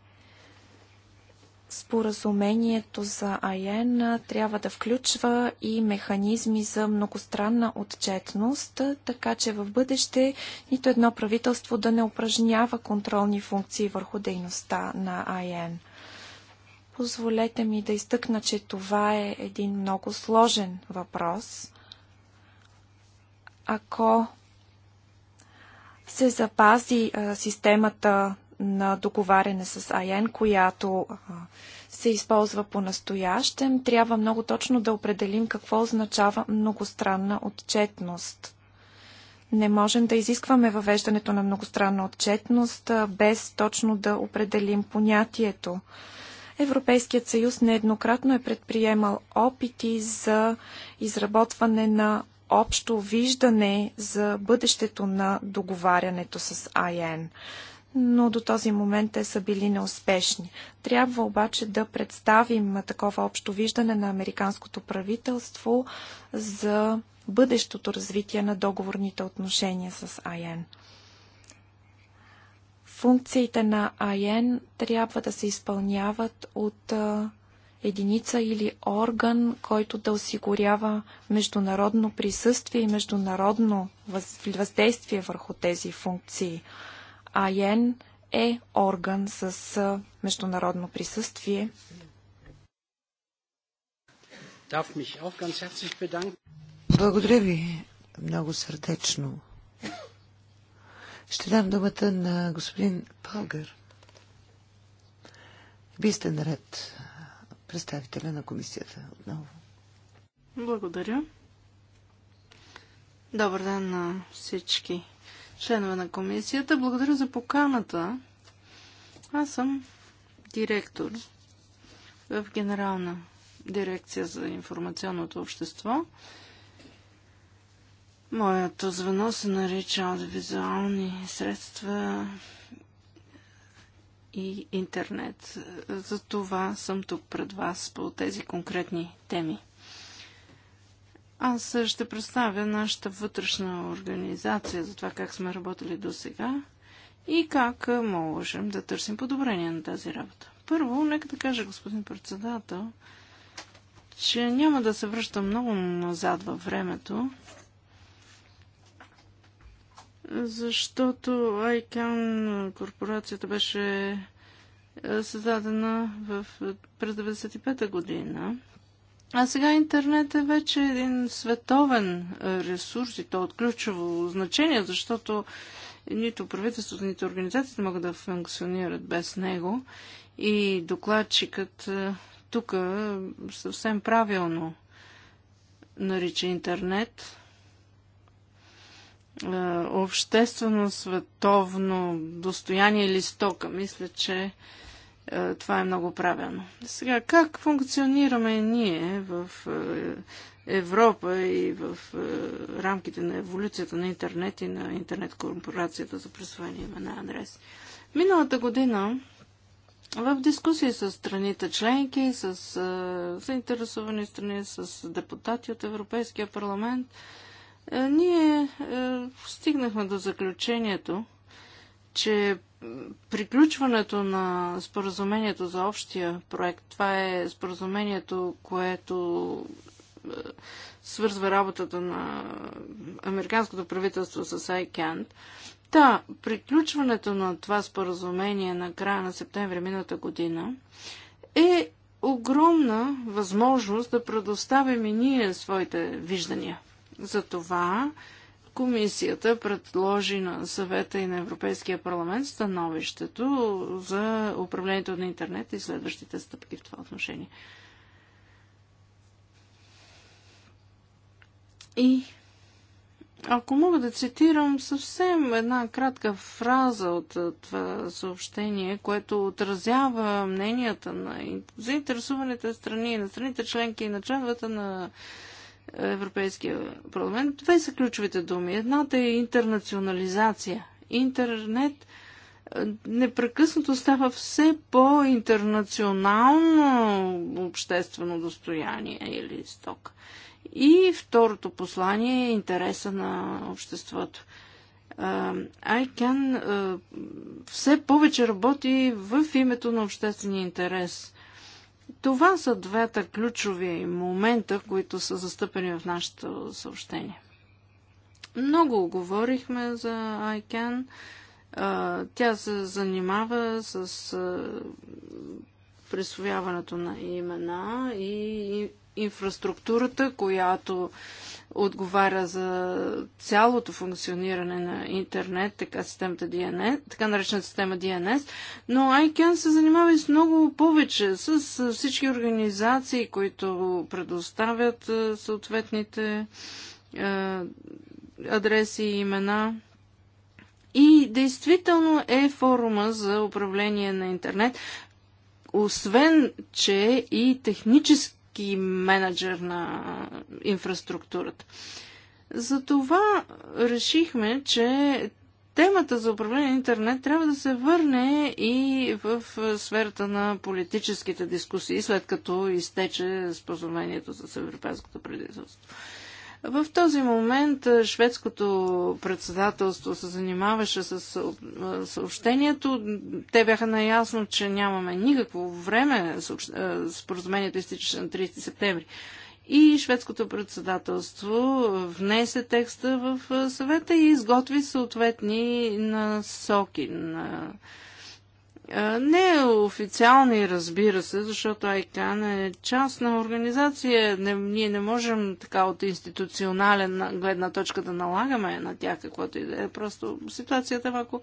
Speaker 2: Споразумението за АЕН трябва да включва и механизми за многостранна отчетност, така че в бъдеще нито едно правителство да не упражнява контролни функции върху дейността на АЕН. Позволете ми да изтъкна, че това е един много сложен въпрос. Ако се запази системата на договаряне с АЕН, която се използва по настоящем, трябва много точно да определим какво означава многостранна отчетност. Не можем да изискваме въвеждането на многостранна отчетност без точно да определим понятието. Европейският съюз нееднократно е предприемал опити за изработване на общо виждане за бъдещето на договарянето с АЕН но до този момент те са били неуспешни. Трябва обаче да представим такова общо виждане на американското правителство за бъдещото развитие на договорните отношения с АЕН. Функциите на АЕН трябва да се изпълняват от единица или орган, който да осигурява международно присъствие и международно въздействие върху тези функции – АЕН е орган с международно присъствие. Благодаря ви много сърдечно.
Speaker 1: Ще дам думата на господин Пългър. Вие сте наред, представителя на комисията отново.
Speaker 3: Благодаря. Добър ден на всички членове на комисията. Благодаря за поканата. Аз съм директор в Генерална дирекция за информационното общество. Моето звено се нарича аудиовизуални средства и интернет. За това съм тук пред вас по тези конкретни теми. Аз ще представя нашата вътрешна организация за това как сме работили до сега и как можем да търсим подобрение на тази работа. Първо, нека да кажа, господин председател, че няма да се връща много назад във времето, защото ICAN корпорацията беше е, създадена в, през 95-та година а сега интернет е вече един световен е, ресурс и то от ключово значение, защото нито правителството, нито организациите могат да функционират без него. И докладчикът е, тук е, съвсем правилно нарича интернет обществено, световно достояние или стока. Мисля, че е, това е много правилно. Сега, как функционираме ние в е, Европа и в е, рамките на еволюцията на интернет и на интернет-корпорацията за присвоение на адрес? Миналата година в дискусии с страните членки, с заинтересовани страни, с депутати от Европейския парламент, ние стигнахме до заключението, че приключването на споразумението за общия проект, това е споразумението, което е, свързва работата на американското правителство с ICANN. Та, да, приключването на това споразумение на края на септември мината година е огромна възможност да предоставим и ние своите виждания. За това Комисията предложи на съвета и на Европейския парламент становището за управлението на интернет и следващите стъпки в това отношение. И ако мога да цитирам съвсем една кратка фраза от това съобщение, което отразява мненията на заинтересуваните страни, на страните членки и на членовете на Европейския парламент. Две са ключовите думи. Едната е интернационализация. Интернет непрекъснато става все по-интернационално обществено достояние или сток. И второто послание е интереса на обществото. ICANN все повече работи в името на обществения интерес. Това са двата ключови момента, които са застъпени в нашето съобщение. Много говорихме за ICANN. Тя се занимава с присвояването на имена и инфраструктурата, която отговаря за цялото функциониране на интернет, така, системата DNS, така наречената система DNS, но ICANN се занимава и с много повече, с всички организации, които предоставят е, съответните е, адреси и имена. И действително е форума за управление на интернет, освен, че е и технически и менеджер на инфраструктурата. Затова решихме, че темата за управление на интернет трябва да се върне и в сферата на политическите дискусии, след като изтече споразумението с Европейското правителство. В този момент шведското председателство се занимаваше с съобщението. Те бяха наясно, че нямаме никакво време. Споразумението изтичаше на 30 септември. И шведското председателство внесе текста в съвета и изготви съответни насоки на не е официални, разбира се, защото ICAN е частна организация. Не, ние не можем така от институционален гледна точка да налагаме на тях каквото и да е. Просто ситуацията е малко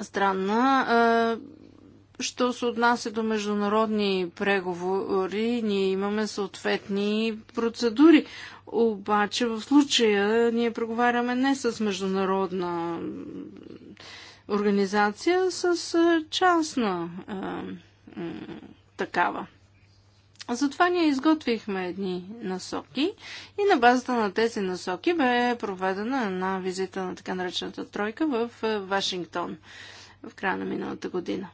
Speaker 3: странна. Що се отнася до международни преговори, ние имаме съответни процедури. Обаче в случая ние преговаряме не с международна организация с частна такава. Затова ние изготвихме едни насоки и на базата на тези насоки бе проведена една визита на така наречената тройка в Вашингтон в края на миналата година.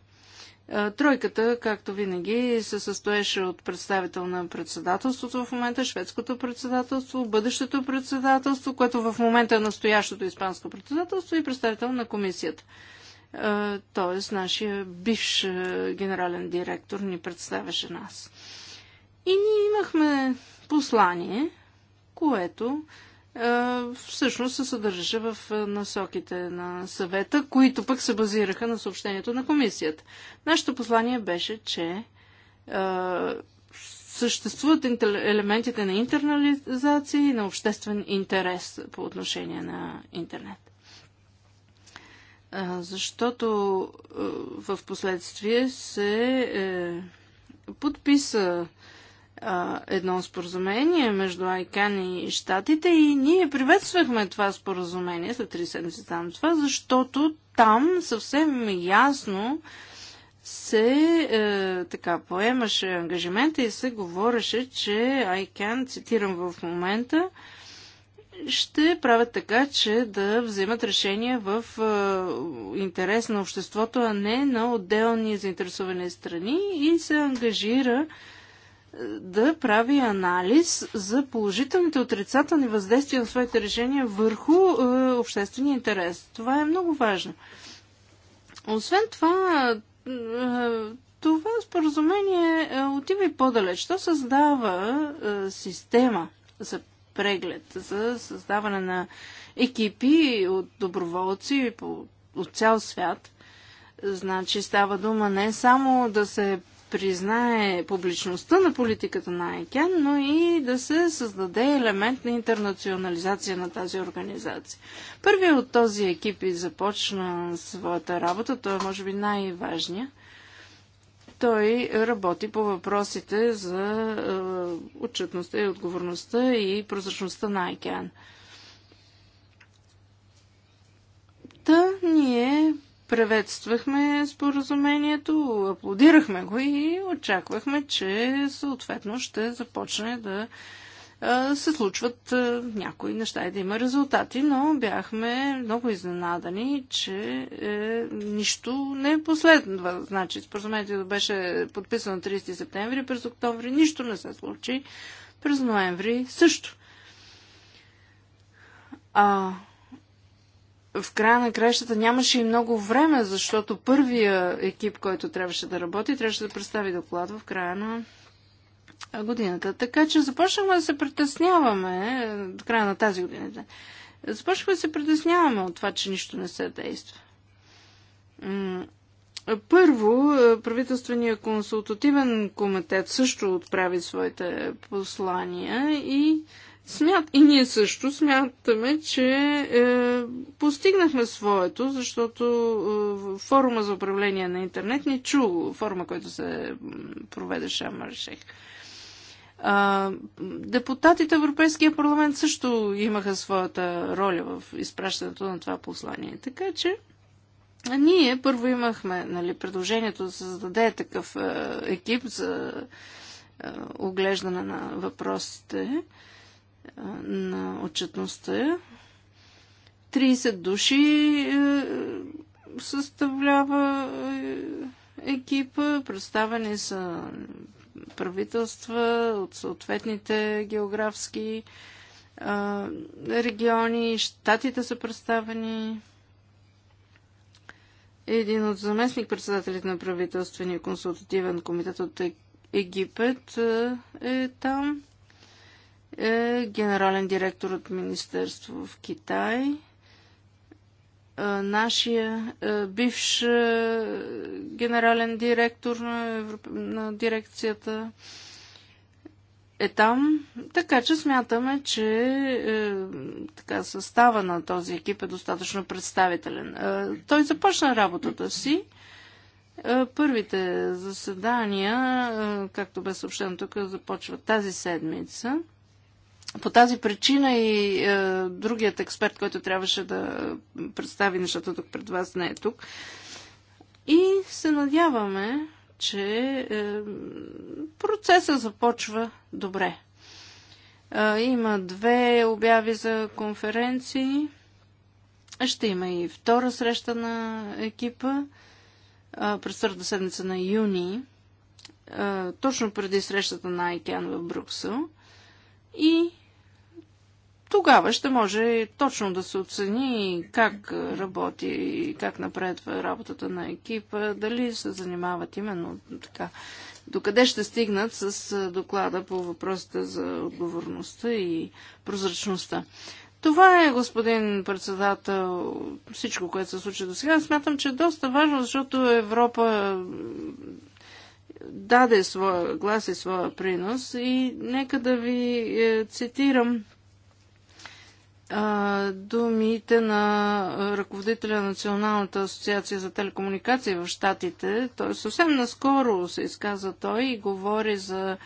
Speaker 3: Е, тройката, както винаги, се състоеше от представител на председателството в момента, шведското председателство, бъдещето председателство, което в момента е настоящото испанско председателство и представител на комисията. Е, тоест, нашия бивш е, генерален директор ни представяше нас. И ние имахме послание, което всъщност се съдържаше в насоките на съвета, които пък се базираха на съобщението на комисията. Нашето послание беше, че съществуват елементите на интернализация и на обществен интерес по отношение на интернет. Защото в последствие се е, подписа а, едно споразумение между Айкан и Штатите и ние приветствахме това споразумение след 3 седмици там това, защото там съвсем ясно се е, така поемаше ангажимента и се говореше, че Айкан, цитирам в момента, ще правят така, че да вземат решения в е, интерес на обществото, а не на отделни заинтересовани страни и се ангажира да прави анализ за положителните отрицателни въздействия на своите решения върху е, обществения интерес. Това е много важно. Освен това, е, това споразумение е, отива и по-далеч. То създава е, система за преглед, за създаване на екипи от доброволци по, от цял свят. Значи става дума не само да се признае публичността на политиката на ЕКЯН, но и да се създаде елемент на интернационализация на тази организация. Първият от този екип и започна своята работа, той е може би най важния Той работи по въпросите за е, отчетността и отговорността и прозрачността на ЕКЯН. Та ние приветствахме споразумението, аплодирахме го и очаквахме, че съответно ще започне да се случват някои неща и да има резултати, но бяхме много изненадани, че е, нищо не е последно. Значи, споразумението беше подписано на 30 септември, през октомври нищо не се случи, през ноември също. А в края на краищата нямаше и много време, защото първия екип, който трябваше да работи, трябваше да представи доклад в края на годината. Така че започнахме да се притесняваме до края на тази година. Започнахме да се притесняваме от това, че нищо не се действа. Първо, е, правителствения консултативен комитет също отправи своите послания и Смят, и ние също смятаме, че е, постигнахме своето, защото е, форума за управление на интернет ни чу, форума, който се проведе Решех. А, депутатите в Европейския парламент също имаха своята роля в изпращането на това послание. Така че ние първо имахме нали, предложението да се създаде такъв е, екип за е, оглеждане на въпросите. Е, на отчетността. 30 души е, съставлява е, екипа, представени са правителства от съответните географски региони, щатите са представени. Един от заместник-председателите на правителствения консултативен комитет от Египет е, е там е генерален директор от Министерство в Китай. Е, нашия е, бивш е, генерален директор на, Европ... на дирекцията е там. Така че смятаме, че е, така, състава на този екип е достатъчно представителен. Е, той започна работата си. Е, първите заседания, е, както бе съобщено тук, започват тази седмица. По тази причина и е, другият експерт, който трябваше да представи нещата тук пред вас, не е тук. И се надяваме, че е, процеса започва добре. Е, има две обяви за конференции. Ще има и втора среща на екипа е, през твърда седмица на юни, е, точно преди срещата на ICANN в Брюксел. И тогава ще може точно да се оцени как работи и как напредва работата на екипа, дали се занимават именно така. Докъде ще стигнат с доклада по въпросите за отговорността и прозрачността. Това е, господин председател, всичко, което се случи до сега. Смятам, че е доста важно, защото Европа даде своя глас и своя принос. И нека да ви е, цитирам думите на ръководителя на Националната асоциация за телекомуникации в Штатите. Той съвсем наскоро се изказа той и говори за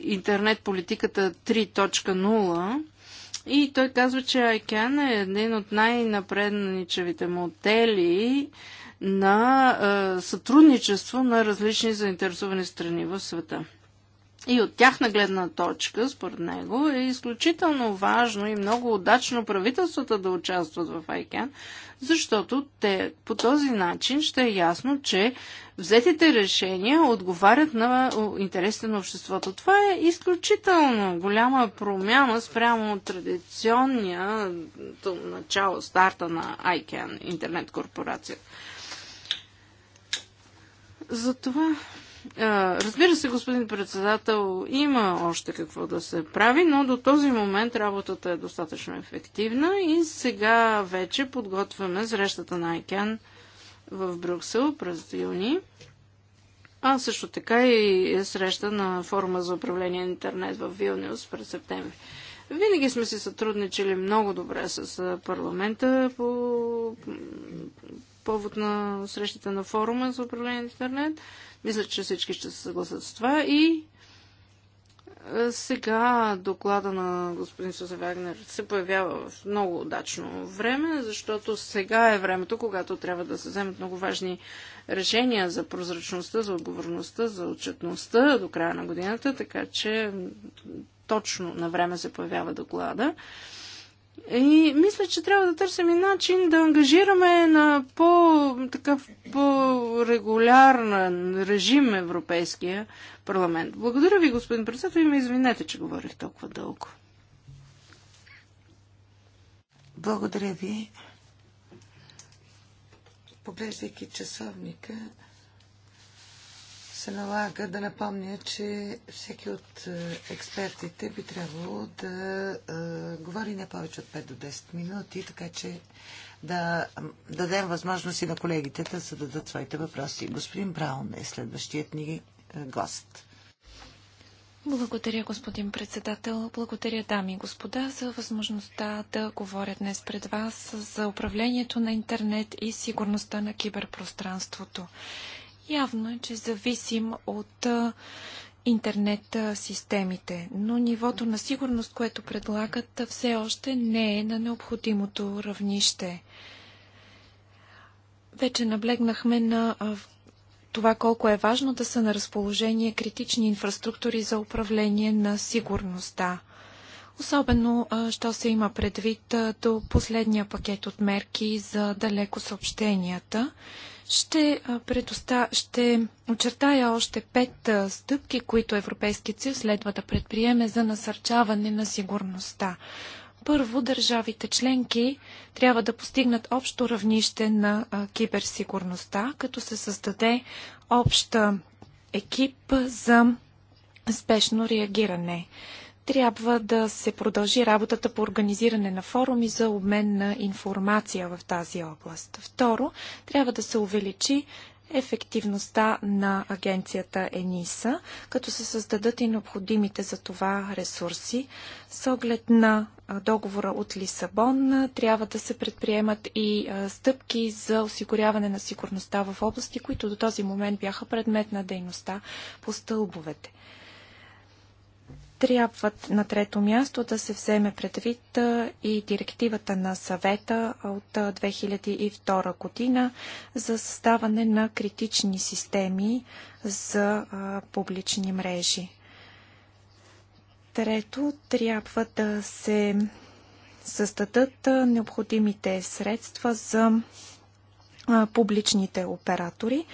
Speaker 3: интернет политиката 3.0. И той казва, че ICANN е един от най-напредничевите модели на сътрудничество на различни заинтересовани страни в света. И от тяхна гледна точка, според него, е изключително важно и много удачно правителствата да участват в ICANN, защото те по този начин ще е ясно, че взетите решения отговарят на интересите на обществото. Това е изключително голяма промяна спрямо традиционния начало, старта на ICANN, интернет корпорация. Затова Разбира се, господин председател, има още какво да се прави, но до този момент работата е достатъчно ефективна и сега вече подготвяме срещата на ICAN в Брюксел през юни, а също така и среща на форума за управление на интернет в Вилниус през септември. Винаги сме си сътрудничили много добре с парламента по повод на срещата на форума за управление на интернет. Мисля, че всички ще се съгласят с това. И е, сега доклада на господин Сузе Вагнер се появява в много удачно време, защото сега е времето, когато трябва да се вземат много важни решения за прозрачността, за отговорността, за отчетността до края на годината, така че точно на време се появява доклада. И мисля, че трябва да търсим и начин да ангажираме на по, такъв по-регулярен режим Европейския парламент. Благодаря ви, господин председател, и ме извинете, че говорих
Speaker 1: толкова дълго. Благодаря ви. Поглеждайки часовника, се налага да напомня, че всеки от е, експертите би трябвало да е, говори не повече от 5 до 10 минути, така че да дадем възможност и на колегите да зададат своите въпроси. Господин Браун е следващият ни е, гост.
Speaker 2: Благодаря, господин председател. Благодаря, дами и господа, за възможността да говоря днес пред вас за управлението на интернет и сигурността на киберпространството. Явно е, че зависим от интернет системите, но нивото на сигурност, което предлагат, все още не е на необходимото равнище. Вече наблегнахме на това колко е важно да са на разположение критични инфраструктури за управление на сигурността. Особено, що се има предвид до последния пакет от мерки за далеко съобщенията – ще, предоста... ще очертая още пет стъпки, които Европейският съюз следва да предприеме за насърчаване на сигурността. Първо, държавите членки трябва да постигнат общо равнище на киберсигурността, като се създаде обща екип за спешно реагиране. Трябва да се продължи работата по организиране на форуми за обмен на информация в тази област. Второ, трябва да се увеличи ефективността на агенцията ЕНИСА, като се създадат и необходимите за това ресурси. С оглед на договора от Лисабон трябва да се предприемат и стъпки за осигуряване на сигурността в области, които до този момент бяха предмет на дейността по стълбовете. Трябва на трето място да се вземе предвид и директивата на съвета от 2002 година за създаване на критични системи за публични мрежи. Трето, трябва да се създадат необходимите средства за публичните оператори.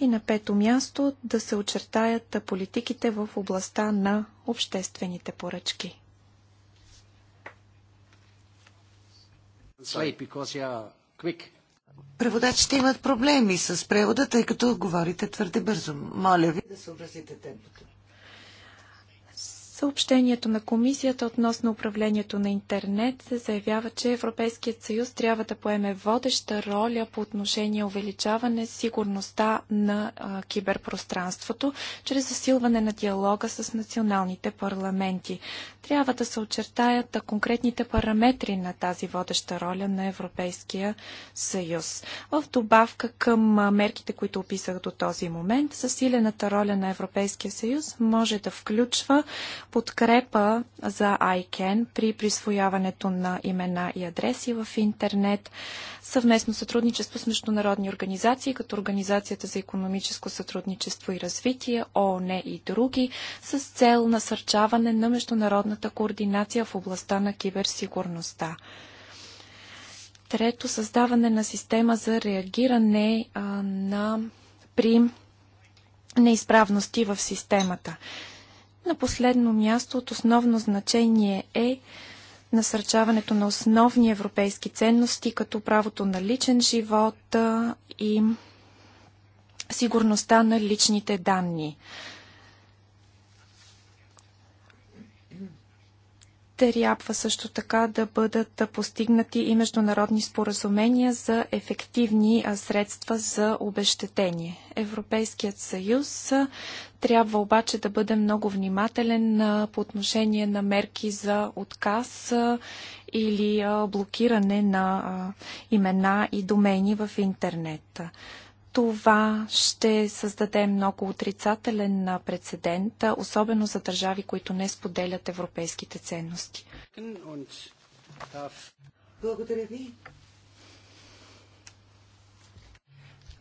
Speaker 2: И на пето място да се очертаят политиките в областта на обществените поръчки.
Speaker 1: Преводачите имат проблеми с превода, тъй като говорите твърде бързо. Моля ви да съобразите темпото
Speaker 2: съобщението на комисията относно управлението на интернет се заявява, че Европейският съюз трябва да поеме водеща роля по отношение увеличаване сигурността на а, киберпространството, чрез засилване на диалога с националните парламенти. Трябва да се очертаят конкретните параметри на тази водеща роля на Европейския съюз. В добавка към мерките, които описах до този момент, засилената роля на Европейския съюз може да включва подкрепа за ICANN при присвояването на имена и адреси в интернет, съвместно сътрудничество с международни организации, като Организацията за економическо сътрудничество и развитие, ООН и други, с цел насърчаване на международната координация в областта на киберсигурността. Трето, създаване на система за реагиране а, на при неизправности в системата. На последно място от основно значение е насърчаването на основни европейски ценности, като правото на личен живот и сигурността на личните данни. Трябва също така да бъдат постигнати и международни споразумения за ефективни средства за обещетение. Европейският съюз трябва обаче да бъде много внимателен по отношение на мерки за отказ или блокиране на имена и домени в интернет това ще създаде много отрицателен прецедент, особено за държави, които не споделят европейските ценности.
Speaker 4: Благодаря ви.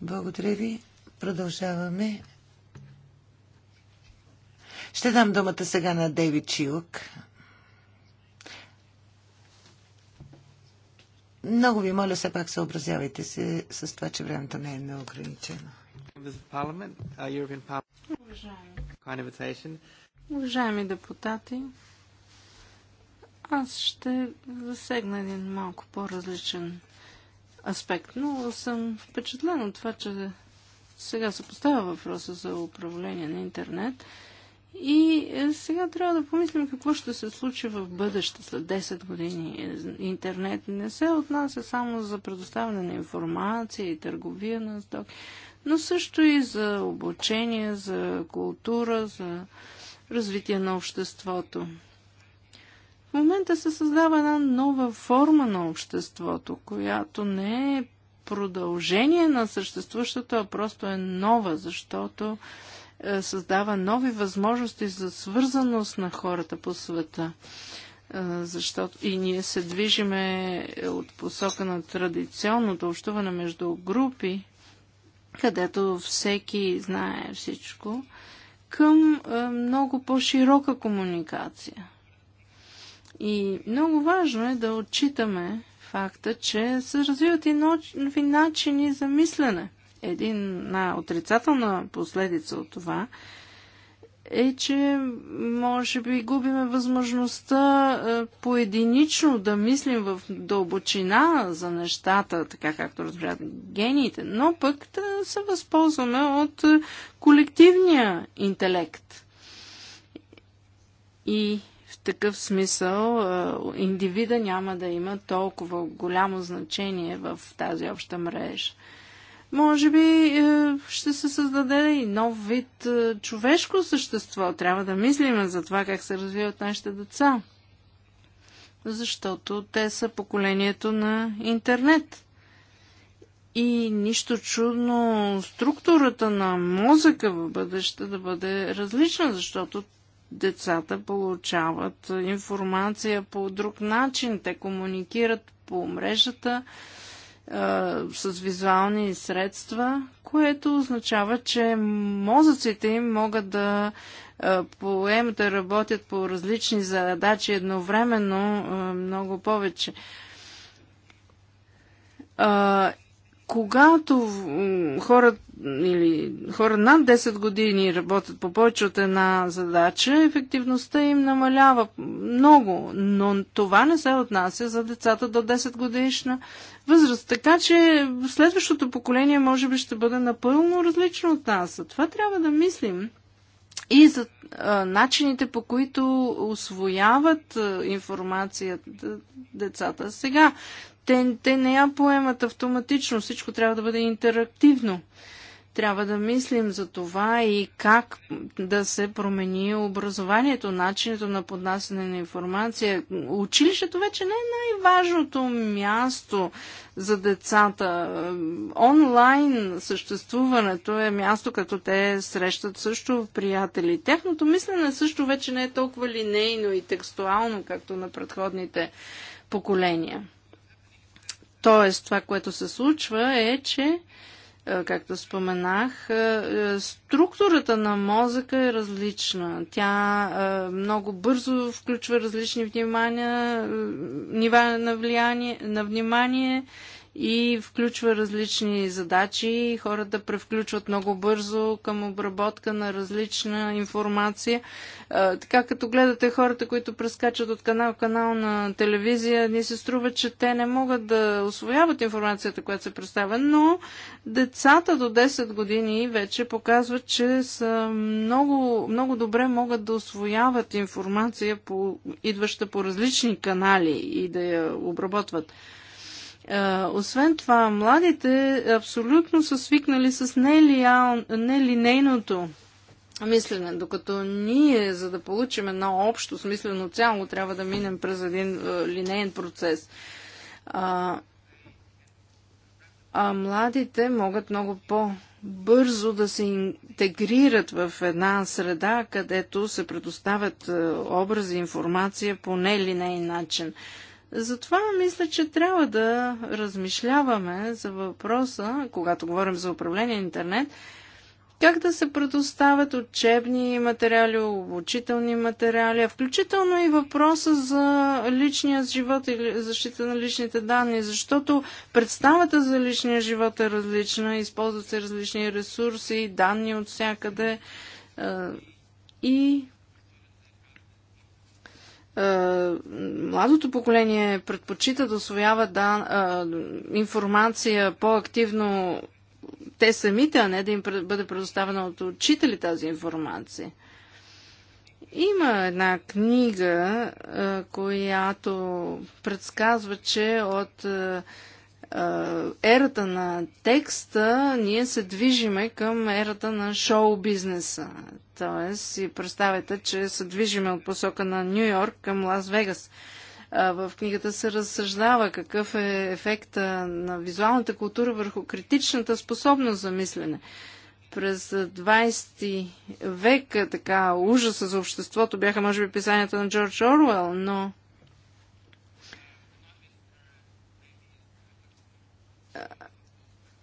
Speaker 1: Благодаря ви. Продължаваме. Ще дам думата сега на Дейвид Чилък. Много ви моля, все пак съобразявайте се с това, че времето не е неограничено.
Speaker 4: Уважаеми.
Speaker 3: Уважаеми депутати, аз ще засегна един малко по-различен аспект, но съм впечатлен от това, че сега се поставя въпроса за управление на интернет – и е, сега трябва да помислим какво ще се случи в бъдеще след 10 години. Интернет не се отнася само за предоставяне на информация и търговия на стоки, но също и за обучение, за култура, за развитие на обществото. В момента се създава една нова форма на обществото, която не е продължение на съществуващото, а просто е нова, защото е, създава нови възможности за свързаност на хората по света. Е, защото и ние се движиме е, от посока на традиционното общуване между групи, където всеки знае всичко, към много по-широка комуникация. И много важно е да отчитаме факта, че се развиват и нови начини за мислене. Една отрицателна последица от това е, че може би губиме възможността е, поединично да мислим в дълбочина за нещата, така както разбират гениите, но пък да се възползваме от е, колективния интелект. И в такъв смисъл е, индивида няма да има толкова голямо значение в тази обща мрежа. Може би е, ще се създаде и нов вид е, човешко същество. Трябва да мислим за това как се развиват нашите деца. Защото те са поколението на интернет. И нищо чудно структурата на мозъка в бъдеще да бъде различна, защото децата получават е, информация по друг начин, те комуникират по мрежата, с визуални средства, което означава, че мозъците им могат да поемат да работят по различни задачи едновременно много повече. Когато хората или хора над 10 години работят по повече от една задача, ефективността им намалява много, но това не се отнася за децата до 10 годишна възраст. Така че следващото поколение може би ще бъде напълно различно от нас. Това трябва да мислим и за а, начините по които освояват а, информацията децата сега. Те, те не я поемат автоматично, всичко трябва да бъде интерактивно. А, трябва да мислим за това и как да се промени образованието, начинето на поднасяне на информация. Училището вече не е най-важното място за децата. Онлайн съществуването е място, като те срещат също приятели. Тяхното мислене също вече не е толкова линейно и текстуално, както на предходните поколения. Тоест, това, което се случва е, че е, както споменах, е, е, структурата на мозъка е различна. Тя много бързо включва различни внимания, нива на, влияние, на внимание и включва различни задачи. Хората превключват много бързо към обработка на различна информация. А, така като гледате хората, които прескачат от канал канал на телевизия, ни се струва, че те не могат да освояват информацията, която се представя, но децата до 10 години вече показват, че са много, много добре могат да освояват информация, по, идваща по различни канали и да я обработват. Е, освен това, младите абсолютно са свикнали с нелинейното мислене, докато ние, за да получим едно общо смислено цяло, трябва да минем през един е, линейен процес. А, а младите могат много по-бързо да се интегрират в една среда, където се предоставят е, образи, информация по нелинейен начин. Затова мисля, че трябва да размишляваме за въпроса, когато говорим за управление на интернет, как да се предоставят учебни материали, обучителни материали, а включително и въпроса за личния живот и защита на личните данни, защото представата за личния живот е различна, използват се различни ресурси, данни от всякъде и е, младото поколение предпочита да освоява да, е, информация по-активно те самите, а не да им бъде предоставена от учители тази информация. Има една книга, е, която предсказва, че от ерата на текста ние се движиме към ерата на шоу бизнеса. Тоест, си представете, че се движиме от посока на Нью Йорк към Лас Вегас. В книгата се разсъждава какъв е ефекта на визуалната култура върху критичната способност за мислене. През 20 век така ужаса за обществото бяха, може би, писанията на Джордж Оруел, но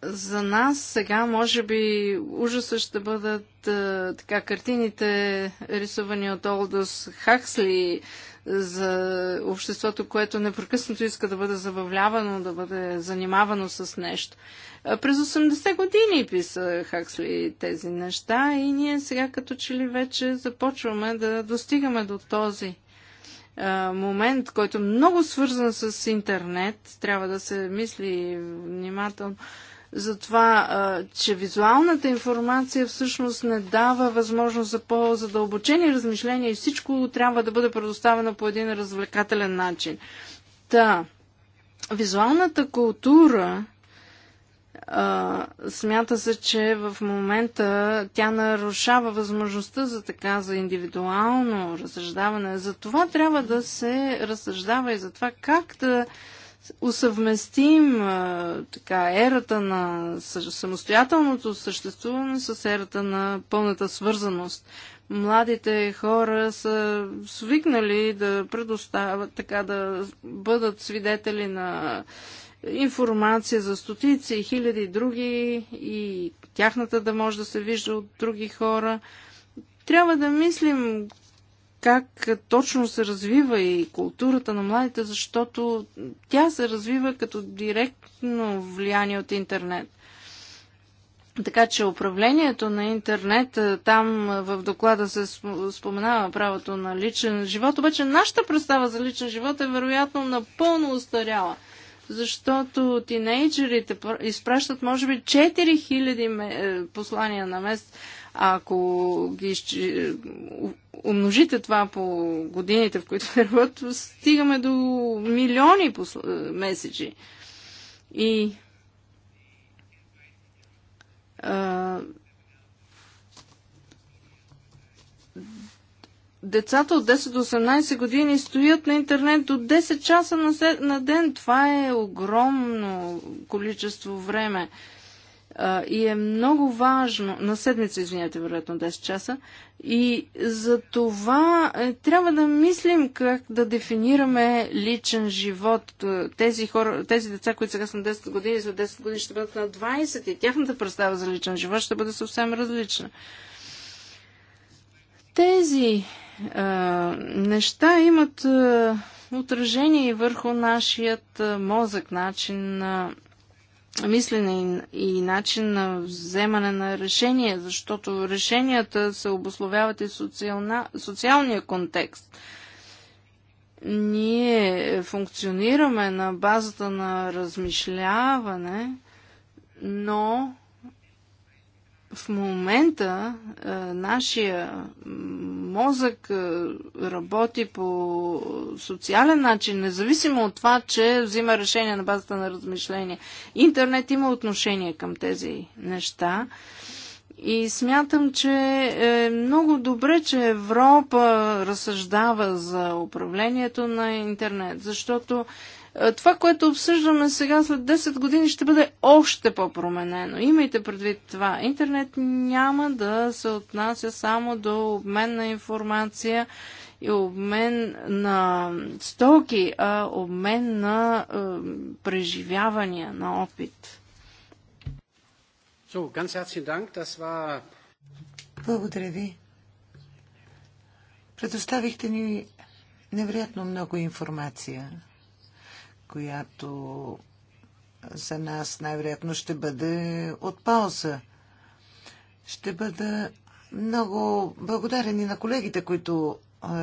Speaker 3: за нас сега, може би, ужаса ще бъдат а, е, така картините, рисувани от Олдос Хаксли за обществото, което непрекъснато иска да бъде забавлявано, да бъде занимавано с нещо. А, е, през 80-те години писа Хаксли тези неща и ние сега като че ли вече започваме да достигаме до този е, момент, който много свързан с интернет, трябва да се мисли внимателно за това, че визуалната информация всъщност не дава възможност за по-задълбочени размишления и всичко трябва да бъде предоставено по един развлекателен начин. Та, визуалната култура а, смята се, че в момента тя нарушава възможността за така, за индивидуално разсъждаване. За това трябва да се разсъждава и за това как да усъвместим така, ерата на самостоятелното съществуване с ерата на пълната свързаност. Младите хора са свикнали да предоставят, така да бъдат свидетели на информация за стотици и хиляди други и тяхната да може да се вижда от други хора. Трябва да мислим как точно се развива и културата на младите, защото тя се развива като директно влияние от интернет. Така че управлението на интернет, е, там е, в доклада се споменава правото на личен живот, обаче нашата представа за личен живот е вероятно напълно устаряла. Защото тинейджерите изпращат може би 4000 е, послания на месец ако ги умножите това по годините, в които върват, стигаме до милиони меседжи. И а, децата от 10 до 18 години стоят на интернет до 10 часа на, ден. Това е огромно количество време. А, и е много важно, на седмица, извинете, вероятно 10 часа, и за това е, трябва да мислим как да дефинираме личен живот. Тези, хора, тези деца, които сега са на 10 години, за 10 години ще бъдат на 20 и тяхната представа за личен живот ще бъде съвсем различна. Тези е, неща имат е, отражение върху нашият е, мозък, начин на мислене и, начин на вземане на решение, защото решенията се обословяват и социална, социалния контекст. Ние функционираме на базата на размишляване, но в момента а, нашия мозък а, работи по социален начин, независимо от това, че взима решение на базата на размишление. Интернет има отношение към тези неща. И смятам, че е много добре, че Европа разсъждава за управлението на интернет, защото е, това, което обсъждаме сега след 10 години, ще бъде още по-променено. Имайте предвид това. Интернет няма да се отнася само до обмен на информация и обмен на стоки, а обмен на е, преживявания, на опит.
Speaker 1: Благодаря ви. Предоставихте ни невероятно много информация която за нас най-вероятно ще бъде от полза. Ще бъда много благодарен и на колегите, които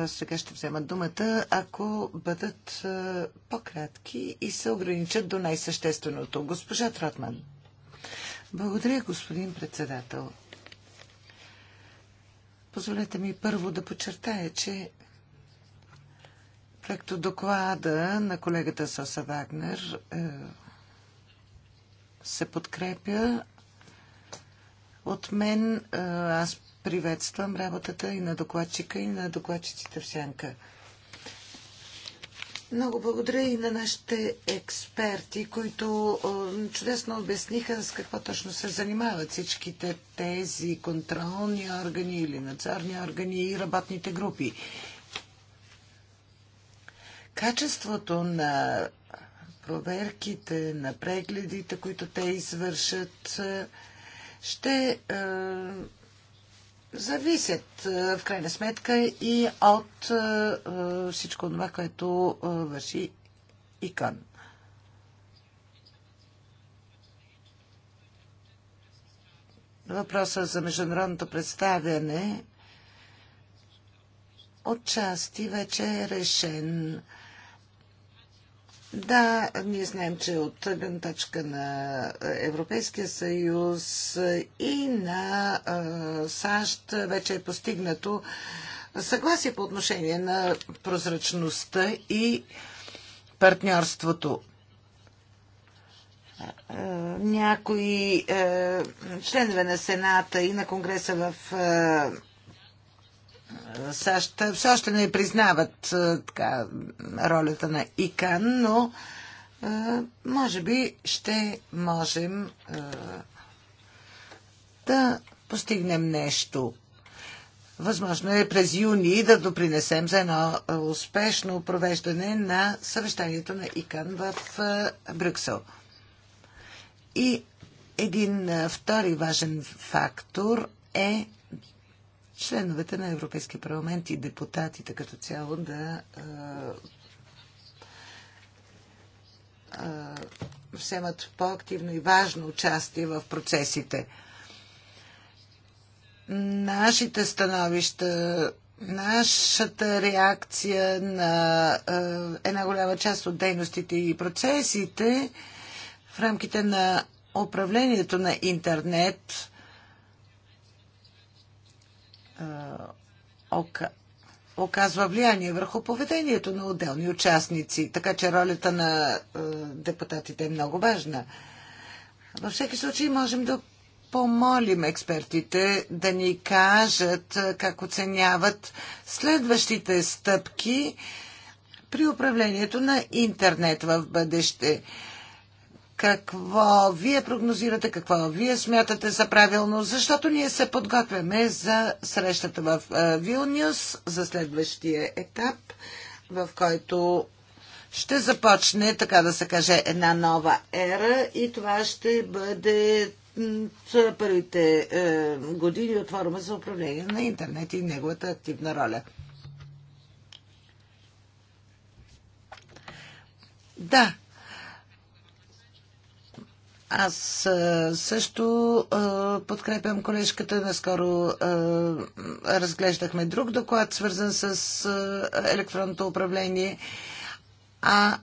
Speaker 1: сега ще вземат думата, ако бъдат по-кратки и се ограничат до най-същественото. Госпожа Тротман. Благодаря, господин председател. Позволете ми първо да подчертая, че Както доклада на колегата Соса Вагнер е, се подкрепя от мен. Е, аз приветствам работата и на докладчика, и на докладчиците в сянка. Много благодаря и на нашите експерти, които е, чудесно обясниха с какво точно се занимават всичките тези контролни органи или надзорни органи и работните групи. Качеството на проверките, на прегледите, които те извършат, е, ще е, зависят е, в крайна сметка и от е, е всичко това, което е, върши ИКАН. Въпроса за международното представяне отчасти вече е решен да, ние знаем, че от гледна точка на Европейския съюз и на САЩ вече е постигнато съгласие по отношение на прозрачността и партньорството. Някои членове на Сената и на Конгреса в САЩ все още не признават е, така, ролята на ИКАН, но е, може би ще можем е, да постигнем нещо. Възможно е през юни да допринесем за едно успешно провеждане на съвещанието на ИКАН в Брюксел. И един втори важен фактор е членовете на Европейския парламент и депутатите като цяло да вземат по-активно и важно участие в процесите. Нашите становища, нашата реакция на една голяма част от дейностите и процесите в рамките на управлението на интернет ока, оказва влияние върху поведението на отделни участници, така че ролята на депутатите е много важна. Във всеки случай можем да помолим експертите да ни кажат как оценяват следващите стъпки при управлението на интернет в бъдеще какво вие прогнозирате, какво вие смятате за правилно, защото ние се подготвяме за срещата в е, Вилнюс, за следващия етап, в който ще започне, така да се каже, една нова ера и това ще бъде първите е, години от форума за управление на интернет и неговата активна роля. Да, аз също подкрепям колежката. Наскоро разглеждахме друг доклад, свързан с електронното управление. А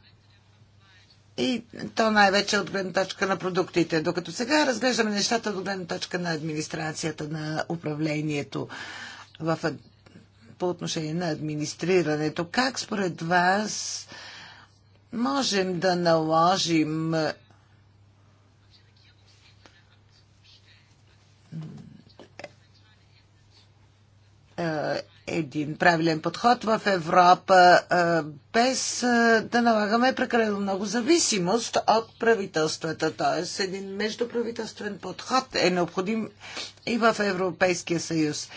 Speaker 1: и то най-вече от гледна точка на продуктите. Докато сега разглеждаме нещата от гледна точка на администрацията, на управлението в, по отношение на администрирането. Как според вас можем да наложим Е, един правилен подход в Европа, е, без е, да налагаме прекалено много зависимост от правителствата. Т.е. един междуправителствен подход е необходим и в Европейския съюз.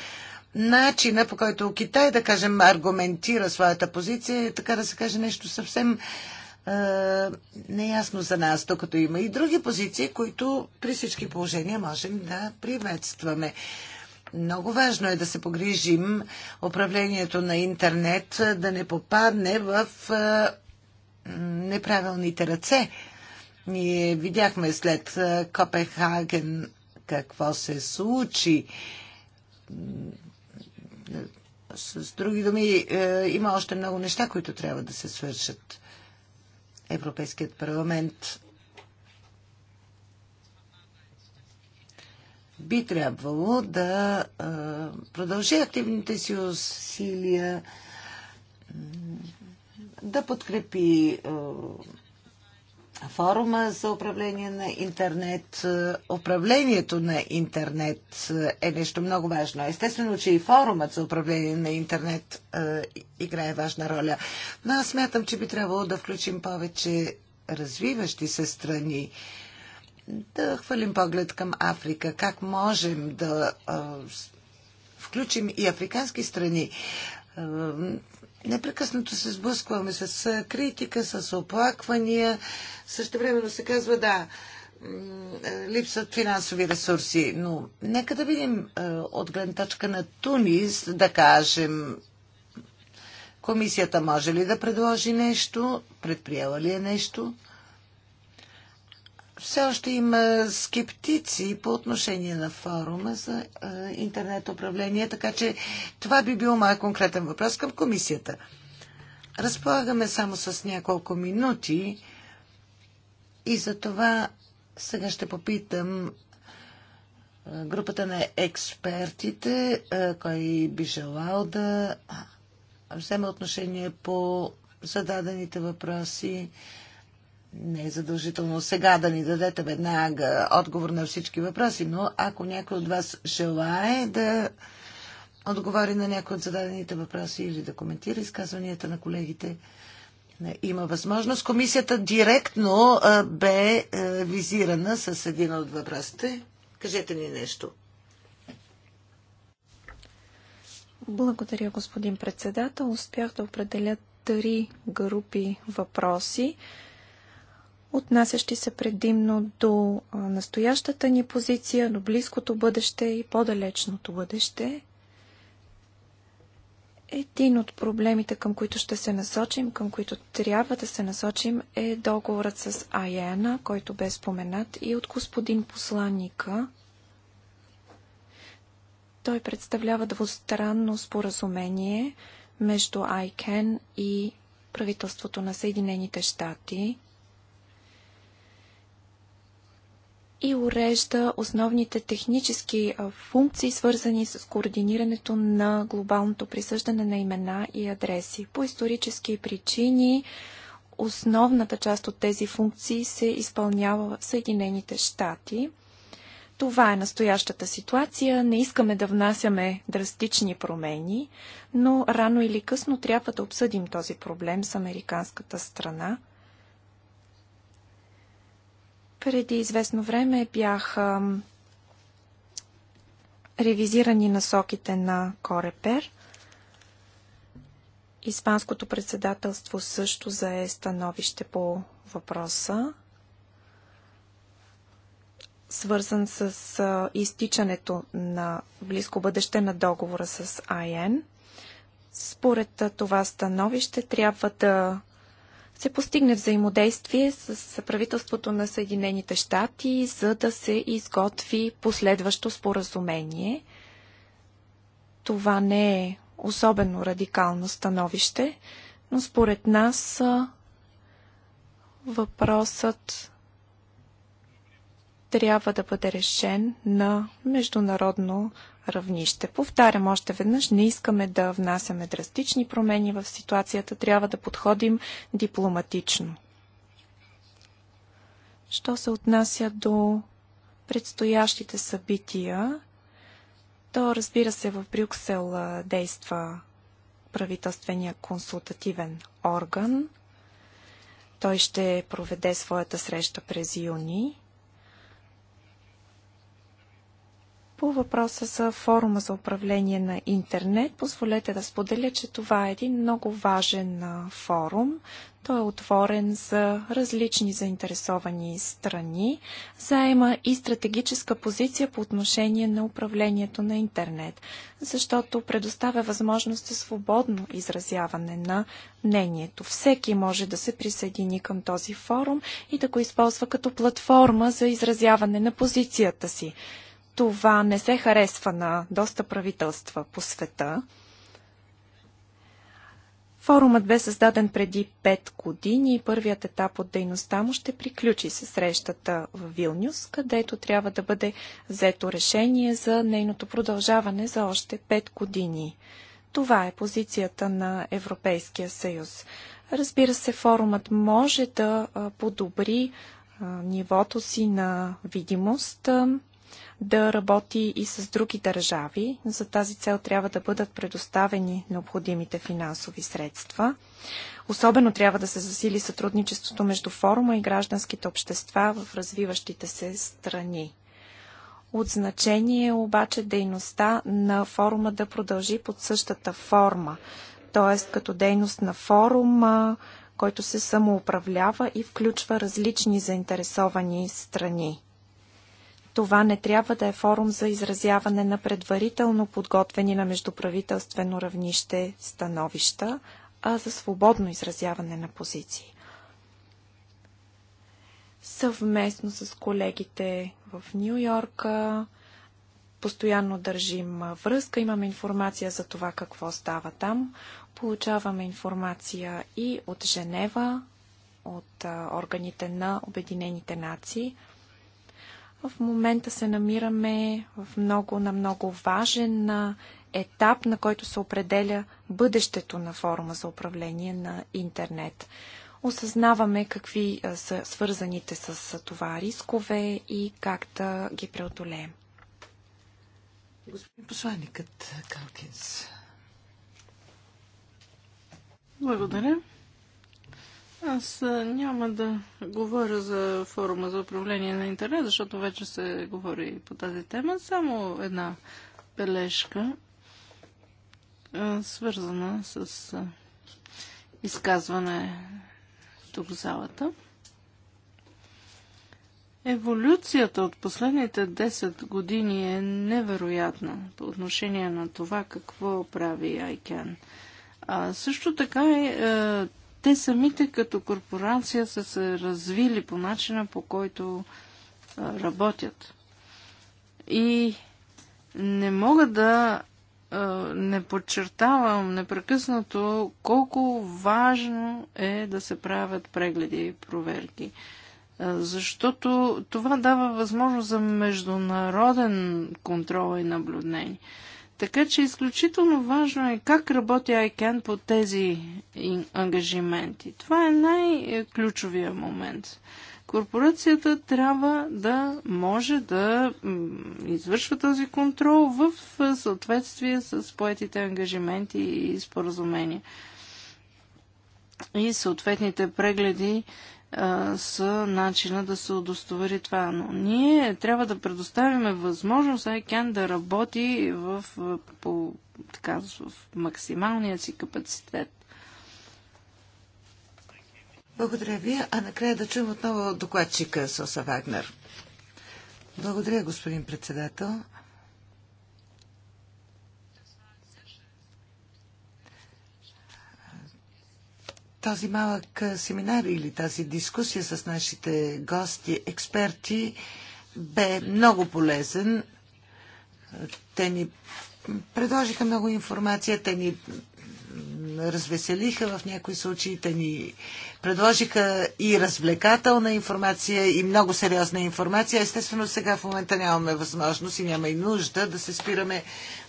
Speaker 1: Начина по който Китай, да кажем, аргументира своята позиция е, така да се каже, нещо съвсем е, неясно за нас, докато има и други позиции, които при всички положения можем да приветстваме. Е, много важно е да се погрижим управлението на интернет да не попадне в неправилните ръце. Ние видяхме след Копенхаген какво се случи. С други думи, е, има още много неща, които трябва да се свършат. Европейският парламент би трябвало да продължи активните си усилия, да подкрепи форума за управление на интернет. Управлението на интернет е нещо много важно. Естествено, че и форумът за управление на интернет играе важна роля. Но аз смятам, че би трябвало да включим повече развиващи се страни да хвърлим поглед към Африка. Как можем да а, включим и африкански страни? А, непрекъснато се сблъскваме с критика, с оплаквания. Също времено се казва, да, липсват финансови ресурси, но нека да видим от гледна точка на Тунис, да кажем, комисията може ли да предложи нещо, предприела ли е нещо? все още има скептици по отношение на форума за интернет управление, така че това би бил моят конкретен въпрос към комисията. Разполагаме само с няколко минути и за това сега ще попитам групата на експертите, кой би желал да вземе отношение по зададените въпроси не е задължително сега да ни дадете веднага отговор на всички въпроси, но ако някой от вас желае да отговори на някои от зададените въпроси или да коментира изказванията на колегите, има възможност. Комисията директно бе визирана с един от въпросите. Кажете ни нещо.
Speaker 2: Благодаря, господин председател. Успях да определя три групи въпроси отнасящи се предимно до настоящата ни позиция, до близкото бъдеще и по-далечното бъдеще. Един от проблемите, към които ще се насочим, към които трябва да се насочим, е договорът с Аяна, който бе споменат и от господин посланника. Той представлява двустранно споразумение между ICANN и правителството на Съединените щати. и урежда основните технически функции, свързани с координирането на глобалното присъждане на имена и адреси. По исторически причини основната част от тези функции се изпълнява в Съединените щати. Това е настоящата ситуация. Не искаме да внасяме драстични промени, но рано или късно трябва да обсъдим този проблем с американската страна – преди известно време бяха ревизирани насоките на Корепер. Испанското председателство също зае становище по въпроса, свързан с изтичането на близко бъдеще на договора с АЕН. Според това становище трябва да се постигне взаимодействие с правителството на Съединените щати, за да се изготви последващо споразумение. Това не е особено радикално становище, но според нас въпросът трябва да бъде решен на международно равнище. Повтарям още веднъж, не искаме да внасяме драстични промени в ситуацията, трябва да подходим дипломатично. Що се отнася до предстоящите събития, то разбира се в Брюксел действа правителствения консултативен орган. Той ще проведе своята среща през юни. По въпроса за форума за управление на интернет, позволете да споделя, че това е един много важен форум. Той е отворен за различни заинтересовани страни, заема и стратегическа позиция по отношение на управлението на интернет, защото предоставя възможност за свободно изразяване на мнението. Всеки може да се присъедини към този форум и да го използва като платформа за изразяване на позицията си. Това не се харесва на доста правителства по света. Форумът бе създаден преди 5 години и първият етап от дейността му ще приключи се срещата в Вилнюс, където трябва да бъде взето решение за нейното продължаване за още 5 години. Това е позицията на Европейския съюз. Разбира се, форумът може да подобри нивото си на видимост да работи и с други държави. За тази цел трябва да бъдат предоставени необходимите финансови средства. Особено трябва да се засили сътрудничеството между форума и гражданските общества в развиващите се страни. От значение е обаче дейността на форума да продължи под същата форма, т.е. като дейност на форума, който се самоуправлява и включва различни заинтересовани страни. Това не трябва да е форум за изразяване на предварително подготвени на междуправителствено равнище становища, а за свободно изразяване на позиции. Съвместно с колегите в Нью Йорка постоянно държим връзка, имаме информация за това какво става там. Получаваме информация и от Женева, от органите на Обединените нации – в момента се намираме в много, на много важен етап, на който се определя бъдещето на форума за управление на интернет. Осъзнаваме какви са свързаните с това рискове и как да ги преодолеем. Господин посланникът
Speaker 1: Калкинс. Благодаря.
Speaker 3: Аз няма да говоря за форума за управление на интернет, защото вече се говори по тази тема. Само една бележка, свързана с изказване тук в залата. Еволюцията от последните 10 години е невероятна по отношение на това какво прави ICANN. А, също така е, е те самите като корпорация са се развили по начина по който работят. И не мога да не подчертавам непрекъснато колко важно е да се правят прегледи и проверки. Защото това дава възможност за международен контрол и наблюдение. Така че изключително важно е как работи ICANN по тези ангажименти. Това е най-ключовия момент. Корпорацията трябва да може да извършва този контрол в съответствие с поетите ангажименти и споразумения. И съответните прегледи с са начина да се удостовери това. Но ние трябва да предоставяме възможност ICANN да работи в, по,
Speaker 1: така, в максималния си капацитет. Благодаря ви. А накрая да чуем отново докладчика Соса Вагнер. Благодаря, господин председател. този малък семинар или тази дискусия с нашите гости, експерти, бе много полезен. Те ни предложиха много информация, те ни развеселиха в някои случаи. Те ни предложиха и развлекателна информация, и много сериозна информация. Естествено, сега в момента нямаме възможност и няма и нужда да се спираме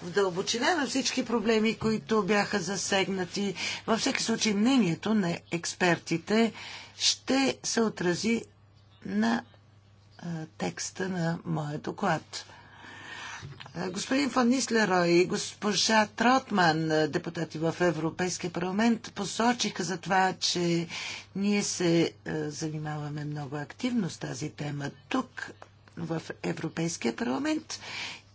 Speaker 1: в дълбочина на всички проблеми, които бяха засегнати. Във всеки случай, мнението на експертите ще се отрази на текста на моя доклад. Господин Фон Нислеро и госпожа Тротман, депутати в Европейския парламент, посочиха за това, че ние се е, занимаваме много активно с тази тема тук, в Европейския парламент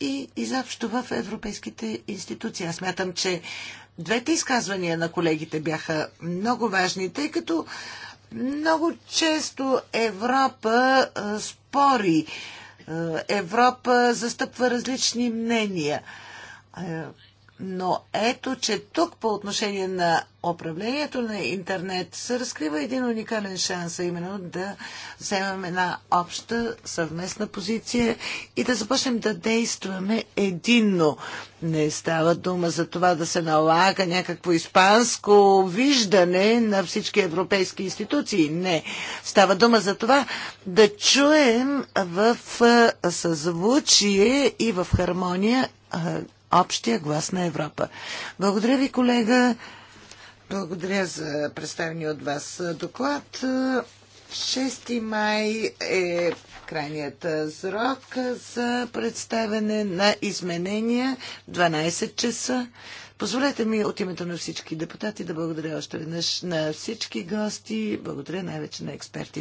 Speaker 1: и изобщо в европейските институции. Аз мятам, че двете изказвания на колегите бяха много важни, тъй като много често Европа е, спори Европа застъпва различни мнения. Е, но ето, че тук по отношение на управлението на интернет се разкрива един уникален шанс, а именно да вземем една обща съвместна позиция и да започнем да действаме единно. Не става дума за това да се налага някакво испанско виждане на всички европейски институции. Не. Става дума за това да чуем в съзвучие и в хармония общия глас на Европа. Благодаря ви, колега. Благодаря за представения от вас доклад. 6 май е крайният срок за представяне на изменения 12 часа. Позволете ми от името на всички депутати да благодаря още веднъж на всички гости, благодаря най-вече на експертите.